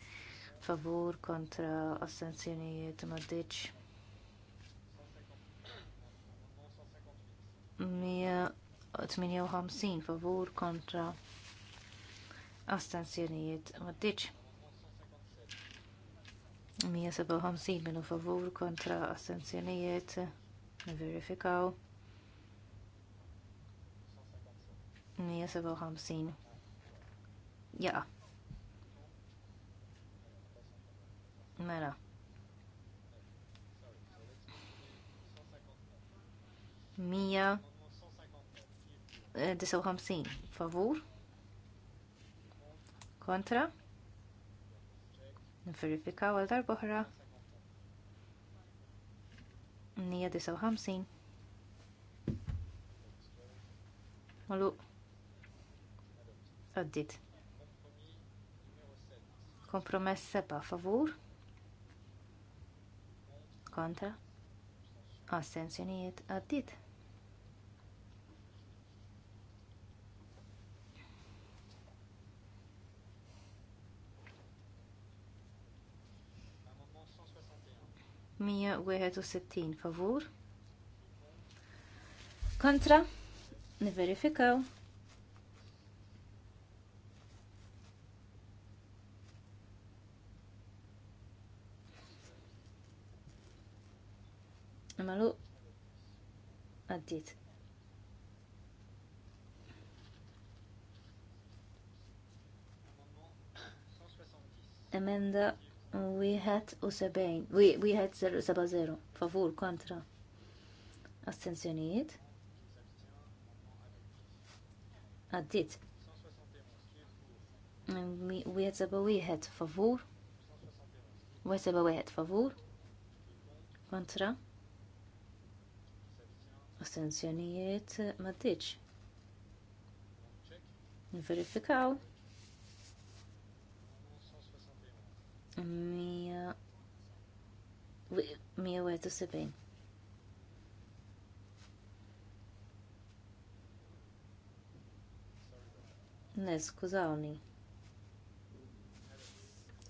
favur kontra astenzjonijiet maddiċ. 158 favur kontra astenzjonijiet maddiċ. 157 minu favur kontra astenzjonijiet verifikaw 157 jaqa' Mela. Mija. Eh, disawħamsin. favur kontra nifverifikaw għal darboħra. Nija disawħamsin. Malu għaddit kompromess seba favur kontra astensjonijiet għaddit. Mija u sittin favur kontra niverifikaw Vot namalu għaddit. Emenda wieħed u sebejn, wieħed zero seba zero, favur kontra. Astenzjonijiet. Għaddit. Wieħed seba wieħed favur. Wieħed seba wieħed favur. Kontra. Astenzjonijiet maddiċ. Verifikaw. 171. Ne, skużawni.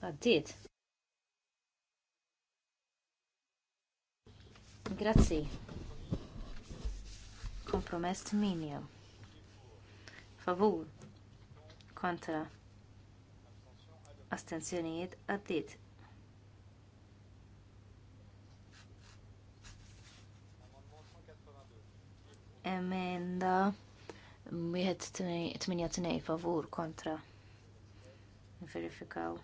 Għaddit. Grazie. Kompromess 8. Favur. Kontra. Astenzjonijiet għaddit. Emenda 28 favur kontra. Verifikaw.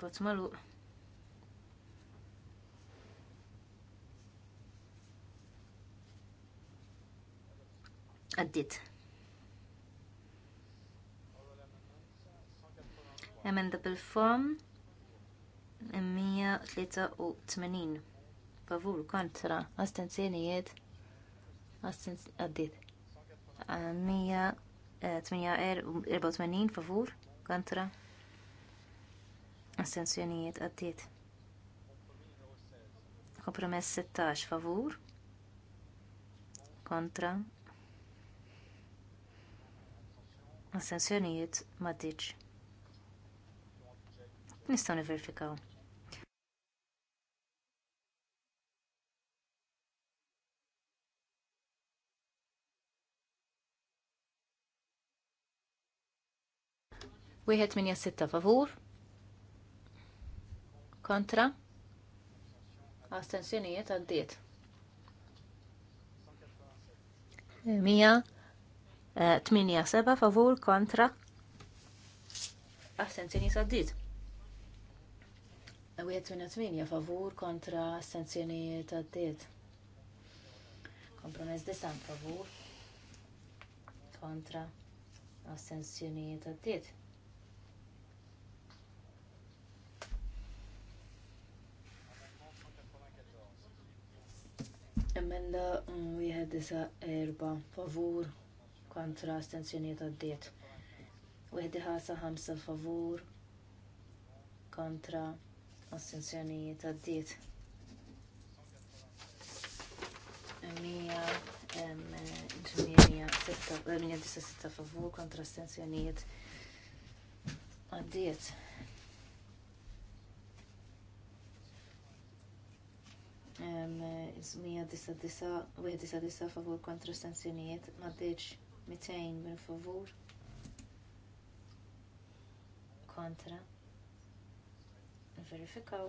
Vot maluq. Għaddit. Emenda bil-form tmenin. Favur kontra astenzjonijiet astenzjonijiet għaddit. 184 eh, er, favur kontra Astenzjonijiet għaddiet. Kompromess 16 favur kontra Astenzjonijiet maddiċ. Nistaw niverifikaw. Wieħed minja sitta favur kontra astensjonijiet għaddiet. Eh, seba' favur kontra astensjonijiet għaddiet. Eh, tminja favur kontra astensjonijiet għaddiet. Kompromess disan favur kontra astensjonijiet għaddiet. Emenda wieħed disa erba favur kontra astenzjonijiet għaddiet. Wieħed ħasa ħamsa favur kontra astenzjonijiet għaddiet. Mija ġmija sitta, disa sitta favur kontra astenzjonijiet għaddiet. 199 favur kontra ma maddeċ 200 minn favur kontra verifikaw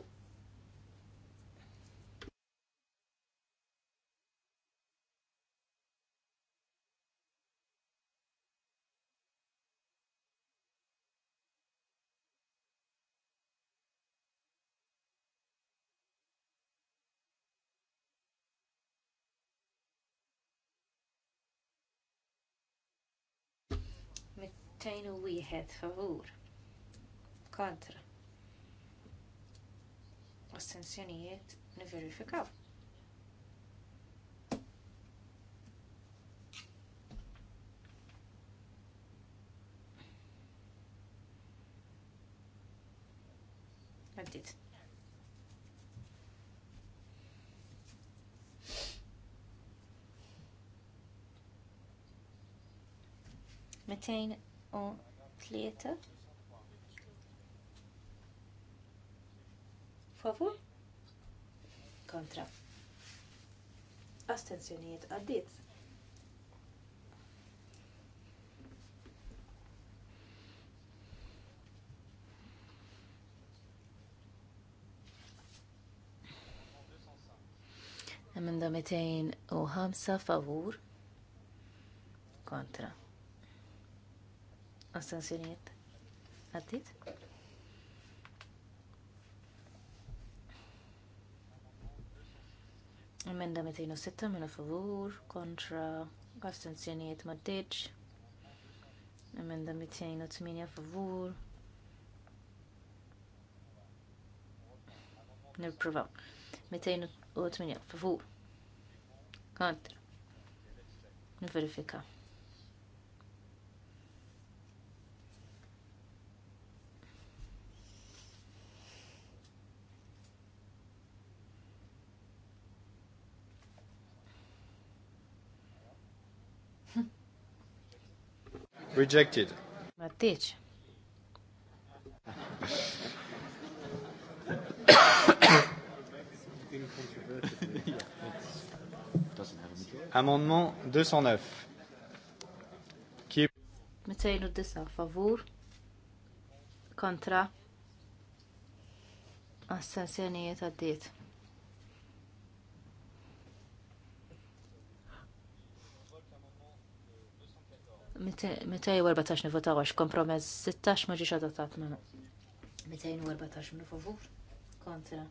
201 favur kontra ostensjonijiet niverifikaw. Għaddit. Mitejn u tlieta. Favur? Kontra. Astenzjonijiet għaddiet. Emenda 205 favur kontra. Astensjonijiet. Għaddit. Emenda 206 minu favur kontra astensjonijiet maddiċ. Emenda 208 favur. Nirprovaw. 208 favur. Kontra. verifika Rejected. Ma tiċ. Amendement 209. Qui Mettez-nous le 200 favor. Contra. Astensjonijiet għaddiet. 14 nivotaw għax kompromess 16 ma ġiex adottat minnu. 214 minnu favur kontra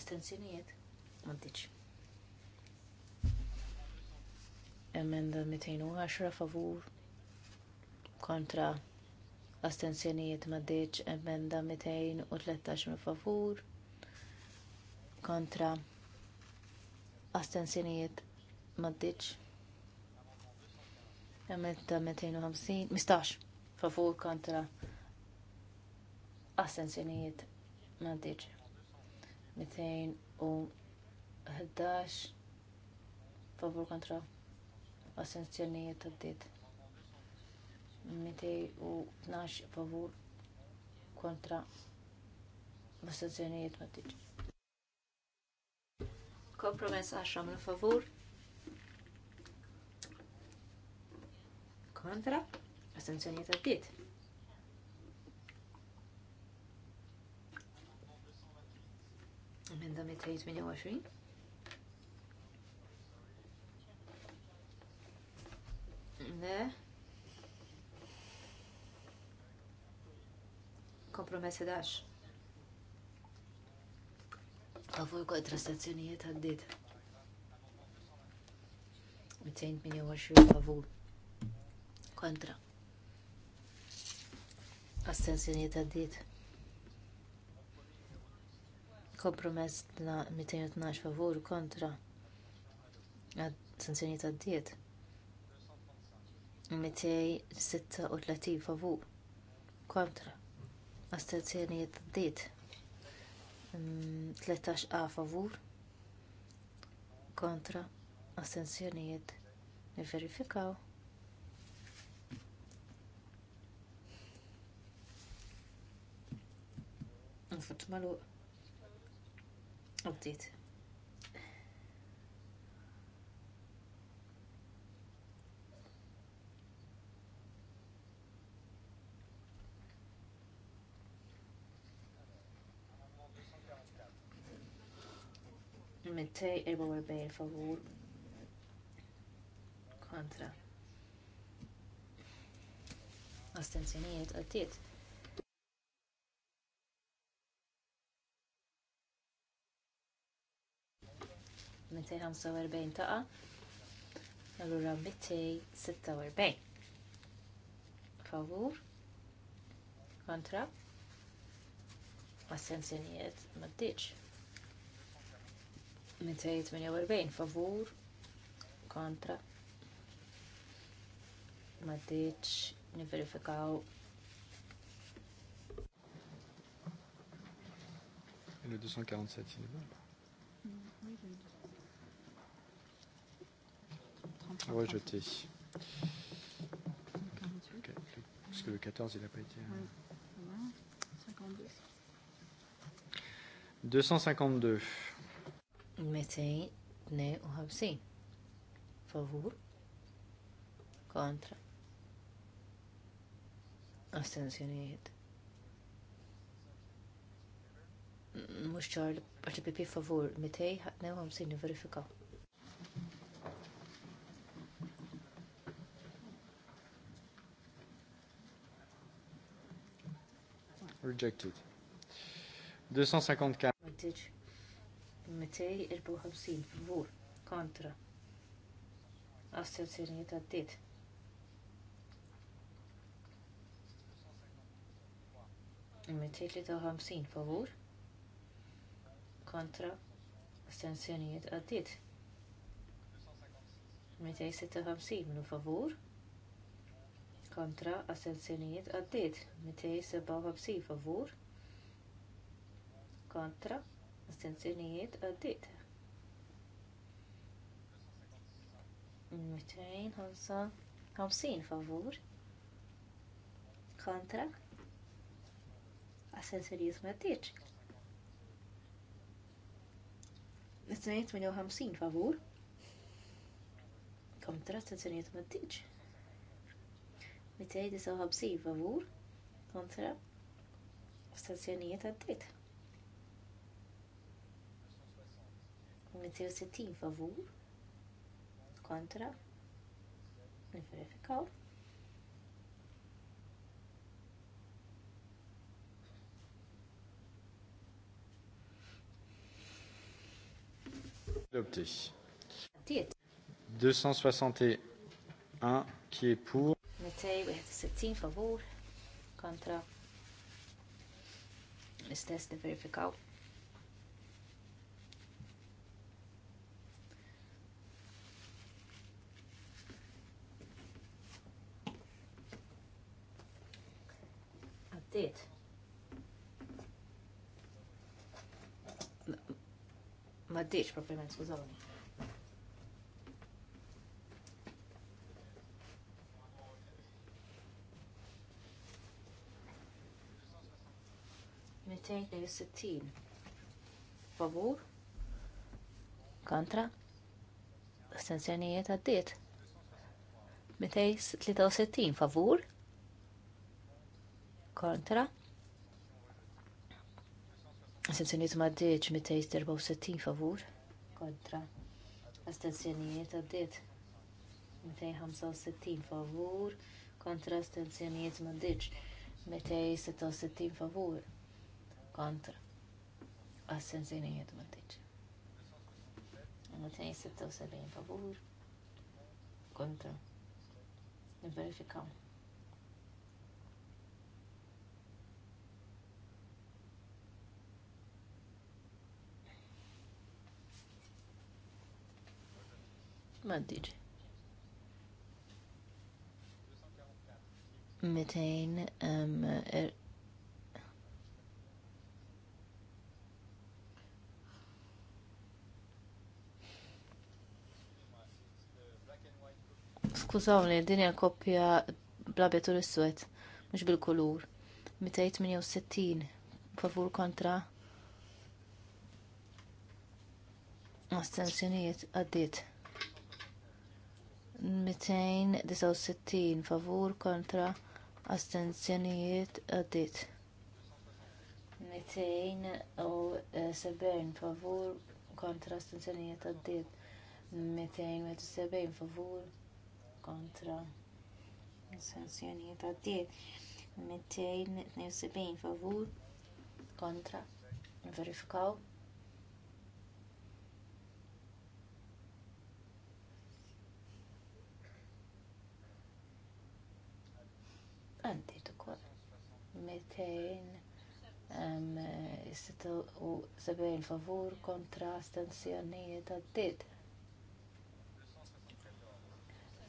astensjonijiet mandiċ. Emenda 210 favur kontra astensjonijiet maddiċ emenda 213 minn favur kontra astensjonijiet maddiċ Emenda 250, 15, favur kontra assenzjonijiet ma 211, favur kontra assenzjonijiet għaddit. 212, favur kontra assenzjonijiet ma Kompromess 10 mill favur kontra, astenzjonijiet għaddit. Emenda 328. Ne. Kompromessi dax. Favur kontra stazzjonijiet għaddit. 228 favur kontra. ta' dit. Kompromess 212 favur kontra. ta' dit. 236 favur kontra. ta' dit. 13 a favur kontra. Astenzjonijiet. Niverifikaw. verifikaw konfront malu għaddit. Mittej 44 favur kontra. Astenzjonijiet għaddiet. 245 taqa. Allura 246. Favur. Kontra. Assenzjonijiet maddiċ. 248 favur. Kontra. Maddiċ. Niverifikaw Le 247, il est bon. Mm, Rejeté. Parce que le 14, il n'a pas été. 252. Euh, Metej ne u ħabsin. Favur. Mux ċar, għaxa pipi favur. mitej, ħatnew għamsin verifikaw. Rejected. 254. Vantage. 254 favur kontra. astensjonijiet għaddit. 253 favur kontra astensjonijiet għaddit 256 minu favur kontra assenzjonijiet għaddiet 257 favur kontra assenzjonijiet għaddiet 255 favur kontra assenzjonijiet maddiċ 258 favur kontra assenzjonijiet maddiċ 259 favur kontra stazzjonijiet għaddit. 260 favur kontra niverifikaw. Adopté. 261 qui est pour 261 favur kontra l-istess niverifikaw. Għaddit. Ma ddiċ, propriament, skużawni. 62. favur kontra astenzjonijiet għaddiet 263 favur kontra astenzjonijiet maddiċ 264 favur kontra astenzjonijiet għaddiet 265 favur kontra astenzjonijiet maddiċ 266 favur kontra assenzjonijiet ma tiġ. 276 favur kontra niverifikaw. Ma tiġ. 200 Skużawni, din hija koppja blabjet u l-iswed, mhux bil-kulur. 268 favur kontra astensjonijiet għaddiet. 269 favur kontra astenzjonijiet għaddit. 270 favur kontra astenzjonijiet għaddit. 270 favur kontra kontra sanzjoni sanzjonijiet għaddiet 272 favur kontra verifikaw għandiet u kol 276 favur kontra sanzjoni stanzjonijiet għaddiet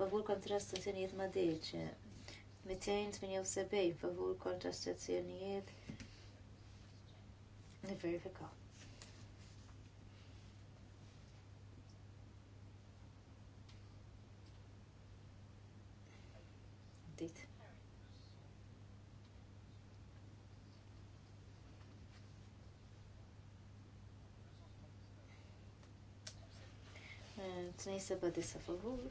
favur kontra stazzjonijiet ma deċ. 278 favur kontra stazzjonijiet niverifikaw. Dit. Eh, tnejn seba' favur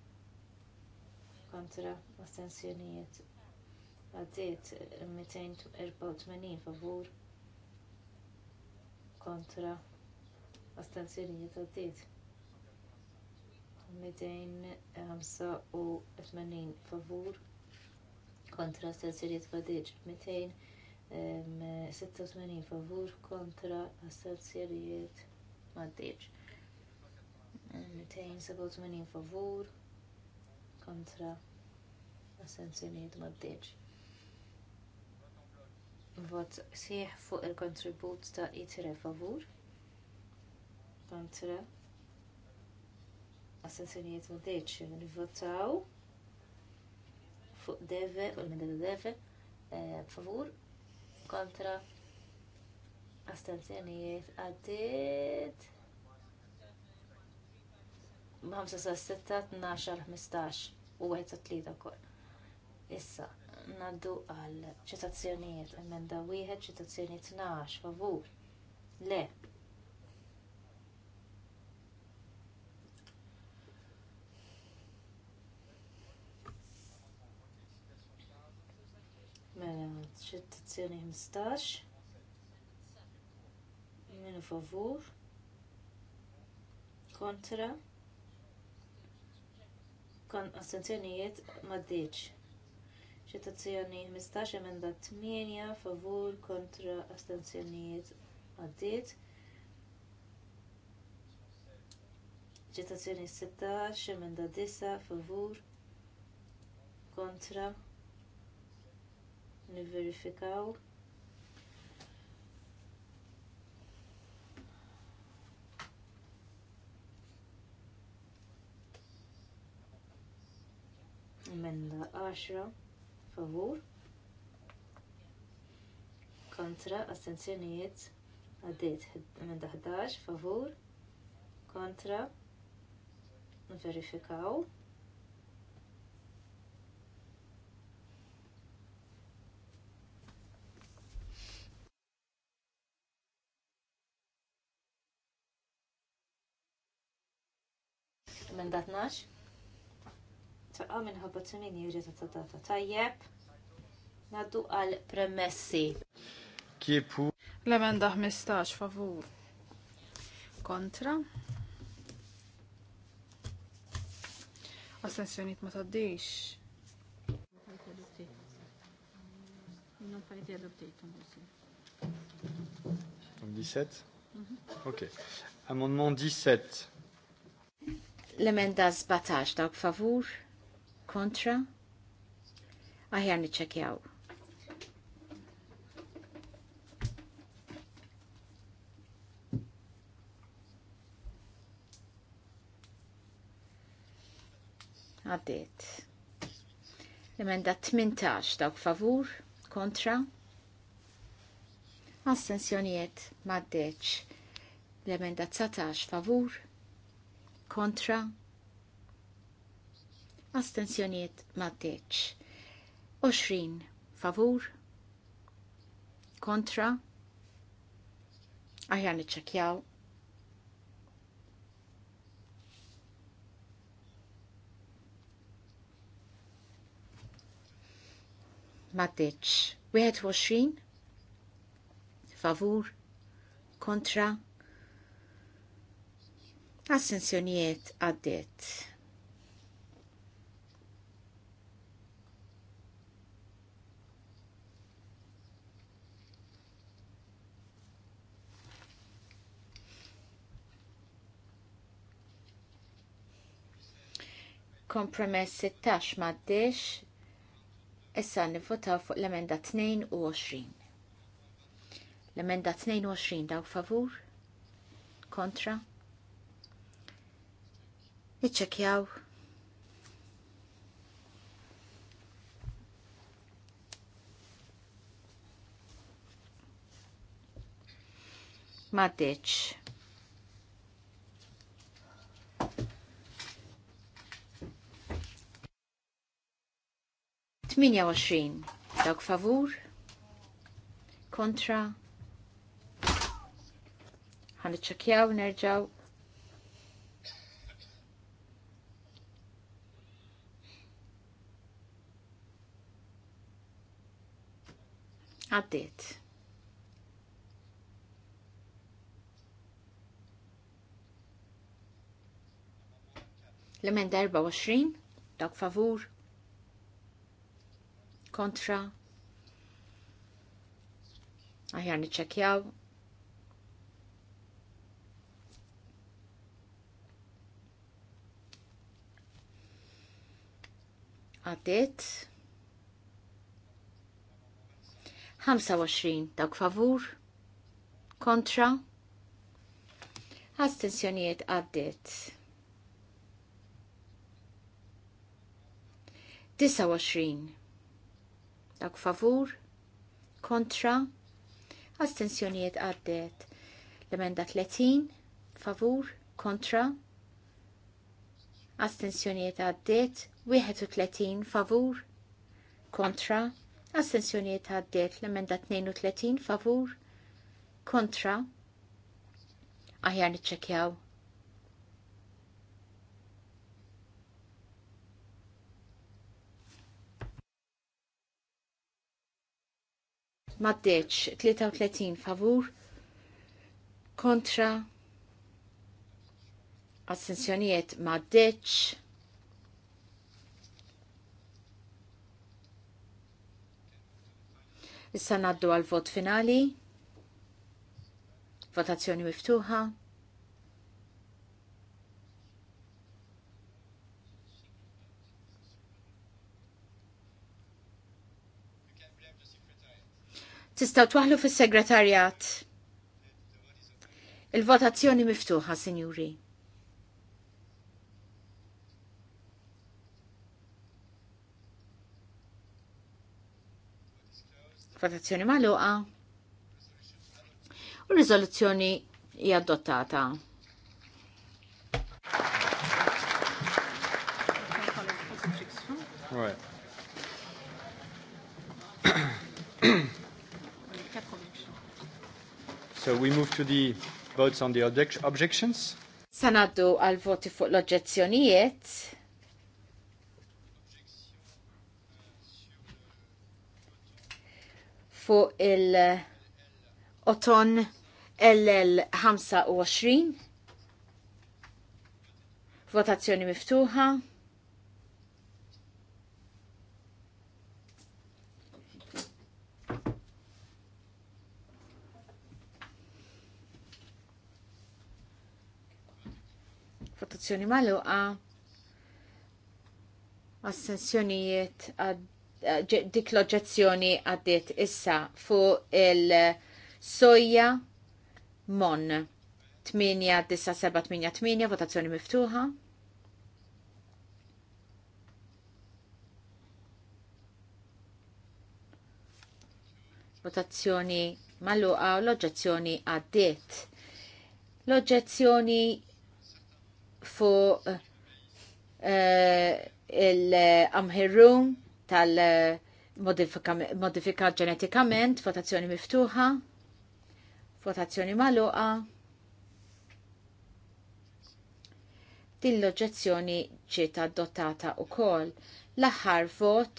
kontra astensjonijiet għaddiet 284 favur kontra astensjonijiet għaddiet 285 favur kontra astensjonijiet għaddiet 286 favur kontra astensjonijiet għaddiet 287 favur kontra assenzjoniet ma d-deċ. Vot sieħ fuq il-kontribut ta' itre favur kontra assenzjoniet ma bdeċ. Nivvotaw fuq deve u l-medda deve eh, favur kontra astenzjonijiet għaddit b'5 sa 6 12 15 u għed sa' tlida wkoll. Issa, naddu għal ċitazzjonijiet, emenda wieħed ċitazzjoniet nax, favur. Le. Mela, ċitazzjoni 15. Minu favur. Kontra. Kontra kon astenzjonijiet maddiċ. Ċitazzjoni 15 emenda 8 favur kontra astenzjonijiet għaddiet. Ċitazzjoni 16 emenda 9 favur kontra niverifikaw. verifikaw Emenda 10 favur kontra astenzjonijiet għaddit. Emenda 11 favur kontra verifikaw. Emenda 12 taqa minħabba t-tmini jirġa ta' data tajjeb. Naddu għal premessi. Kipu. L-emenda 15 favur. Kontra. Astensjoniet ma taddix. Non pas été adopté, ton Donc 17 Ok. Amendement 17. L-emenda 17, dawk favur kontra aħjar niċċekjaw. Għaddit. Emenda 18 dawk favur kontra Astensjonijiet maddeċ. L-emenda 19 favur kontra astensjoniet mat-teċ. 20 favur kontra aħjar niċċekjaw maddeċ. 21 favur kontra assenzjonijiet għaddiet. Kompromess 16 maddex Issa nifotaw fuq l-emenda 22. L-emenda 22 daw favur? Kontra? Iċċekjaw. Maddex. 28 dawk favur kontra ħan iċċekjaw nerġaw Għaddit. L-emenda 24 dawk favur kontra aħjar niċċekjaw għaddit 25 dawk favur kontra astensjonijiet għaddit 29 Dak favur, kontra, astensjonijiet għaddet. L-emenda 30, favur, kontra, astensjonijiet għaddet, 31, favur, kontra, astensjonijiet għaddet. L-emenda 32, favur, kontra, aħjar niċċekjaw maddeċ 33 favur kontra assenzjonijiet maddeċ Issa naddu għal vot finali. Votazzjoni miftuħa. Tistaw twaħlu fis-segretarjat. Il-votazzjoni miftuħa, sinjuri. Votazzjoni magħluqa. U riżoluzzjoni hija adottata. Right. So we move to the votes on the objections. Sanaddu għal voti fuq l-oġġezzjonijiet. Fuq il-oton LL25. Votazzjoni miftuħa. votazzjoni maluqa assenzjonijiet dik l-oġġezzjoni għaddiet issa fuq il-soja mon 87-8, votazzjoni miftuħa. Votazzjoni maluqa u l-oġġezzjoni għaddiet. L-oġġezzjoni fuq eh, il-amħirrum um, tal-modifikat ġenetikament, votazzjoni miftuħa, votazzjoni maluqa. Din l-oġġezzjoni ġiet adottata wkoll l-aħħar vot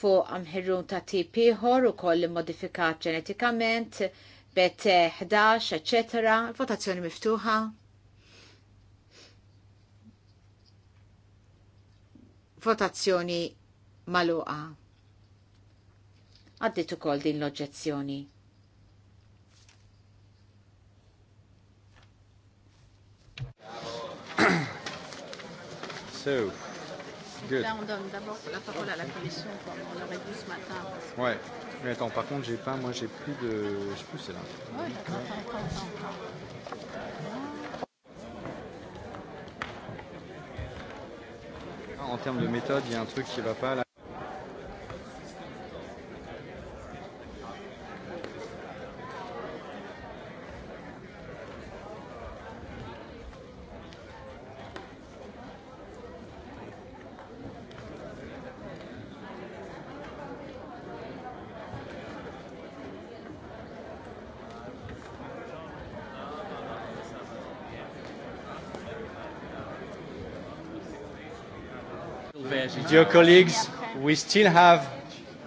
fuq amħirrum ta' tip ieħor ukoll modifikat ġenetikament bet 11, eċetera, votazzjoni miftuħa. Votazzjoni maluqa. Għaddit ukoll din l-oġġezzjoni. so, good. Ouais, mais attends, par contre, j'ai pas, moi j'ai plus de. Je sais plus, c'est là. Ouais, attends, attends. attends. en termes de méthode, il y a un truc qui ne va pas là. Dear colleagues, we still have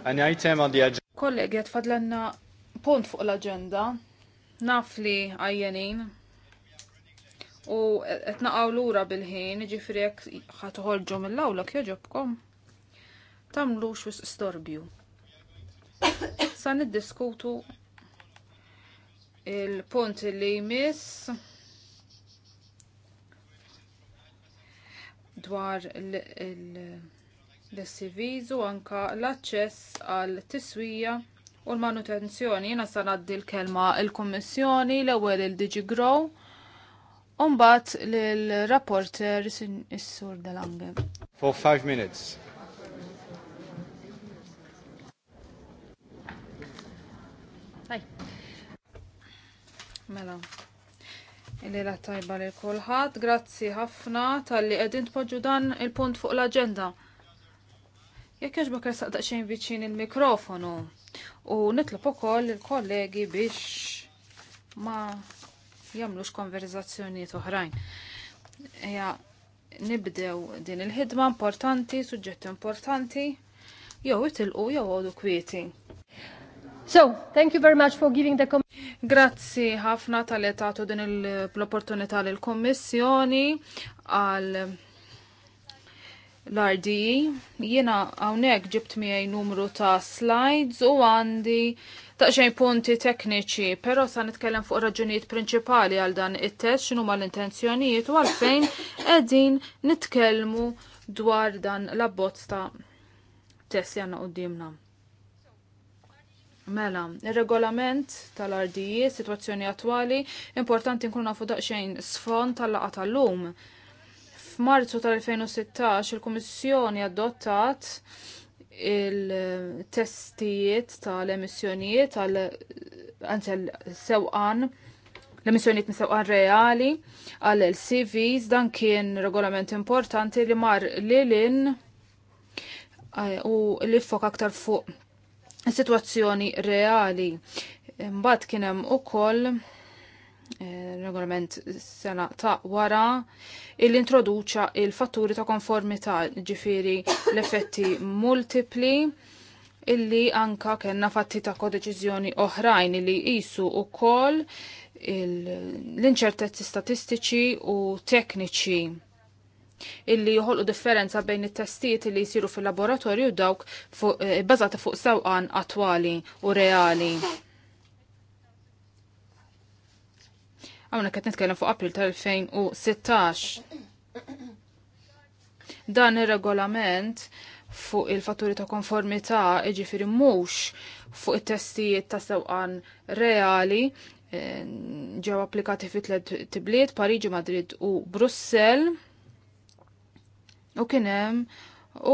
an item on the agenda. Kollegi, għatfadlenna punt fuq l-agenda, naf li għajjenin, u etna għawlura bil-ħin, ġifri jek ħatuħolġu mill-awlok joġobkom, Tamlu xus storbju. San id-diskutu il-punt li jmiss dwar il- l-SCVs u anka l-aċċess għal tiswija u l-manutenzjoni. Jiena sa ngħaddi l-kelma l-Kummissjoni l-ewwel il-Digi Grow u mbagħad lill-rapporter is-Sur Delange. For five minutes. Hi. Mela. Lila tajba li kulħadd, grazzi ħafna tal-li qegħdin tpoġġu dan il-punt fuq l agenda Jekk jaġbok jessaq xejn viċin il-mikrofonu u nitlob ukoll il-kollegi biex ma jagħmlux konverzazzjonijiet oħrajn. Ja, nibdew din il-ħidma importanti, suġġetti importanti, jew itilqu jew għodu kwieti. So, thank you very much for giving the Grazzi ħafna tal-etatu din l-opportunità l-Kommissjoni għal l-RDI. E. Jiena hawnhekk ġibt miegħi numru ta' slides u għandi xejn punti tekniċi, però sa nitkellem fuq raġunijiet prinċipali għal dan it-test ma' l-intenzjonijiet u għalfejn qegħdin nitkellmu dwar dan l-abbozz ta' test li għandna dimna. Mela, il-regolament tal-RDI, e, situazzjoni attwali, importanti nkunu fuq daqxejn sfond tal-laqa tal-lum. tal laqa tal lum tal lum F'Marzu tal-2016 il-Kummissjoni adottat il-testijiet tal-emissjonijiet tal anzi sewqan l-emissjonijiet mis-sewqan reali għal LCVs dan kien regolament importanti li mar lilin eh, u li fok aktar fuq situazzjoni reali. Mbagħad kien hemm ukoll Eh, regolament sena ta' wara il introduċa il-fatturi ta' konformità ġifiri l-effetti multipli illi anka kena fatti ta' kodeċizjoni oħrajn illi jisu u kol l-inċertezzi statistiċi u tekniċi illi joħolqu differenza bejn it-testijiet li jisiru fil-laboratorju dawk fu, eh, fuq sewqan attwali u reali. Għamna qed nitkellem fuq April tal-2016. Dan ir-regolament fuq il-fatturi ta' konformità iġifiri mhux fuq it-testijiet ta' sewqan reali eh, ġew applikati fi tliet tibliet Pariġi, Madrid u Brussell. U kien hemm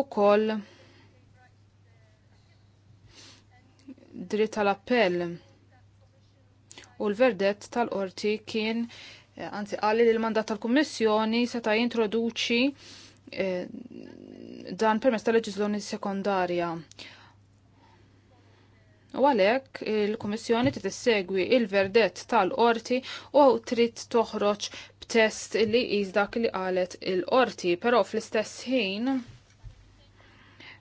ukoll dritt tal-appell u l-verdett tal-qorti kien eh, anzi għalli li l-mandat tal-Kummissjoni seta' jintroduċi eh, dan permezz tal-leġiżloni sekondarja. U għalhekk il-Kummissjoni trid issegwi il-verdett tal-qorti u trid toħroġ b'test li qis dak li qalet il-qorti, però fl-istess ħin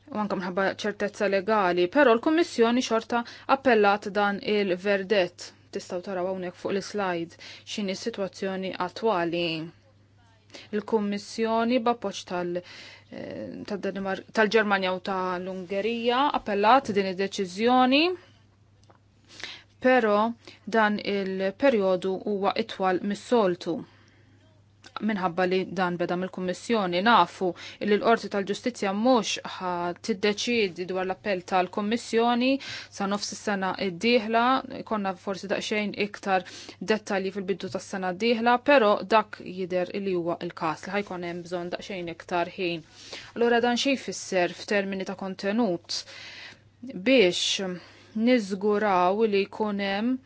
u anke minħabba ċertezza legali, però l-Kummissjoni xorta appellat dan il-verdett tistaw taraw hawnhekk fuq l-slide x'inhi situazzjoni sitwazzjoni attwali. Il-Kummissjoni b'appoġġ eh, tal-Ġermanja u tal-Ungerija appellat din id-deċiżjoni però dan il-perjodu huwa itwal mis-soltu minħabba li dan beda mill-Kummissjoni nafu li l-Qorti tal-Ġustizzja mhux tiddeċidi dwar l-appell tal-Kummissjoni sa nofs is-sena d-dieħla, konna forsi daqsxejn iktar dettalji fil-bidu tas-sena d-dieħla, però dak jidher li huwa l każ li ħajkun hemm bżonn daqsxejn iktar ħin. Allura dan xi jfisser f'termini ta' kontenut biex niżguraw li jkun hemm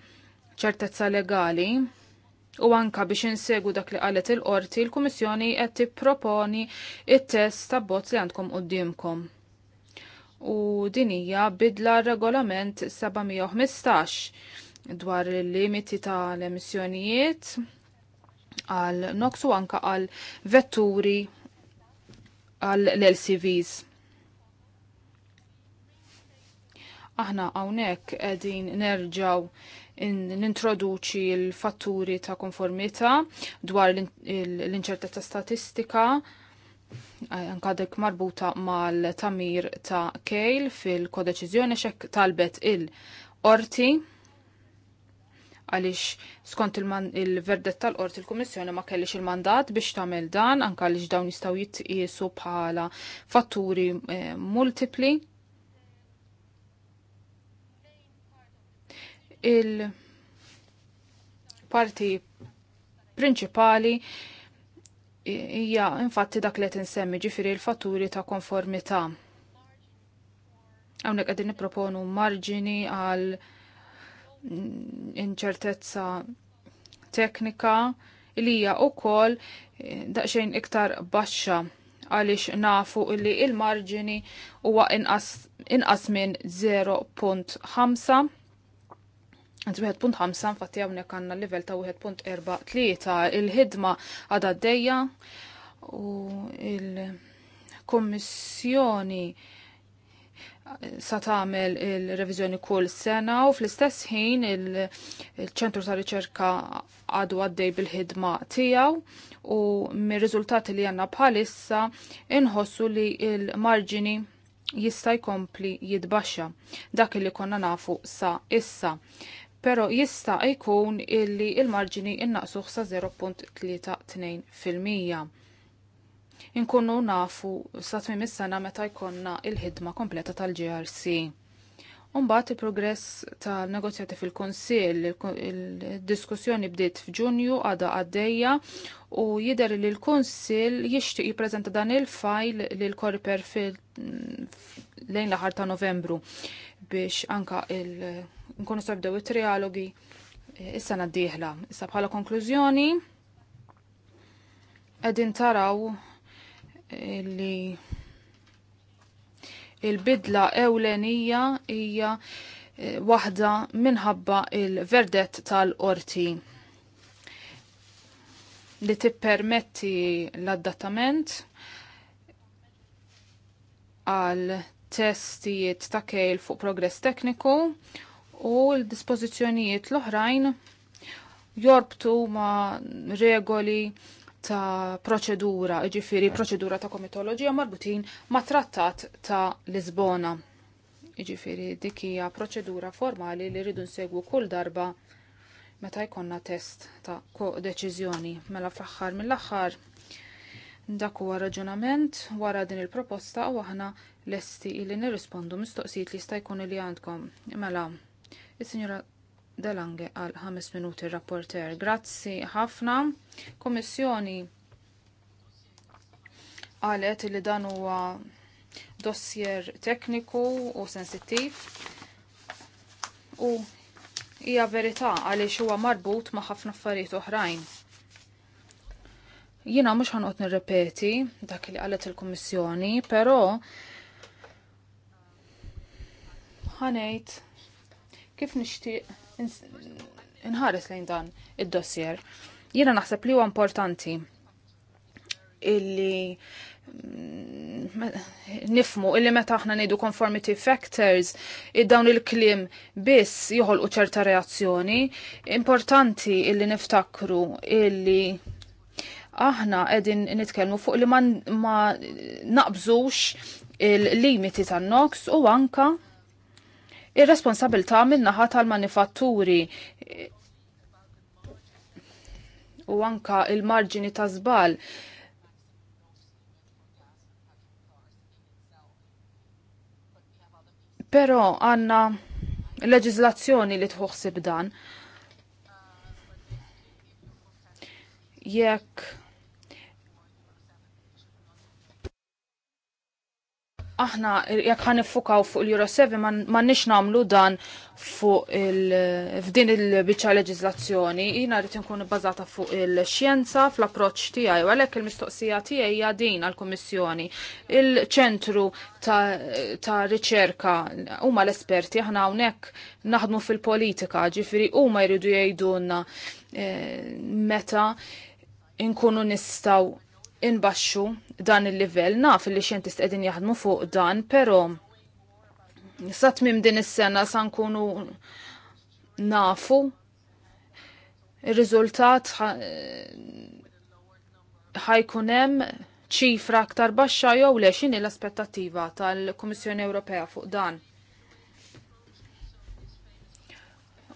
ċertezza legali u anka biex insegu dak li qalet il-qorti, il-Kummissjoni qed tipproponi it-test ta' bozz li għandkom qudiemkom. U din hija bidla regolament 715 dwar il-limiti tal-emissjonijiet għal NOx u anka għal vetturi għal l-LCVs. Aħna għawnek edin nerġaw nintroduċi l-fatturi ta' konformità dwar l-inċertezza statistika eh, anka marbuta mal-tamir ta' kejl fil-kodeċizjoni xek talbet il-orti għalix skont il-verdet il tal-qort orti il kummissjoni ma kellix il-mandat biex tagħmel dan anke għaliex dawn jistgħu jitqiesu bħala fatturi eh, multipli il-parti prinċipali hija infatti dak li qed insemmi ġifieri l-fatturi ta' konformità. Hawnhekk qegħdin nipproponu marġini għal inċertezza teknika li hija wkoll daqsxejn iktar baxxa għaliex nafu li il-marġini huwa inqas minn 0.5 Għand 1.5 fatti għawnek għanna level ta' 1.43 il-ħidma għada d-dejja u il-kommissjoni sa tagħmel il-reviżjoni kull sena u fl-istess ħin il-ċentru ta' riċerka għadu għaddej bil-ħidma tiegħu u mir-riżultati li għandna bħalissa inħossu li il-marġini jista' jkompli jitbaxxa dak li konna nafu sa issa pero jista' jkun illi il-marġini innaqsuh sa 0.32%. Inkunu nafu sa tmim is-sena meta jkollna il-ħidma kompleta tal-GRC. Umbagħad il-progress tal-negozjati fil kunsill il-diskussjoni bdiet f'Ġunju għadha għaddejja u jidher li l kunsill jixtieq jippreżenta dan il-fajl lil korper lejn l-aħar ta' Novembru biex anka il- nkunu sabdew it-trialogi eh, issa d-dieħla. Issa bħala konklużjoni qegħdin taraw eh, li il-bidla ewlenija hija eh, waħda minħabba il-verdett tal-qorti li tippermetti l-adattament għal testijiet ta' kejl fuq progress tekniku u l-dispożizzjonijiet l-oħrajn jorbtu ma' regoli ta' proċedura, ġifiri proċedura ta' komitoloġija marbutin ma' trattat ta' Lisbona. Ġifiri dikija proċedura formali li rridu nsegwu kull darba meta jkonna test ta' deċiżjoni. Mela fl-axħar mill-axħar dak huwa raġunament wara din il-proposta u aħna lesti li nirrispondu mistoqsijiet li jista' jkun li għandkom. Mela Is-Sinjora Delange għal 5 minuti rapporter. Grazzi ħafna. Kommissjoni għalet li dan huwa dossier tekniku u sensittiv u hija verità għaliex huwa marbut ma' ħafna affarijiet oħrajn. Jiena mhux ħanqod nirrepeti dak li qalet il-Kummissjoni, però ħanejt kif nixtieq inħares lejn dan id-dossier. Jiena naħseb li huwa importanti illi mm, nifmu illi meta aħna ngħidu conformity factors id-dawn il-klim biss joħolqu ċerta reazzjoni importanti illi niftakru illi aħna qegħdin nitkellmu fuq li ma naqbżux il-limiti tan-nox u anka ir-responsabilità min-naħa tal-manifatturi u anka il-marġini ta' żball. Però għanna leġizlazzjoni li tħuħsib dan. Jekk aħna jekk ħan iffukaw fuq il-Euro 7 ma nix namlu dan fuq il-fdin il-biċċa leġizlazzjoni, jina rrit nkun bazata fuq il-xjenza fl approċċ tiegħi u għalhekk il-mistoqsija tiegħi hija din għall-Kummissjoni. Il-ċentru ta', riċerka huma l-esperti aħna hawnhekk naħdmu fil-politika, ġifieri huma jridu jgħidulna eh, meta nkunu nistaw inbaxxu dan il-livell naf li xjentist qegħdin jaħdmu fuq dan, però sa tmiem din is-sena sa nkunu nafu ir-riżultat ħajkun hemm ċifra aktar baxxa jew le x'inhi l-aspettattiva tal-Kummissjoni Ewropea fuq dan.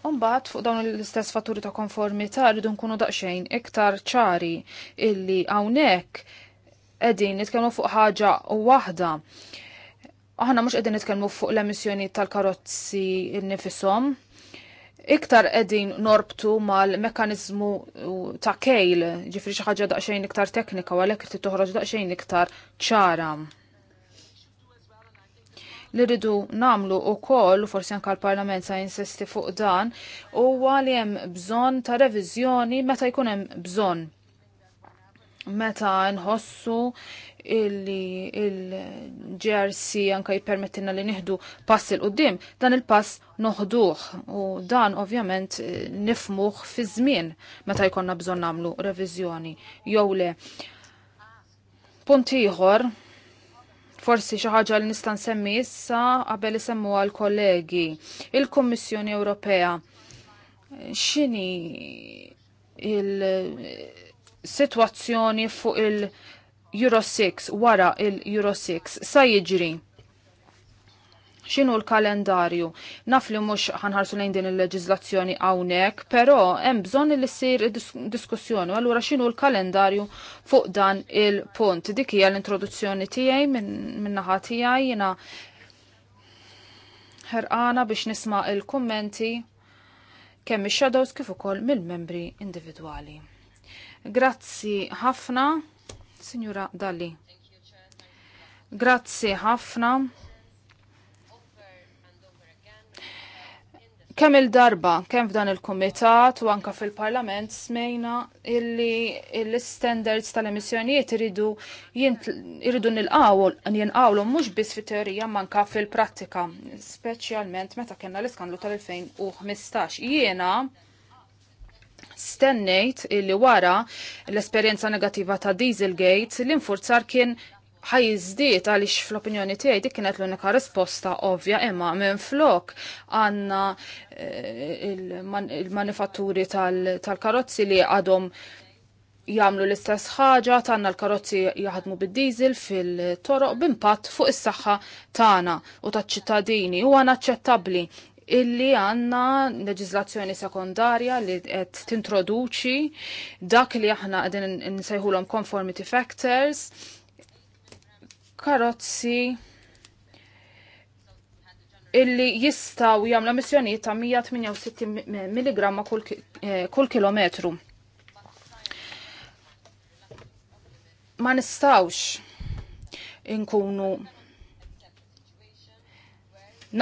Umbat, fuq dawn l-istess fatturi ta' konformità rridu nkunu daqsxejn iktar ċari illi hawnhekk qegħdin nitkellmu fuq ħaġa waħda. Aħna mhux qegħdin nitkellmu fuq l-emissjoni tal-karozzi nifisom. Iktar qegħdin norbtu mal-mekkaniżmu ta' kejl, ġifri xi ħaġa daqsxejn iktar teknika u għalhekk trid toħroġ daqsxejn iktar ċara li rridu namlu u koll, u forsi anka l-Parlament sa' insisti fuq dan, u għali jem bżon ta' revizjoni meta jkun jem bżon. Meta nħossu illi il-GRC anka jipermettina li nieħdu pass il qoddim dan il-pass noħduh u dan ovvjament eh, nifmuħ fi żmien meta jkollna bżonn nagħmlu reviżjoni jew le. Punt ieħor Forsi xi ħaġa li nista' nsemmi issa qabel isemmu għal kollegi. Il-Kummissjoni Ewropea x'inhi il-sitwazzjoni fuq il-Euro 6 wara il-Euro 6 sa jiġri xinu l-kalendarju. Naf li mux ħanħarsu lejn din il-leġizlazzjoni għawnek, pero hemm bżonn li sir diskussjoni. Allura xinu l-kalendarju fuq dan il-punt. Dik hija l-introduzzjoni tiegħi minn naħa tiegħi jiena ħerqana biex nisma' il-kummenti kemm ix-shadows kif ukoll mill-membri individwali. Grazzi ħafna, Signora Dalli. Grazzi ħafna. Kemm il-darba, kemm f'dan il-Kumitat u anka fil-Parlament smejna illi l-standards tal-emissjonijiet iridu iridu nilqaw jinqawlu mhux biss fit-teorija manka fil-prattika, speċjalment meta kellna l-iskandlu tal-2015. Jiena stennejt illi wara l-esperjenza negativa ta' Dieselgate l-infurzar kien ħajizdiet għaliex fl-opinjoni tiegħi dik kienet l-unika risposta ovvja imma minn flok għandna eh, il-manifatturi tal-karozzi li għadhom jagħmlu l-istess ħaġa tagħna l-karozzi jaħdmu bid-diesel fil-toroq b'impatt fuq is-saħħa tagħna u taċ-ċittadini huwa naċċettabbli illi għanna leġizlazzjoni sekundarja li qed tintroduċi dak li aħna qegħdin nsejħulhom conformity factors karozzi illi jistaw jagħmlu missjonijiet ta' 168 mg eh, kull kilometru. Ma nistawx inkunu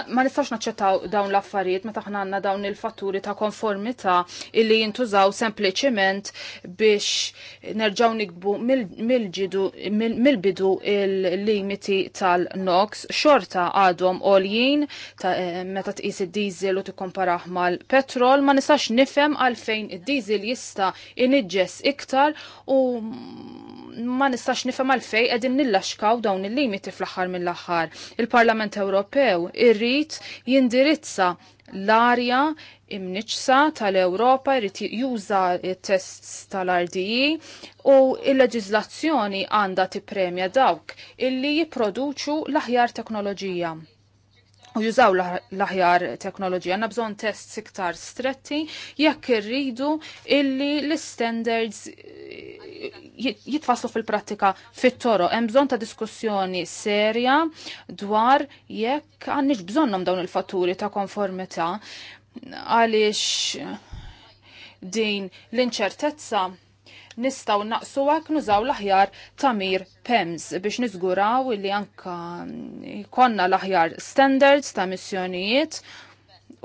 ma nistax naċċettaw dawn l-affarijiet meta aħna għandna dawn il-fatturi ta' konformità illi jintużaw sempliċiment biex nerġaw nikbu mill-bidu il-limiti tal-NOx xorta għadhom għoljien eh, meta tqis id-diesel u tikkomparah mal-petrol ma nistax nifhem għalfejn id-diesel jista' iniġġess iktar u ma nistax nifhem għalfej qegħdin nillaxkaw dawn il-limiti fl-aħħar mill-aħħar. Il-Parlament Ewropew irrid jindirizza l-arja imniċsa tal-Ewropa jrid juża t-test tal-RDI e u l-leġiżlazzjoni għandha tippremja dawk illi jipproduċu l-aħjar teknoloġija u jużaw l-aħjar teknoloġi. Għanna bżon test iktar stretti jekk irridu illi l-standards eh, jitfaslu fil-prattika fit-toro. Hemm bżon ta' diskussjoni serja dwar jekk għandix bżonnhom dawn il-fatturi ta' konformità għaliex din l-inċertezza nistaw naqsu għak nużaw l-aħjar tamir PEMS biex nizguraw li anka konna l-aħjar standards ta' missjonijiet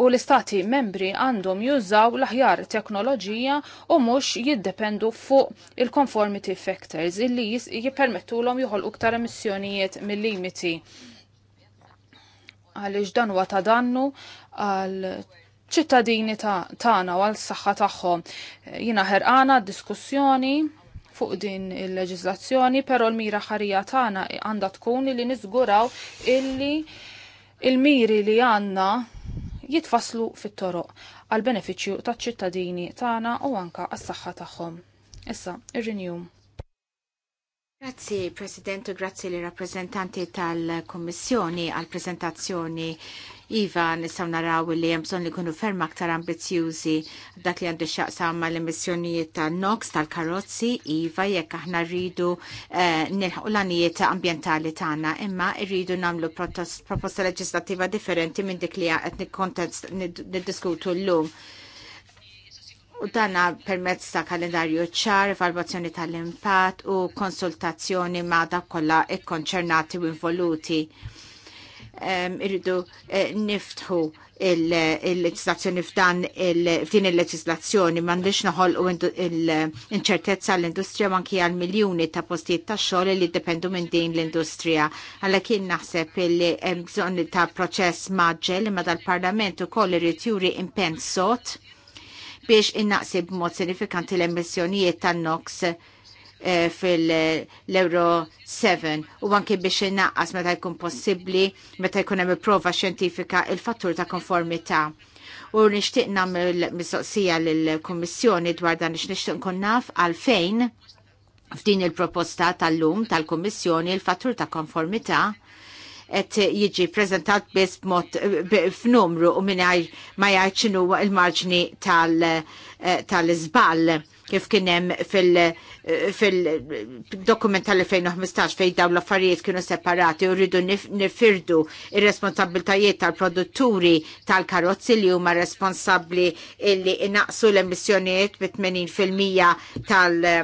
u l-istati membri għandhom jużaw l-aħjar teknoloġija u mux jiddependu fuq il-conformity factors illi jipermettu l-om juħol uktar emissjonijiet mill-limiti għalix dan huwa ta' dannu għal ċittadini tagħna u għall-saħħa tagħhom. Jiena ħerqana diskussjoni fuq din il-leġiżlazzjoni, però l-mira ħarija tagħna għandha tkun li niżguraw illi il-miri li għandna jitfaslu fit-toroq għal benefiċċju taċ-ċittadini tagħna u anka għas-saħħa tagħhom. Issa, ir Grazzi Presidente, grazzi li rappresentanti tal-Kommissjoni għal-prezentazzjoni Iva, nistaw naraw li jemżon li kunu ferm aktar ambizjużi dak li għandu xaqsam mal l-emissjonijiet ta' NOx tal-karozzi, Iva, jekk aħna rridu eh, nilħu l għanijiet ambientali tagħna, imma rridu namlu proposta leġislattiva differenti minn dik li għet niddiskutu l-lum u danna permezz ta' kalendarju ċar, evalvazzjoni tal-impatt u konsultazzjoni ma' da' kolla ikkonċernati u involuti. irridu eh, niftħu il-leġislazzjoni f'dan f'din il-leġislazzjoni m'għandix noħol u l-inċertezza l-industrija manki għal miljuni ta' postijiet ta' xogħol li jiddependu minn din l-industrija. Għalhekk kien naħseb li hemm bżonn ta' proċess maġġel imma dal-Parlament ukoll irid juri impenn sot biex innaqsib mod sinifikanti l-emissjonijiet tan-NOx eh, fil-Euro 7 u anke biex innaqqas meta jkun possibbli meta jkun hemm prova xjentifika il-fattur ta' konformità. U nixtieq nagħmel mistoqsija lill-Kummissjoni dwar dan ix nixtieq nkun naf għalfejn f'din il-proposta tal-lum tal-Kummissjoni il-fattur ta' konformità qed jiġi prezentat biss b'mod f'numru u mingħajr ma jgħajċinu il l-marġni eh, tal-iżball kif kien hemm fil-dokument tal-2015 fejn dawn l-affarijiet kienu separati u rridu nifirdu ir responsabiltajiet tal-produtturi tal-karozzi li huma responsabbli illi inaqsu l-emissjonijiet bit 80% tal- eh,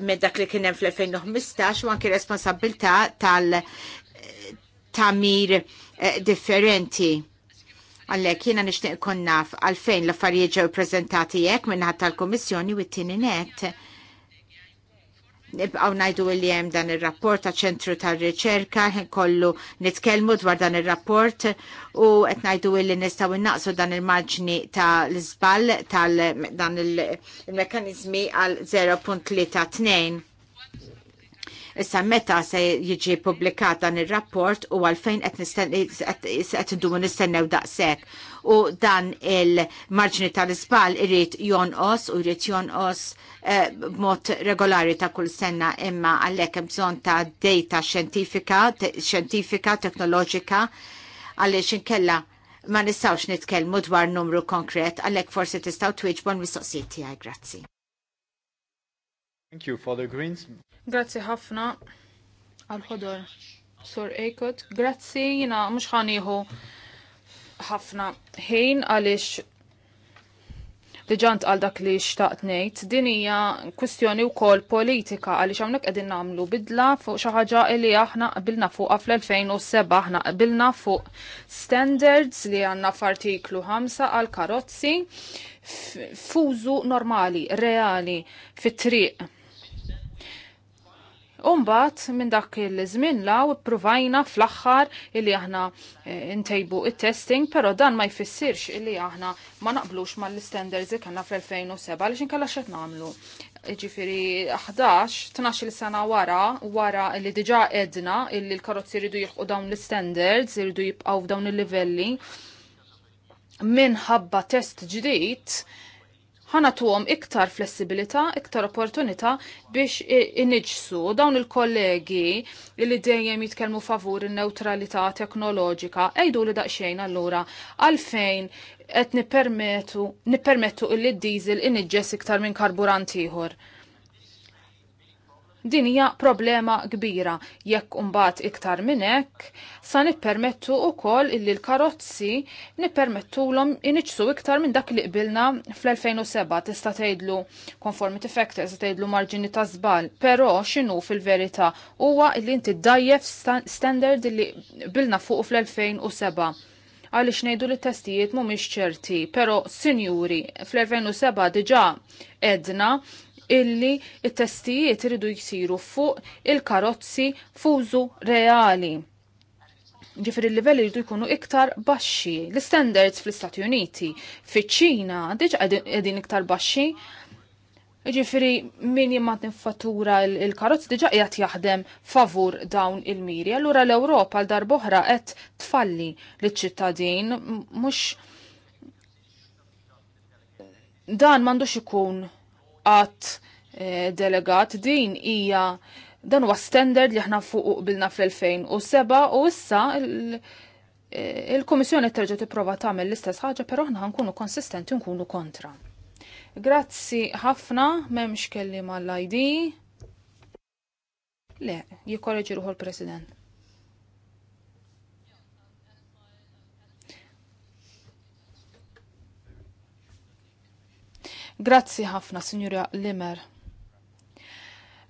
minn dak li kien hemm fl-2015 u anki responsabilta tal- tamir eh, differenti. Għallek, jena nishtiq konnaf għalfejn l-affarijiet ġew prezentati jekk minnaħat tal-Komissjoni u t-tini net. Nibqaw najdu li jem dan il-rapport ta' ċentru ta' riċerka, kollu nitkelmu dwar dan il-rapport u qed najdu li nistaw innaqsu dan il-marġni ta' l-izbal tal dan il-mekanizmi għal 0.32 Issa meta se jiġi publikata dan ir-rapport u għalfejn qed ndumu nistennew daqshekk. U dan il-marġni tal isbal irid jonqos u jrid jonqos eh, b'mod regolari ta' kull sena imma għalhekk hemm bżonn ta' data xjentifika, xjentifika, teknoloġika għaliex inkella ma nistawx nitkellmu dwar numru konkret, għalhekk forsi tistgħu twieġbu mistoqsijiet tiegħi, grazzi. Thank you Father Greens. Grazzi ħafna għal-ħodor. Sur Eikot, grazzi jina mux ħaniħu ħafna ħin għalix diġant għal dak li xtaqt nejt, din hija kwistjoni wkoll politika għaliex hawnhekk qegħdin nagħmlu bidla fuq xi ħaġa li aħna qbilna fuqha fl-2007 aħna bilna fuq standards li għandna f'artiklu 5 għal karozzi fużu normali, reali fit-triq Umbat minn dak il-żmien law provajna fl-aħħar illi aħna intejbu eh, it-testing, però dan ma jfissirx illi aħna ma naqblux mal-standards li kellna fl-2007 għaliex inkella xed nagħmlu. Ġifieri 11, 12 sena wara wara li diġà edna illi l-karozzi jridu jilħqu dawn l-standards, jridu jibqgħu f'dawn il-livelli minħabba test ġdid tuħom iktar flessibilità, iktar opportunità biex iniġsu dawn il-kollegi li dejjem jitkellmu favur in-neutralità teknoloġika. Ejdu li daqsxejn allura għalfejn qed nippermettu il li d-diesel iniġġes iktar minn karburant ieħor. Din hija problema kbira jekk umbat iktar minn hekk sa nippermettu wkoll illi l-karozzi nippermettulhom iniġsu iktar minn dak li qbilna fl-2007 tista' tgħidlu conformity factor tista' tgħidlu marġini ta' żball, però x'inhu fil-verità huwa li inti dajjef standard li qbilna fuq fl-2007 għalix nejdu li testijiet mumiex ċerti, pero sinjuri fl-2007 diġa edna illi il testijiet iridu jisiru fuq il-karozzi fużu reali. Ġifir il-livelli jridu jkunu iktar baxxi. L-standards fl-Istati Uniti, fiċ-Ċina, diġ qegħdin iktar baxxi. Ġifiri, min jimma t-infattura il-karotz diġa jgħat jaħdem favur dawn il-miri. Allura l-Europa l-darboħra qed tfalli l-ċittadin, mux dan mandux ikun għat eh, delegat din hija dan huwa standard li aħna fuq bilna fl-2007 u issa eh, il-Komissjoni terġa' tipprova tagħmel l-istess ħaġa, però aħna nkunu konsistenti nkunu kontra. Grazzi ħafna m'hemmx kelli mal-ID. Le, jikkoreġi ruħu l-President. Grazzi ħafna, Sinjura Limer.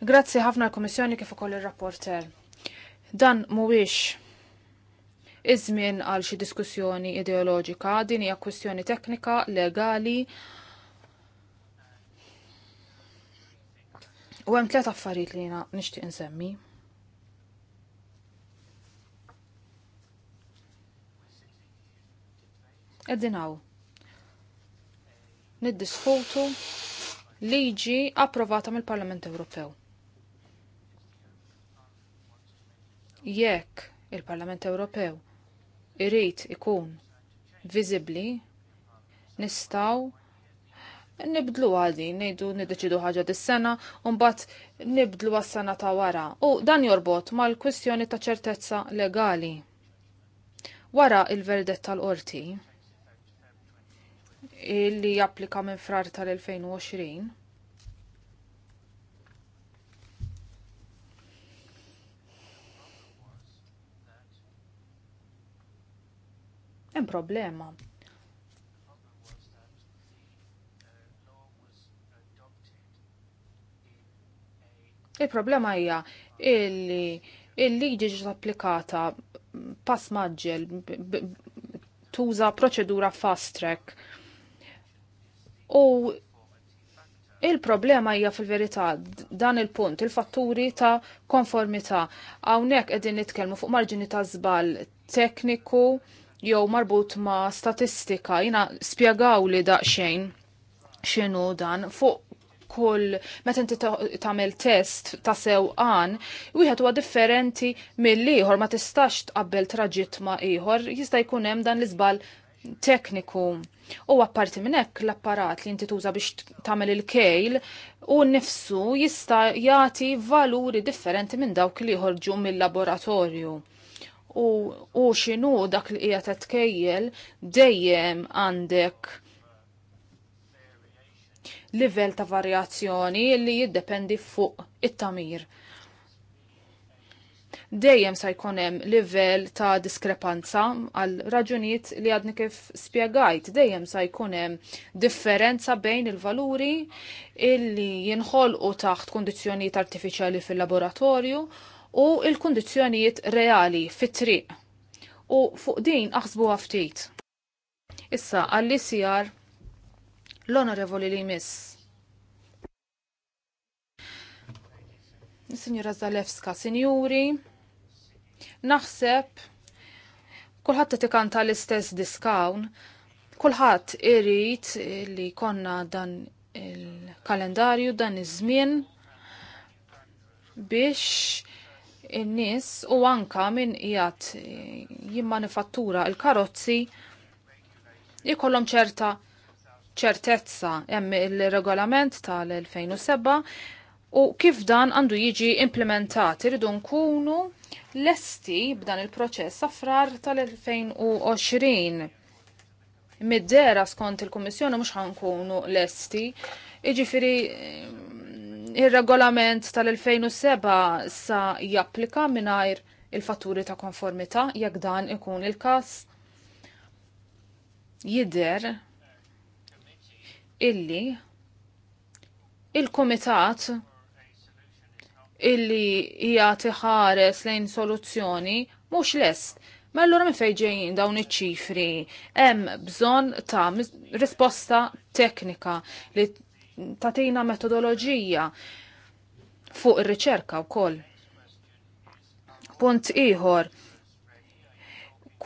Grazzi ħafna l-Komissjoni kif ukoll ir-rapporter. Dan mhuwiex iż-żmien għal xi diskussjoni ideoloġika, din hija kwestjoni teknika, legali. U hemm tliet affarijiet li jiena nixtieq insemmi. Eddinaw niddiskutu liġi approvata mill-Parlament Ewropew. Jekk il-Parlament Ewropew irrit ikun viżibbli, nistgħu nibdlu għadi, nejdu nideċidu ħaġa dis-sena, unbat nibdlu għas-sena ta' wara. U dan jorbot mal-kwistjoni ta' ċertezza legali. Wara il-verdet tal-qorti, Illi japplika minn frar tal-2020. Hemm problema. Il-problema hija illi il-liġi ġiġ applikata pass maġġel tuża proċedura fast track U il-problema hija fil-verità dan il-punt, il-fatturi ta' konformità. Hawnhekk qegħdin nitkellmu fuq marġini ta' żball tekniku jew marbut ma' statistika. Jina spjegaw li daqsxejn x'inhu dan fuq kull meta inti tagħmel test ta' sewqan, wieħed huwa differenti mill-ieħor ma tistax tqabbel traġitt ma' ieħor, jista' jkun hemm dan l-iżball tekniku U apparti minn hekk l-apparat li inti tuża biex tagħmel il-kejl u nnifsu jista' jagħti valuri differenti minn dawk li jħorġu mill-laboratorju. U, u x'inhu dak li qiegħed tkejjel dejjem għandek livell ta' varjazzjoni li jiddependi fuq it-tamir dejjem sa jkun hemm livell ta' diskrepanza għal raġunijiet li għadni kif spjegajt, dejjem sa jkun hemm differenza bejn il-valuri illi jinħolqu taħt kundizzjonijiet artifiċjali fil-laboratorju u il-kundizzjonijiet reali fit-triq. U fuq din aħsbu ftit. Issa għalli sijar l-Onorevoli li miss. Signora Zalewska, Signori, Naħseb kulħadd tikanta l-istess diskawn, kulħadd irid li konna dan il-kalendarju dan iż-żmien biex in-nies u anka min qiegħed jimmanifattura l-karozzi ikollhom ċerta ċertezza hemm il-regolament tal-2007 u kif dan għandu jiġi implementat. Irridu nkunu lesti b'dan il-proċess safrar tal-2020. Middera skont il-Kummissjoni mhux ħankunu lesti. Iġifiri mm, il-regolament tal-2007 sa japplika mingħajr il-fatturi ta' konformità jekk dan ikun il-każ jidher illi il-komitat illi hija tiħares lejn soluzzjoni mhux lest. Ma allura minn fejn ġejjin dawn iċ-ċifri hemm bżonn ta' risposta teknika li tatina metodoloġija fuq ir-riċerka wkoll. Punt ieħor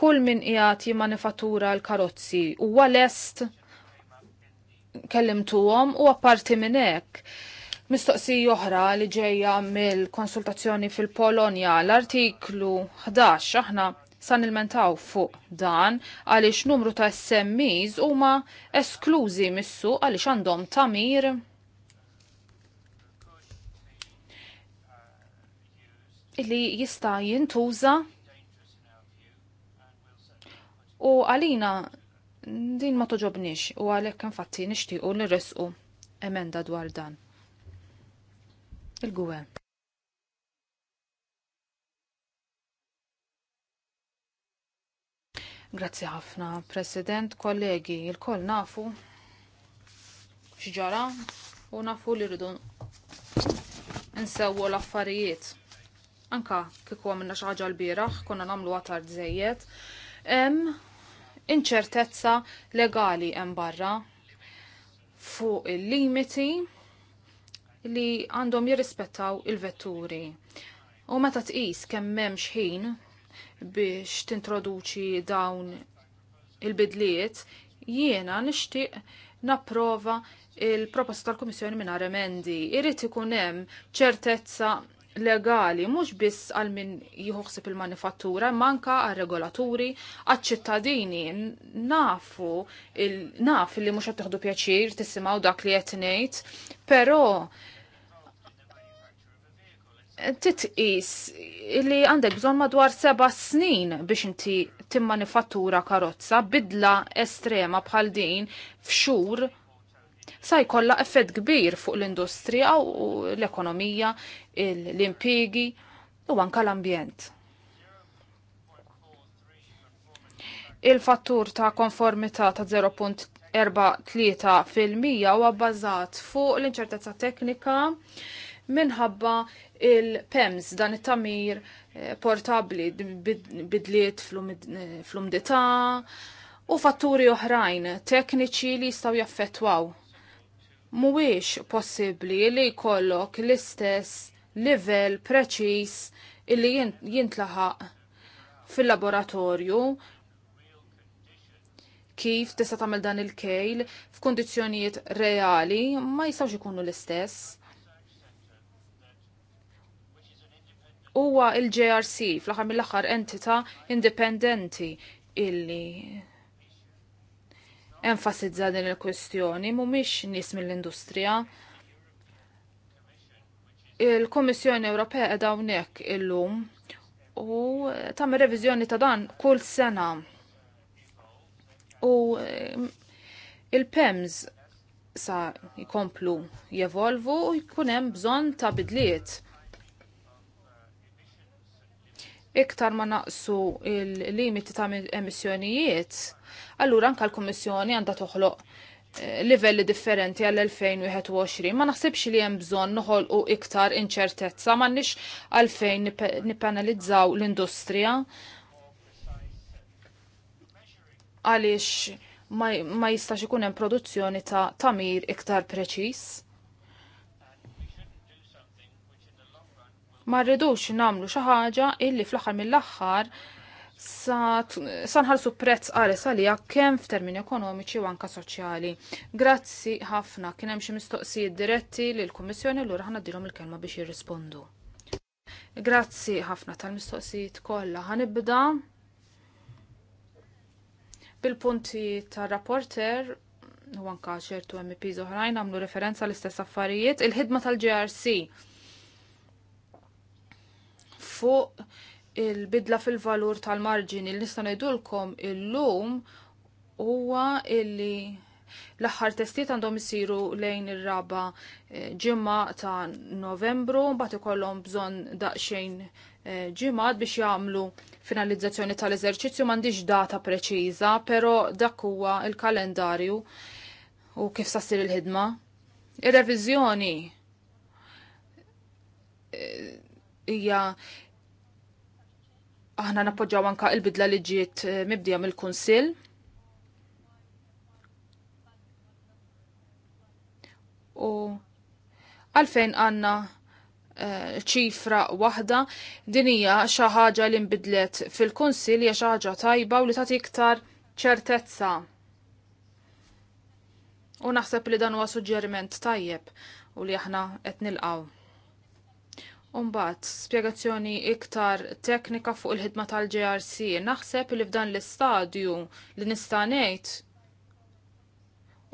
kull min qiegħed jimmanifattura l-karozzi huwa lest kellimtuhom u apparti minn hekk Mistoqsija oħra li ġejja mill-konsultazzjoni fil-Polonja l-artiklu 11 aħna san il-mentaw fuq dan għaliex numru ta' SMEs huma esklużi missu għaliex għandhom tamir li jista' jintuża u għalina din ma toġobniex u għalhekk infatti nixtiequ nirresqu emenda dwar dan il-gwe. Grazzi ħafna, President, kollegi, il-koll nafu xġara u nafu li rridu nsewwu l-affarijiet. Anka kieku għamilna xaġa l-biraħ, konna namlu għatar dżejjed. Em, inċertezza legali hemm barra fuq il-limiti li għandhom jirrispettaw il-vetturi. U meta tqis kemm m'hemmx ħin biex tintroduċi dawn il-bidliet, jiena nixtieq napprova il-proposta tal-Kummissjoni minn emendi. Irrid ikun hemm ċertezza legali mhux biss għal min jħossib il-manifattura, manka għal regolaturi, għal ċittadini nafu naf li mhux qed tieħdu pjaċir tisimgħu dak li qed ngħid, però titqis li għandek bżon madwar seba snin biex inti timmanifattura karozza bidla estrema bħal din f'xhur sa jkollha effett kbir fuq l-industrija u l-ekonomija, l-impigi u anka l-ambjent. Il-fattur ta' konformità ta' 0.43 fil-mija huwa bbażat fuq l-inċertezza teknika minħabba il-PEMS, dan it-tamir eh, portabli bidliet fl umdita u fatturi oħrajn tekniċi li jistaw jaffettwaw. Mhuwiex possibbli li jkollok l-istess livell preċiż illi jintlaħaq fil-laboratorju kif tista' tagħmel dan il-kejl f'kundizzjonijiet reali ma jistgħux ikunu l-istess huwa il-JRC fl-aħħar mill-aħħar entità indipendenti illi enfasizza din il-kwestjoni mhumiex nies mill-industrija. Il-Kommissjoni Ewropea qiegħda hawnhekk illum u tagħmel reviżjoni ta' dan kull sena. U eh, il-PEMS sa jkomplu jevolvu u jkun hemm bżonn ta' bidliet iktar ma naqsu il-limiti ta' emissjonijiet, allura anka l-Kummissjoni għandha toħloq eh, livelli differenti għall-2021. Ma naħsibx li hemm bżonn noħolqu iktar inċertezza, m'għandniex għalfejn nippenalizzaw l-industrija. Għaliex ma, jistax ikun hemm produzzjoni ta' tamir iktar preċiż. ma rridux namlu xi ħaġa illi fl-aħħar mill-aħħar sanħarsu prezz qares għalija kemm f'termini ekonomiċi u anka soċjali. Grazzi ħafna kien hemm xi mistoqsijiet diretti lil kummissjoni lura ħana dilhom il-kelma biex jirrispondu. Grazzi ħafna tal-mistoqsijiet kollha. Ħanibda bil-punti tar-rapporter u anka ċertu MPs oħrajn għamlu referenza l-istess affarijiet, il-ħidma tal-GRC fuq il-bidla fil-valur tal-marġini li nista' ngħidulkom illum huwa illi l-aħħar testijiet għandhom isiru lejn ir-raba eh, ġimgħa ta' Novembru, mbagħad ikollhom bżonn daqsxejn eh, ġimgħat biex jagħmlu finalizzazzjoni tal-eżerċizzju m'għandix data preċiża, però dak huwa il-kalendarju u kif sa ssir il-ħidma. Ir-reviżjoni eh, hija Aħna nappoġġaw anka il-bidla li ġiet eh, mibdija mill-Kunsill. U għalfejn għanna eh, ċifra waħda, din hija xi ħaġa li nbidlet fil-Kunsill hija xi ħaġa tajba u li tagħti iktar ċertezza. U naħseb li dan huwa suġġeriment tajjeb u li aħna qed nilqgħu. Umbat, spiegazzjoni iktar teknika fuq il-ħidma tal-JRC. Naħseb li f'dan l-istadju li nista' ngħid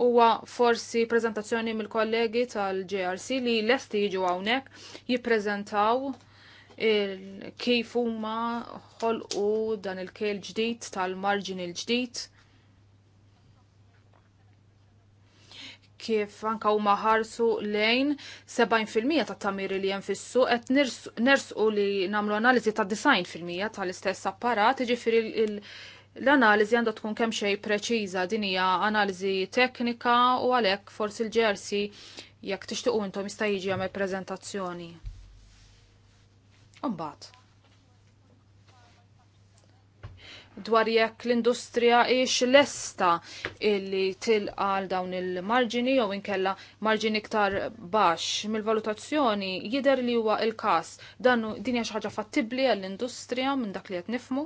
huwa forsi prezentazzjoni mill-kollegi tal-JRC li lest jiġu hawnhekk jippreżentaw kif huma ħolqu dan il-kejl ġdid tal-marġin il-ġdid kif anka huma ħarsu lejn 70% ta' tamiri li hemm fis-suq qed nersqu li nagħmlu analiżi ta' 90% tal-istess apparat, jiġifieri l-analiżi għandha tkun kemm xejn preċiża din hija analiżi teknika u għalhekk forsi l-ġersi jekk tixtiequ intom jista' jiġi għamel preżentazzjoni. Imbagħad. dwar jekk l-industrija ix lesta illi tilqal dawn il-marġini jew inkella marġini iktar baxx mill-valutazzjoni jidher li huwa il-każ dan din hija xi ħaġa fattibbli għall-industrija minn dak li qed nifmu.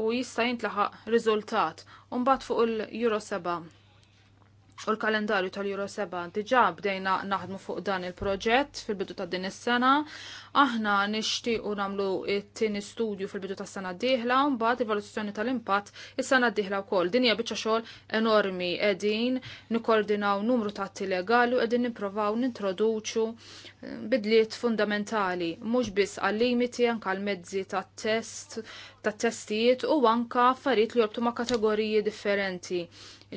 U jista' jintlaħaq riżultat u mbagħad fuq il-Euro 7 u l-kalendarju tal-Euro 7 diġa bdejna naħdmu fuq dan il-proġett fil-bidu ta' din is-sena. Aħna nixtiequ nagħmlu t-tieni studju fil-bidu tas sena d-dieħla u mbagħad evoluzzjoni tal-impatt is-sena d-dieħla wkoll. Din hija biċċa xogħol enormi qegħdin nikkoordinaw numru ta' atti legali u qegħdin nipprovaw nintroduċu eh, bidliet fundamentali mhux biss għal-limiti anke għal mezzi tat-test ta' testijiet u anka affarijiet li jobtu ma' kategoriji differenti.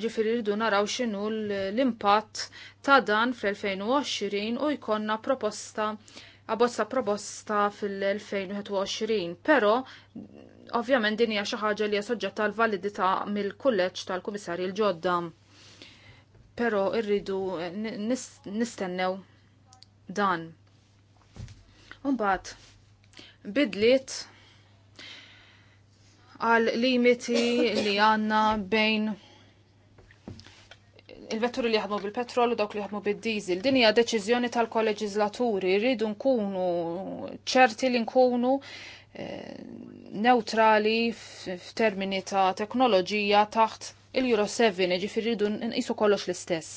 Ġifiri rridu naraw xinu l-impatt ta' dan fl-2020 u jkonna proposta abbozza proposta fil-2021, pero ovvjament din hija xi ħaġa li hija soġġetta għal validità mill-kulleġġ tal-Kummissarji l-ġodda. Però rridu nistennew dan. Umbagħad bidliet għal limiti li għanna bejn il-vetturi li jaħdmu bil-petrol u dawk li jaħdmu bil dizil Din hija deċiżjoni tal-kolleġislaturi, rridu nkunu ċerti li nkunu eh, neutrali f'termini ta' teknoloġija taħt il-Euro 7, ġifiri rridu nqisu kollox l-istess.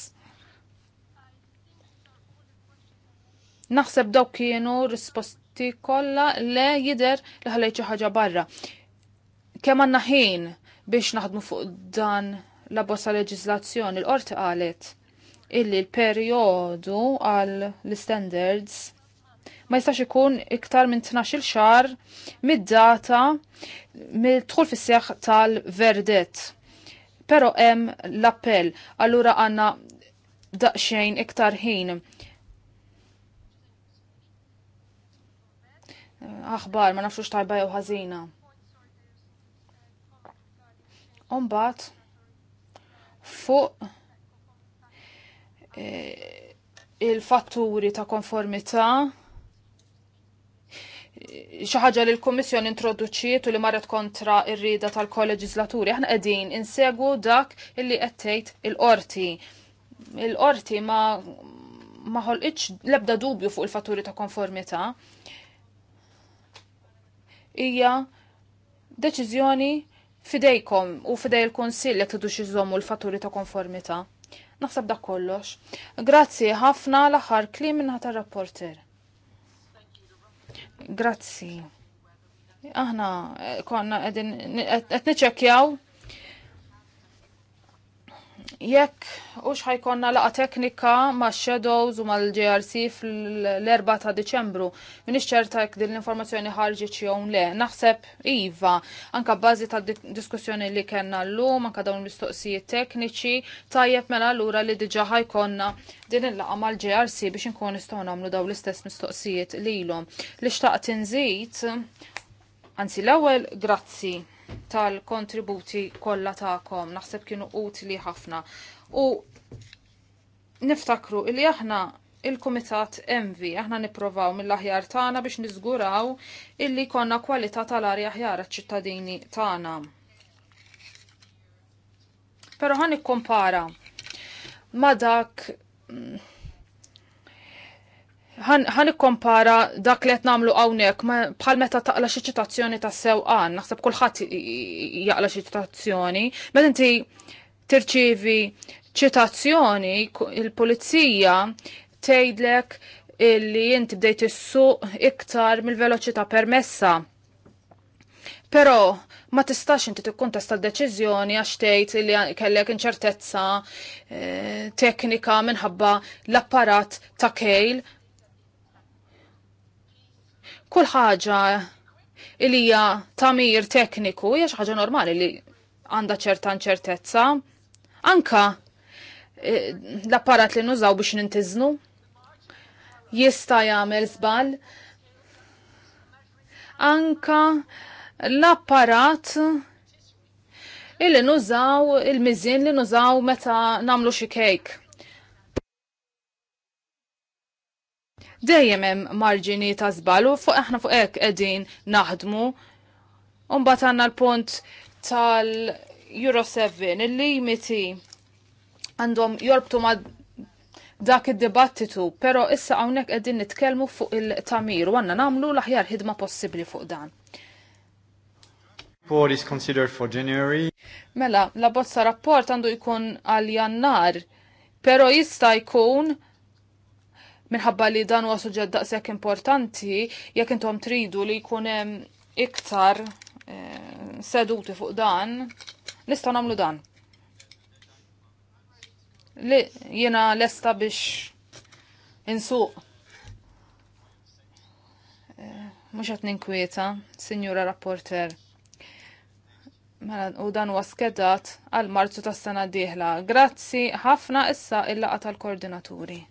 Naħseb dawk kienu risposti kollha le jider li ħalejt xi ħaġa barra kemm għandna ħin biex naħdmu fuq dan la bossa leġislazzjoni l-qorti qalet illi l-perjodu għal l-standards ma jistax ikun iktar minn 12 il xar mid-data mid-dħul fis seħħ tal-verdet. Pero hemm l-appell, allura għanna daqxejn iktar ħin. Aħbar, ma nafxux tajba jew ħażina. Umbat fuq eh, il-fatturi ta' konformità eh, xaħġa ħaġa li l-Kummissjoni introduċiet u li marret kontra ir rieda tal-kolleġislaturi. Aħna qegħdin insegu dak illi qed tgħid il-qorti. Il-qorti ma ma ħolqitx l-ebda dubju fuq il-fatturi ta' konformità. Hija deċiżjoni fidejkom u fidej il-konsil jek tidux xizomu l-fatturi ta' konformita. Naħseb dak kollox. Grazzi ħafna l-aħħar klim minna ta' rapporter. Grazzi. Aħna eh, konna eh, qed niċċekkjaw Jekk u ħajkonna laqa teknika ma' Shadows u mal-JRC fl-4 ta' Deċembru. Min ċerta jekk din l-informazzjoni ħarġiċ jew le. Naħseb iva, anka bażi ta' diskussjoni li kellna llum, anka dawn l-mistoqsijiet tekniċi, tajjeb mela lura li diġà ħajkonna din il-laqa mal-JRC biex inkun nistgħu nagħmlu dawn l-istess mistoqsijiet lilhom. Li xtaqt inżid, anzi l-ewwel grazzi tal-kontributi kollha tagħkom. Naħseb kienu utli ħafna. U niftakru li aħna il-Kumitat Envi aħna nipprovaw mill-aħjar tagħna biex niżguraw illi konna kwalità tal-arja aħjar ċittadini tagħna. Però ħan ikkompara ma dak mm, ħan ikkompara dak li qed nagħmlu hawnhekk bħal meta taqla xi ċitazzjoni ta' sewqan, naħseb kulħadd jaqla xi ċitazzjoni, meta inti tirċievi ċitazzjoni il-pulizija tgħidlek illi inti bdejt issuq iktar mill-veloċità permessa. Però ma tistax inti tikkuntesta l-deċiżjoni għax tgħid li kellek inċertezza eh, teknika minħabba l-apparat ta' kejl kull ħaġa li hija tamir tekniku hija xi ħaġa normali li għandha ċerta nċertezza. Anka e, l-apparat li nużaw biex nintiżnu jista' jagħmel żball. Anka l-apparat illi nużaw il-miżin li nużaw meta namlu xi kejk dejjem hemm marġini ta' żbal u fuq aħna fuq hekk qegħdin naħdmu. mbagħad għandna l-punt tal-Euro 7 il-limiti għandhom jorbtu ma' dak id-dibattitu, però issa hawnhekk qegħdin nitkellmu fuq il-tamir u għandna nagħmlu l-aħjar ħidma possibbli fuq dan. Report is considered for January. Mela, la bozza rapport għandu jkun għal jannar, però jista' jkun minħabba li dan huwa suġġett daqshekk importanti jekk intom tridu li jkun hemm iktar eh, seduti fuq dan, nistgħu nagħmlu dan. Li jiena lesta biex insuq. Eh, mhux qed ninkwieta, Sinjura Rapporter. Mela, u dan huwa skedat għal Marzu tas-sena d-dieħla. Grazzi ħafna issa il laqgħa tal-koordinaturi.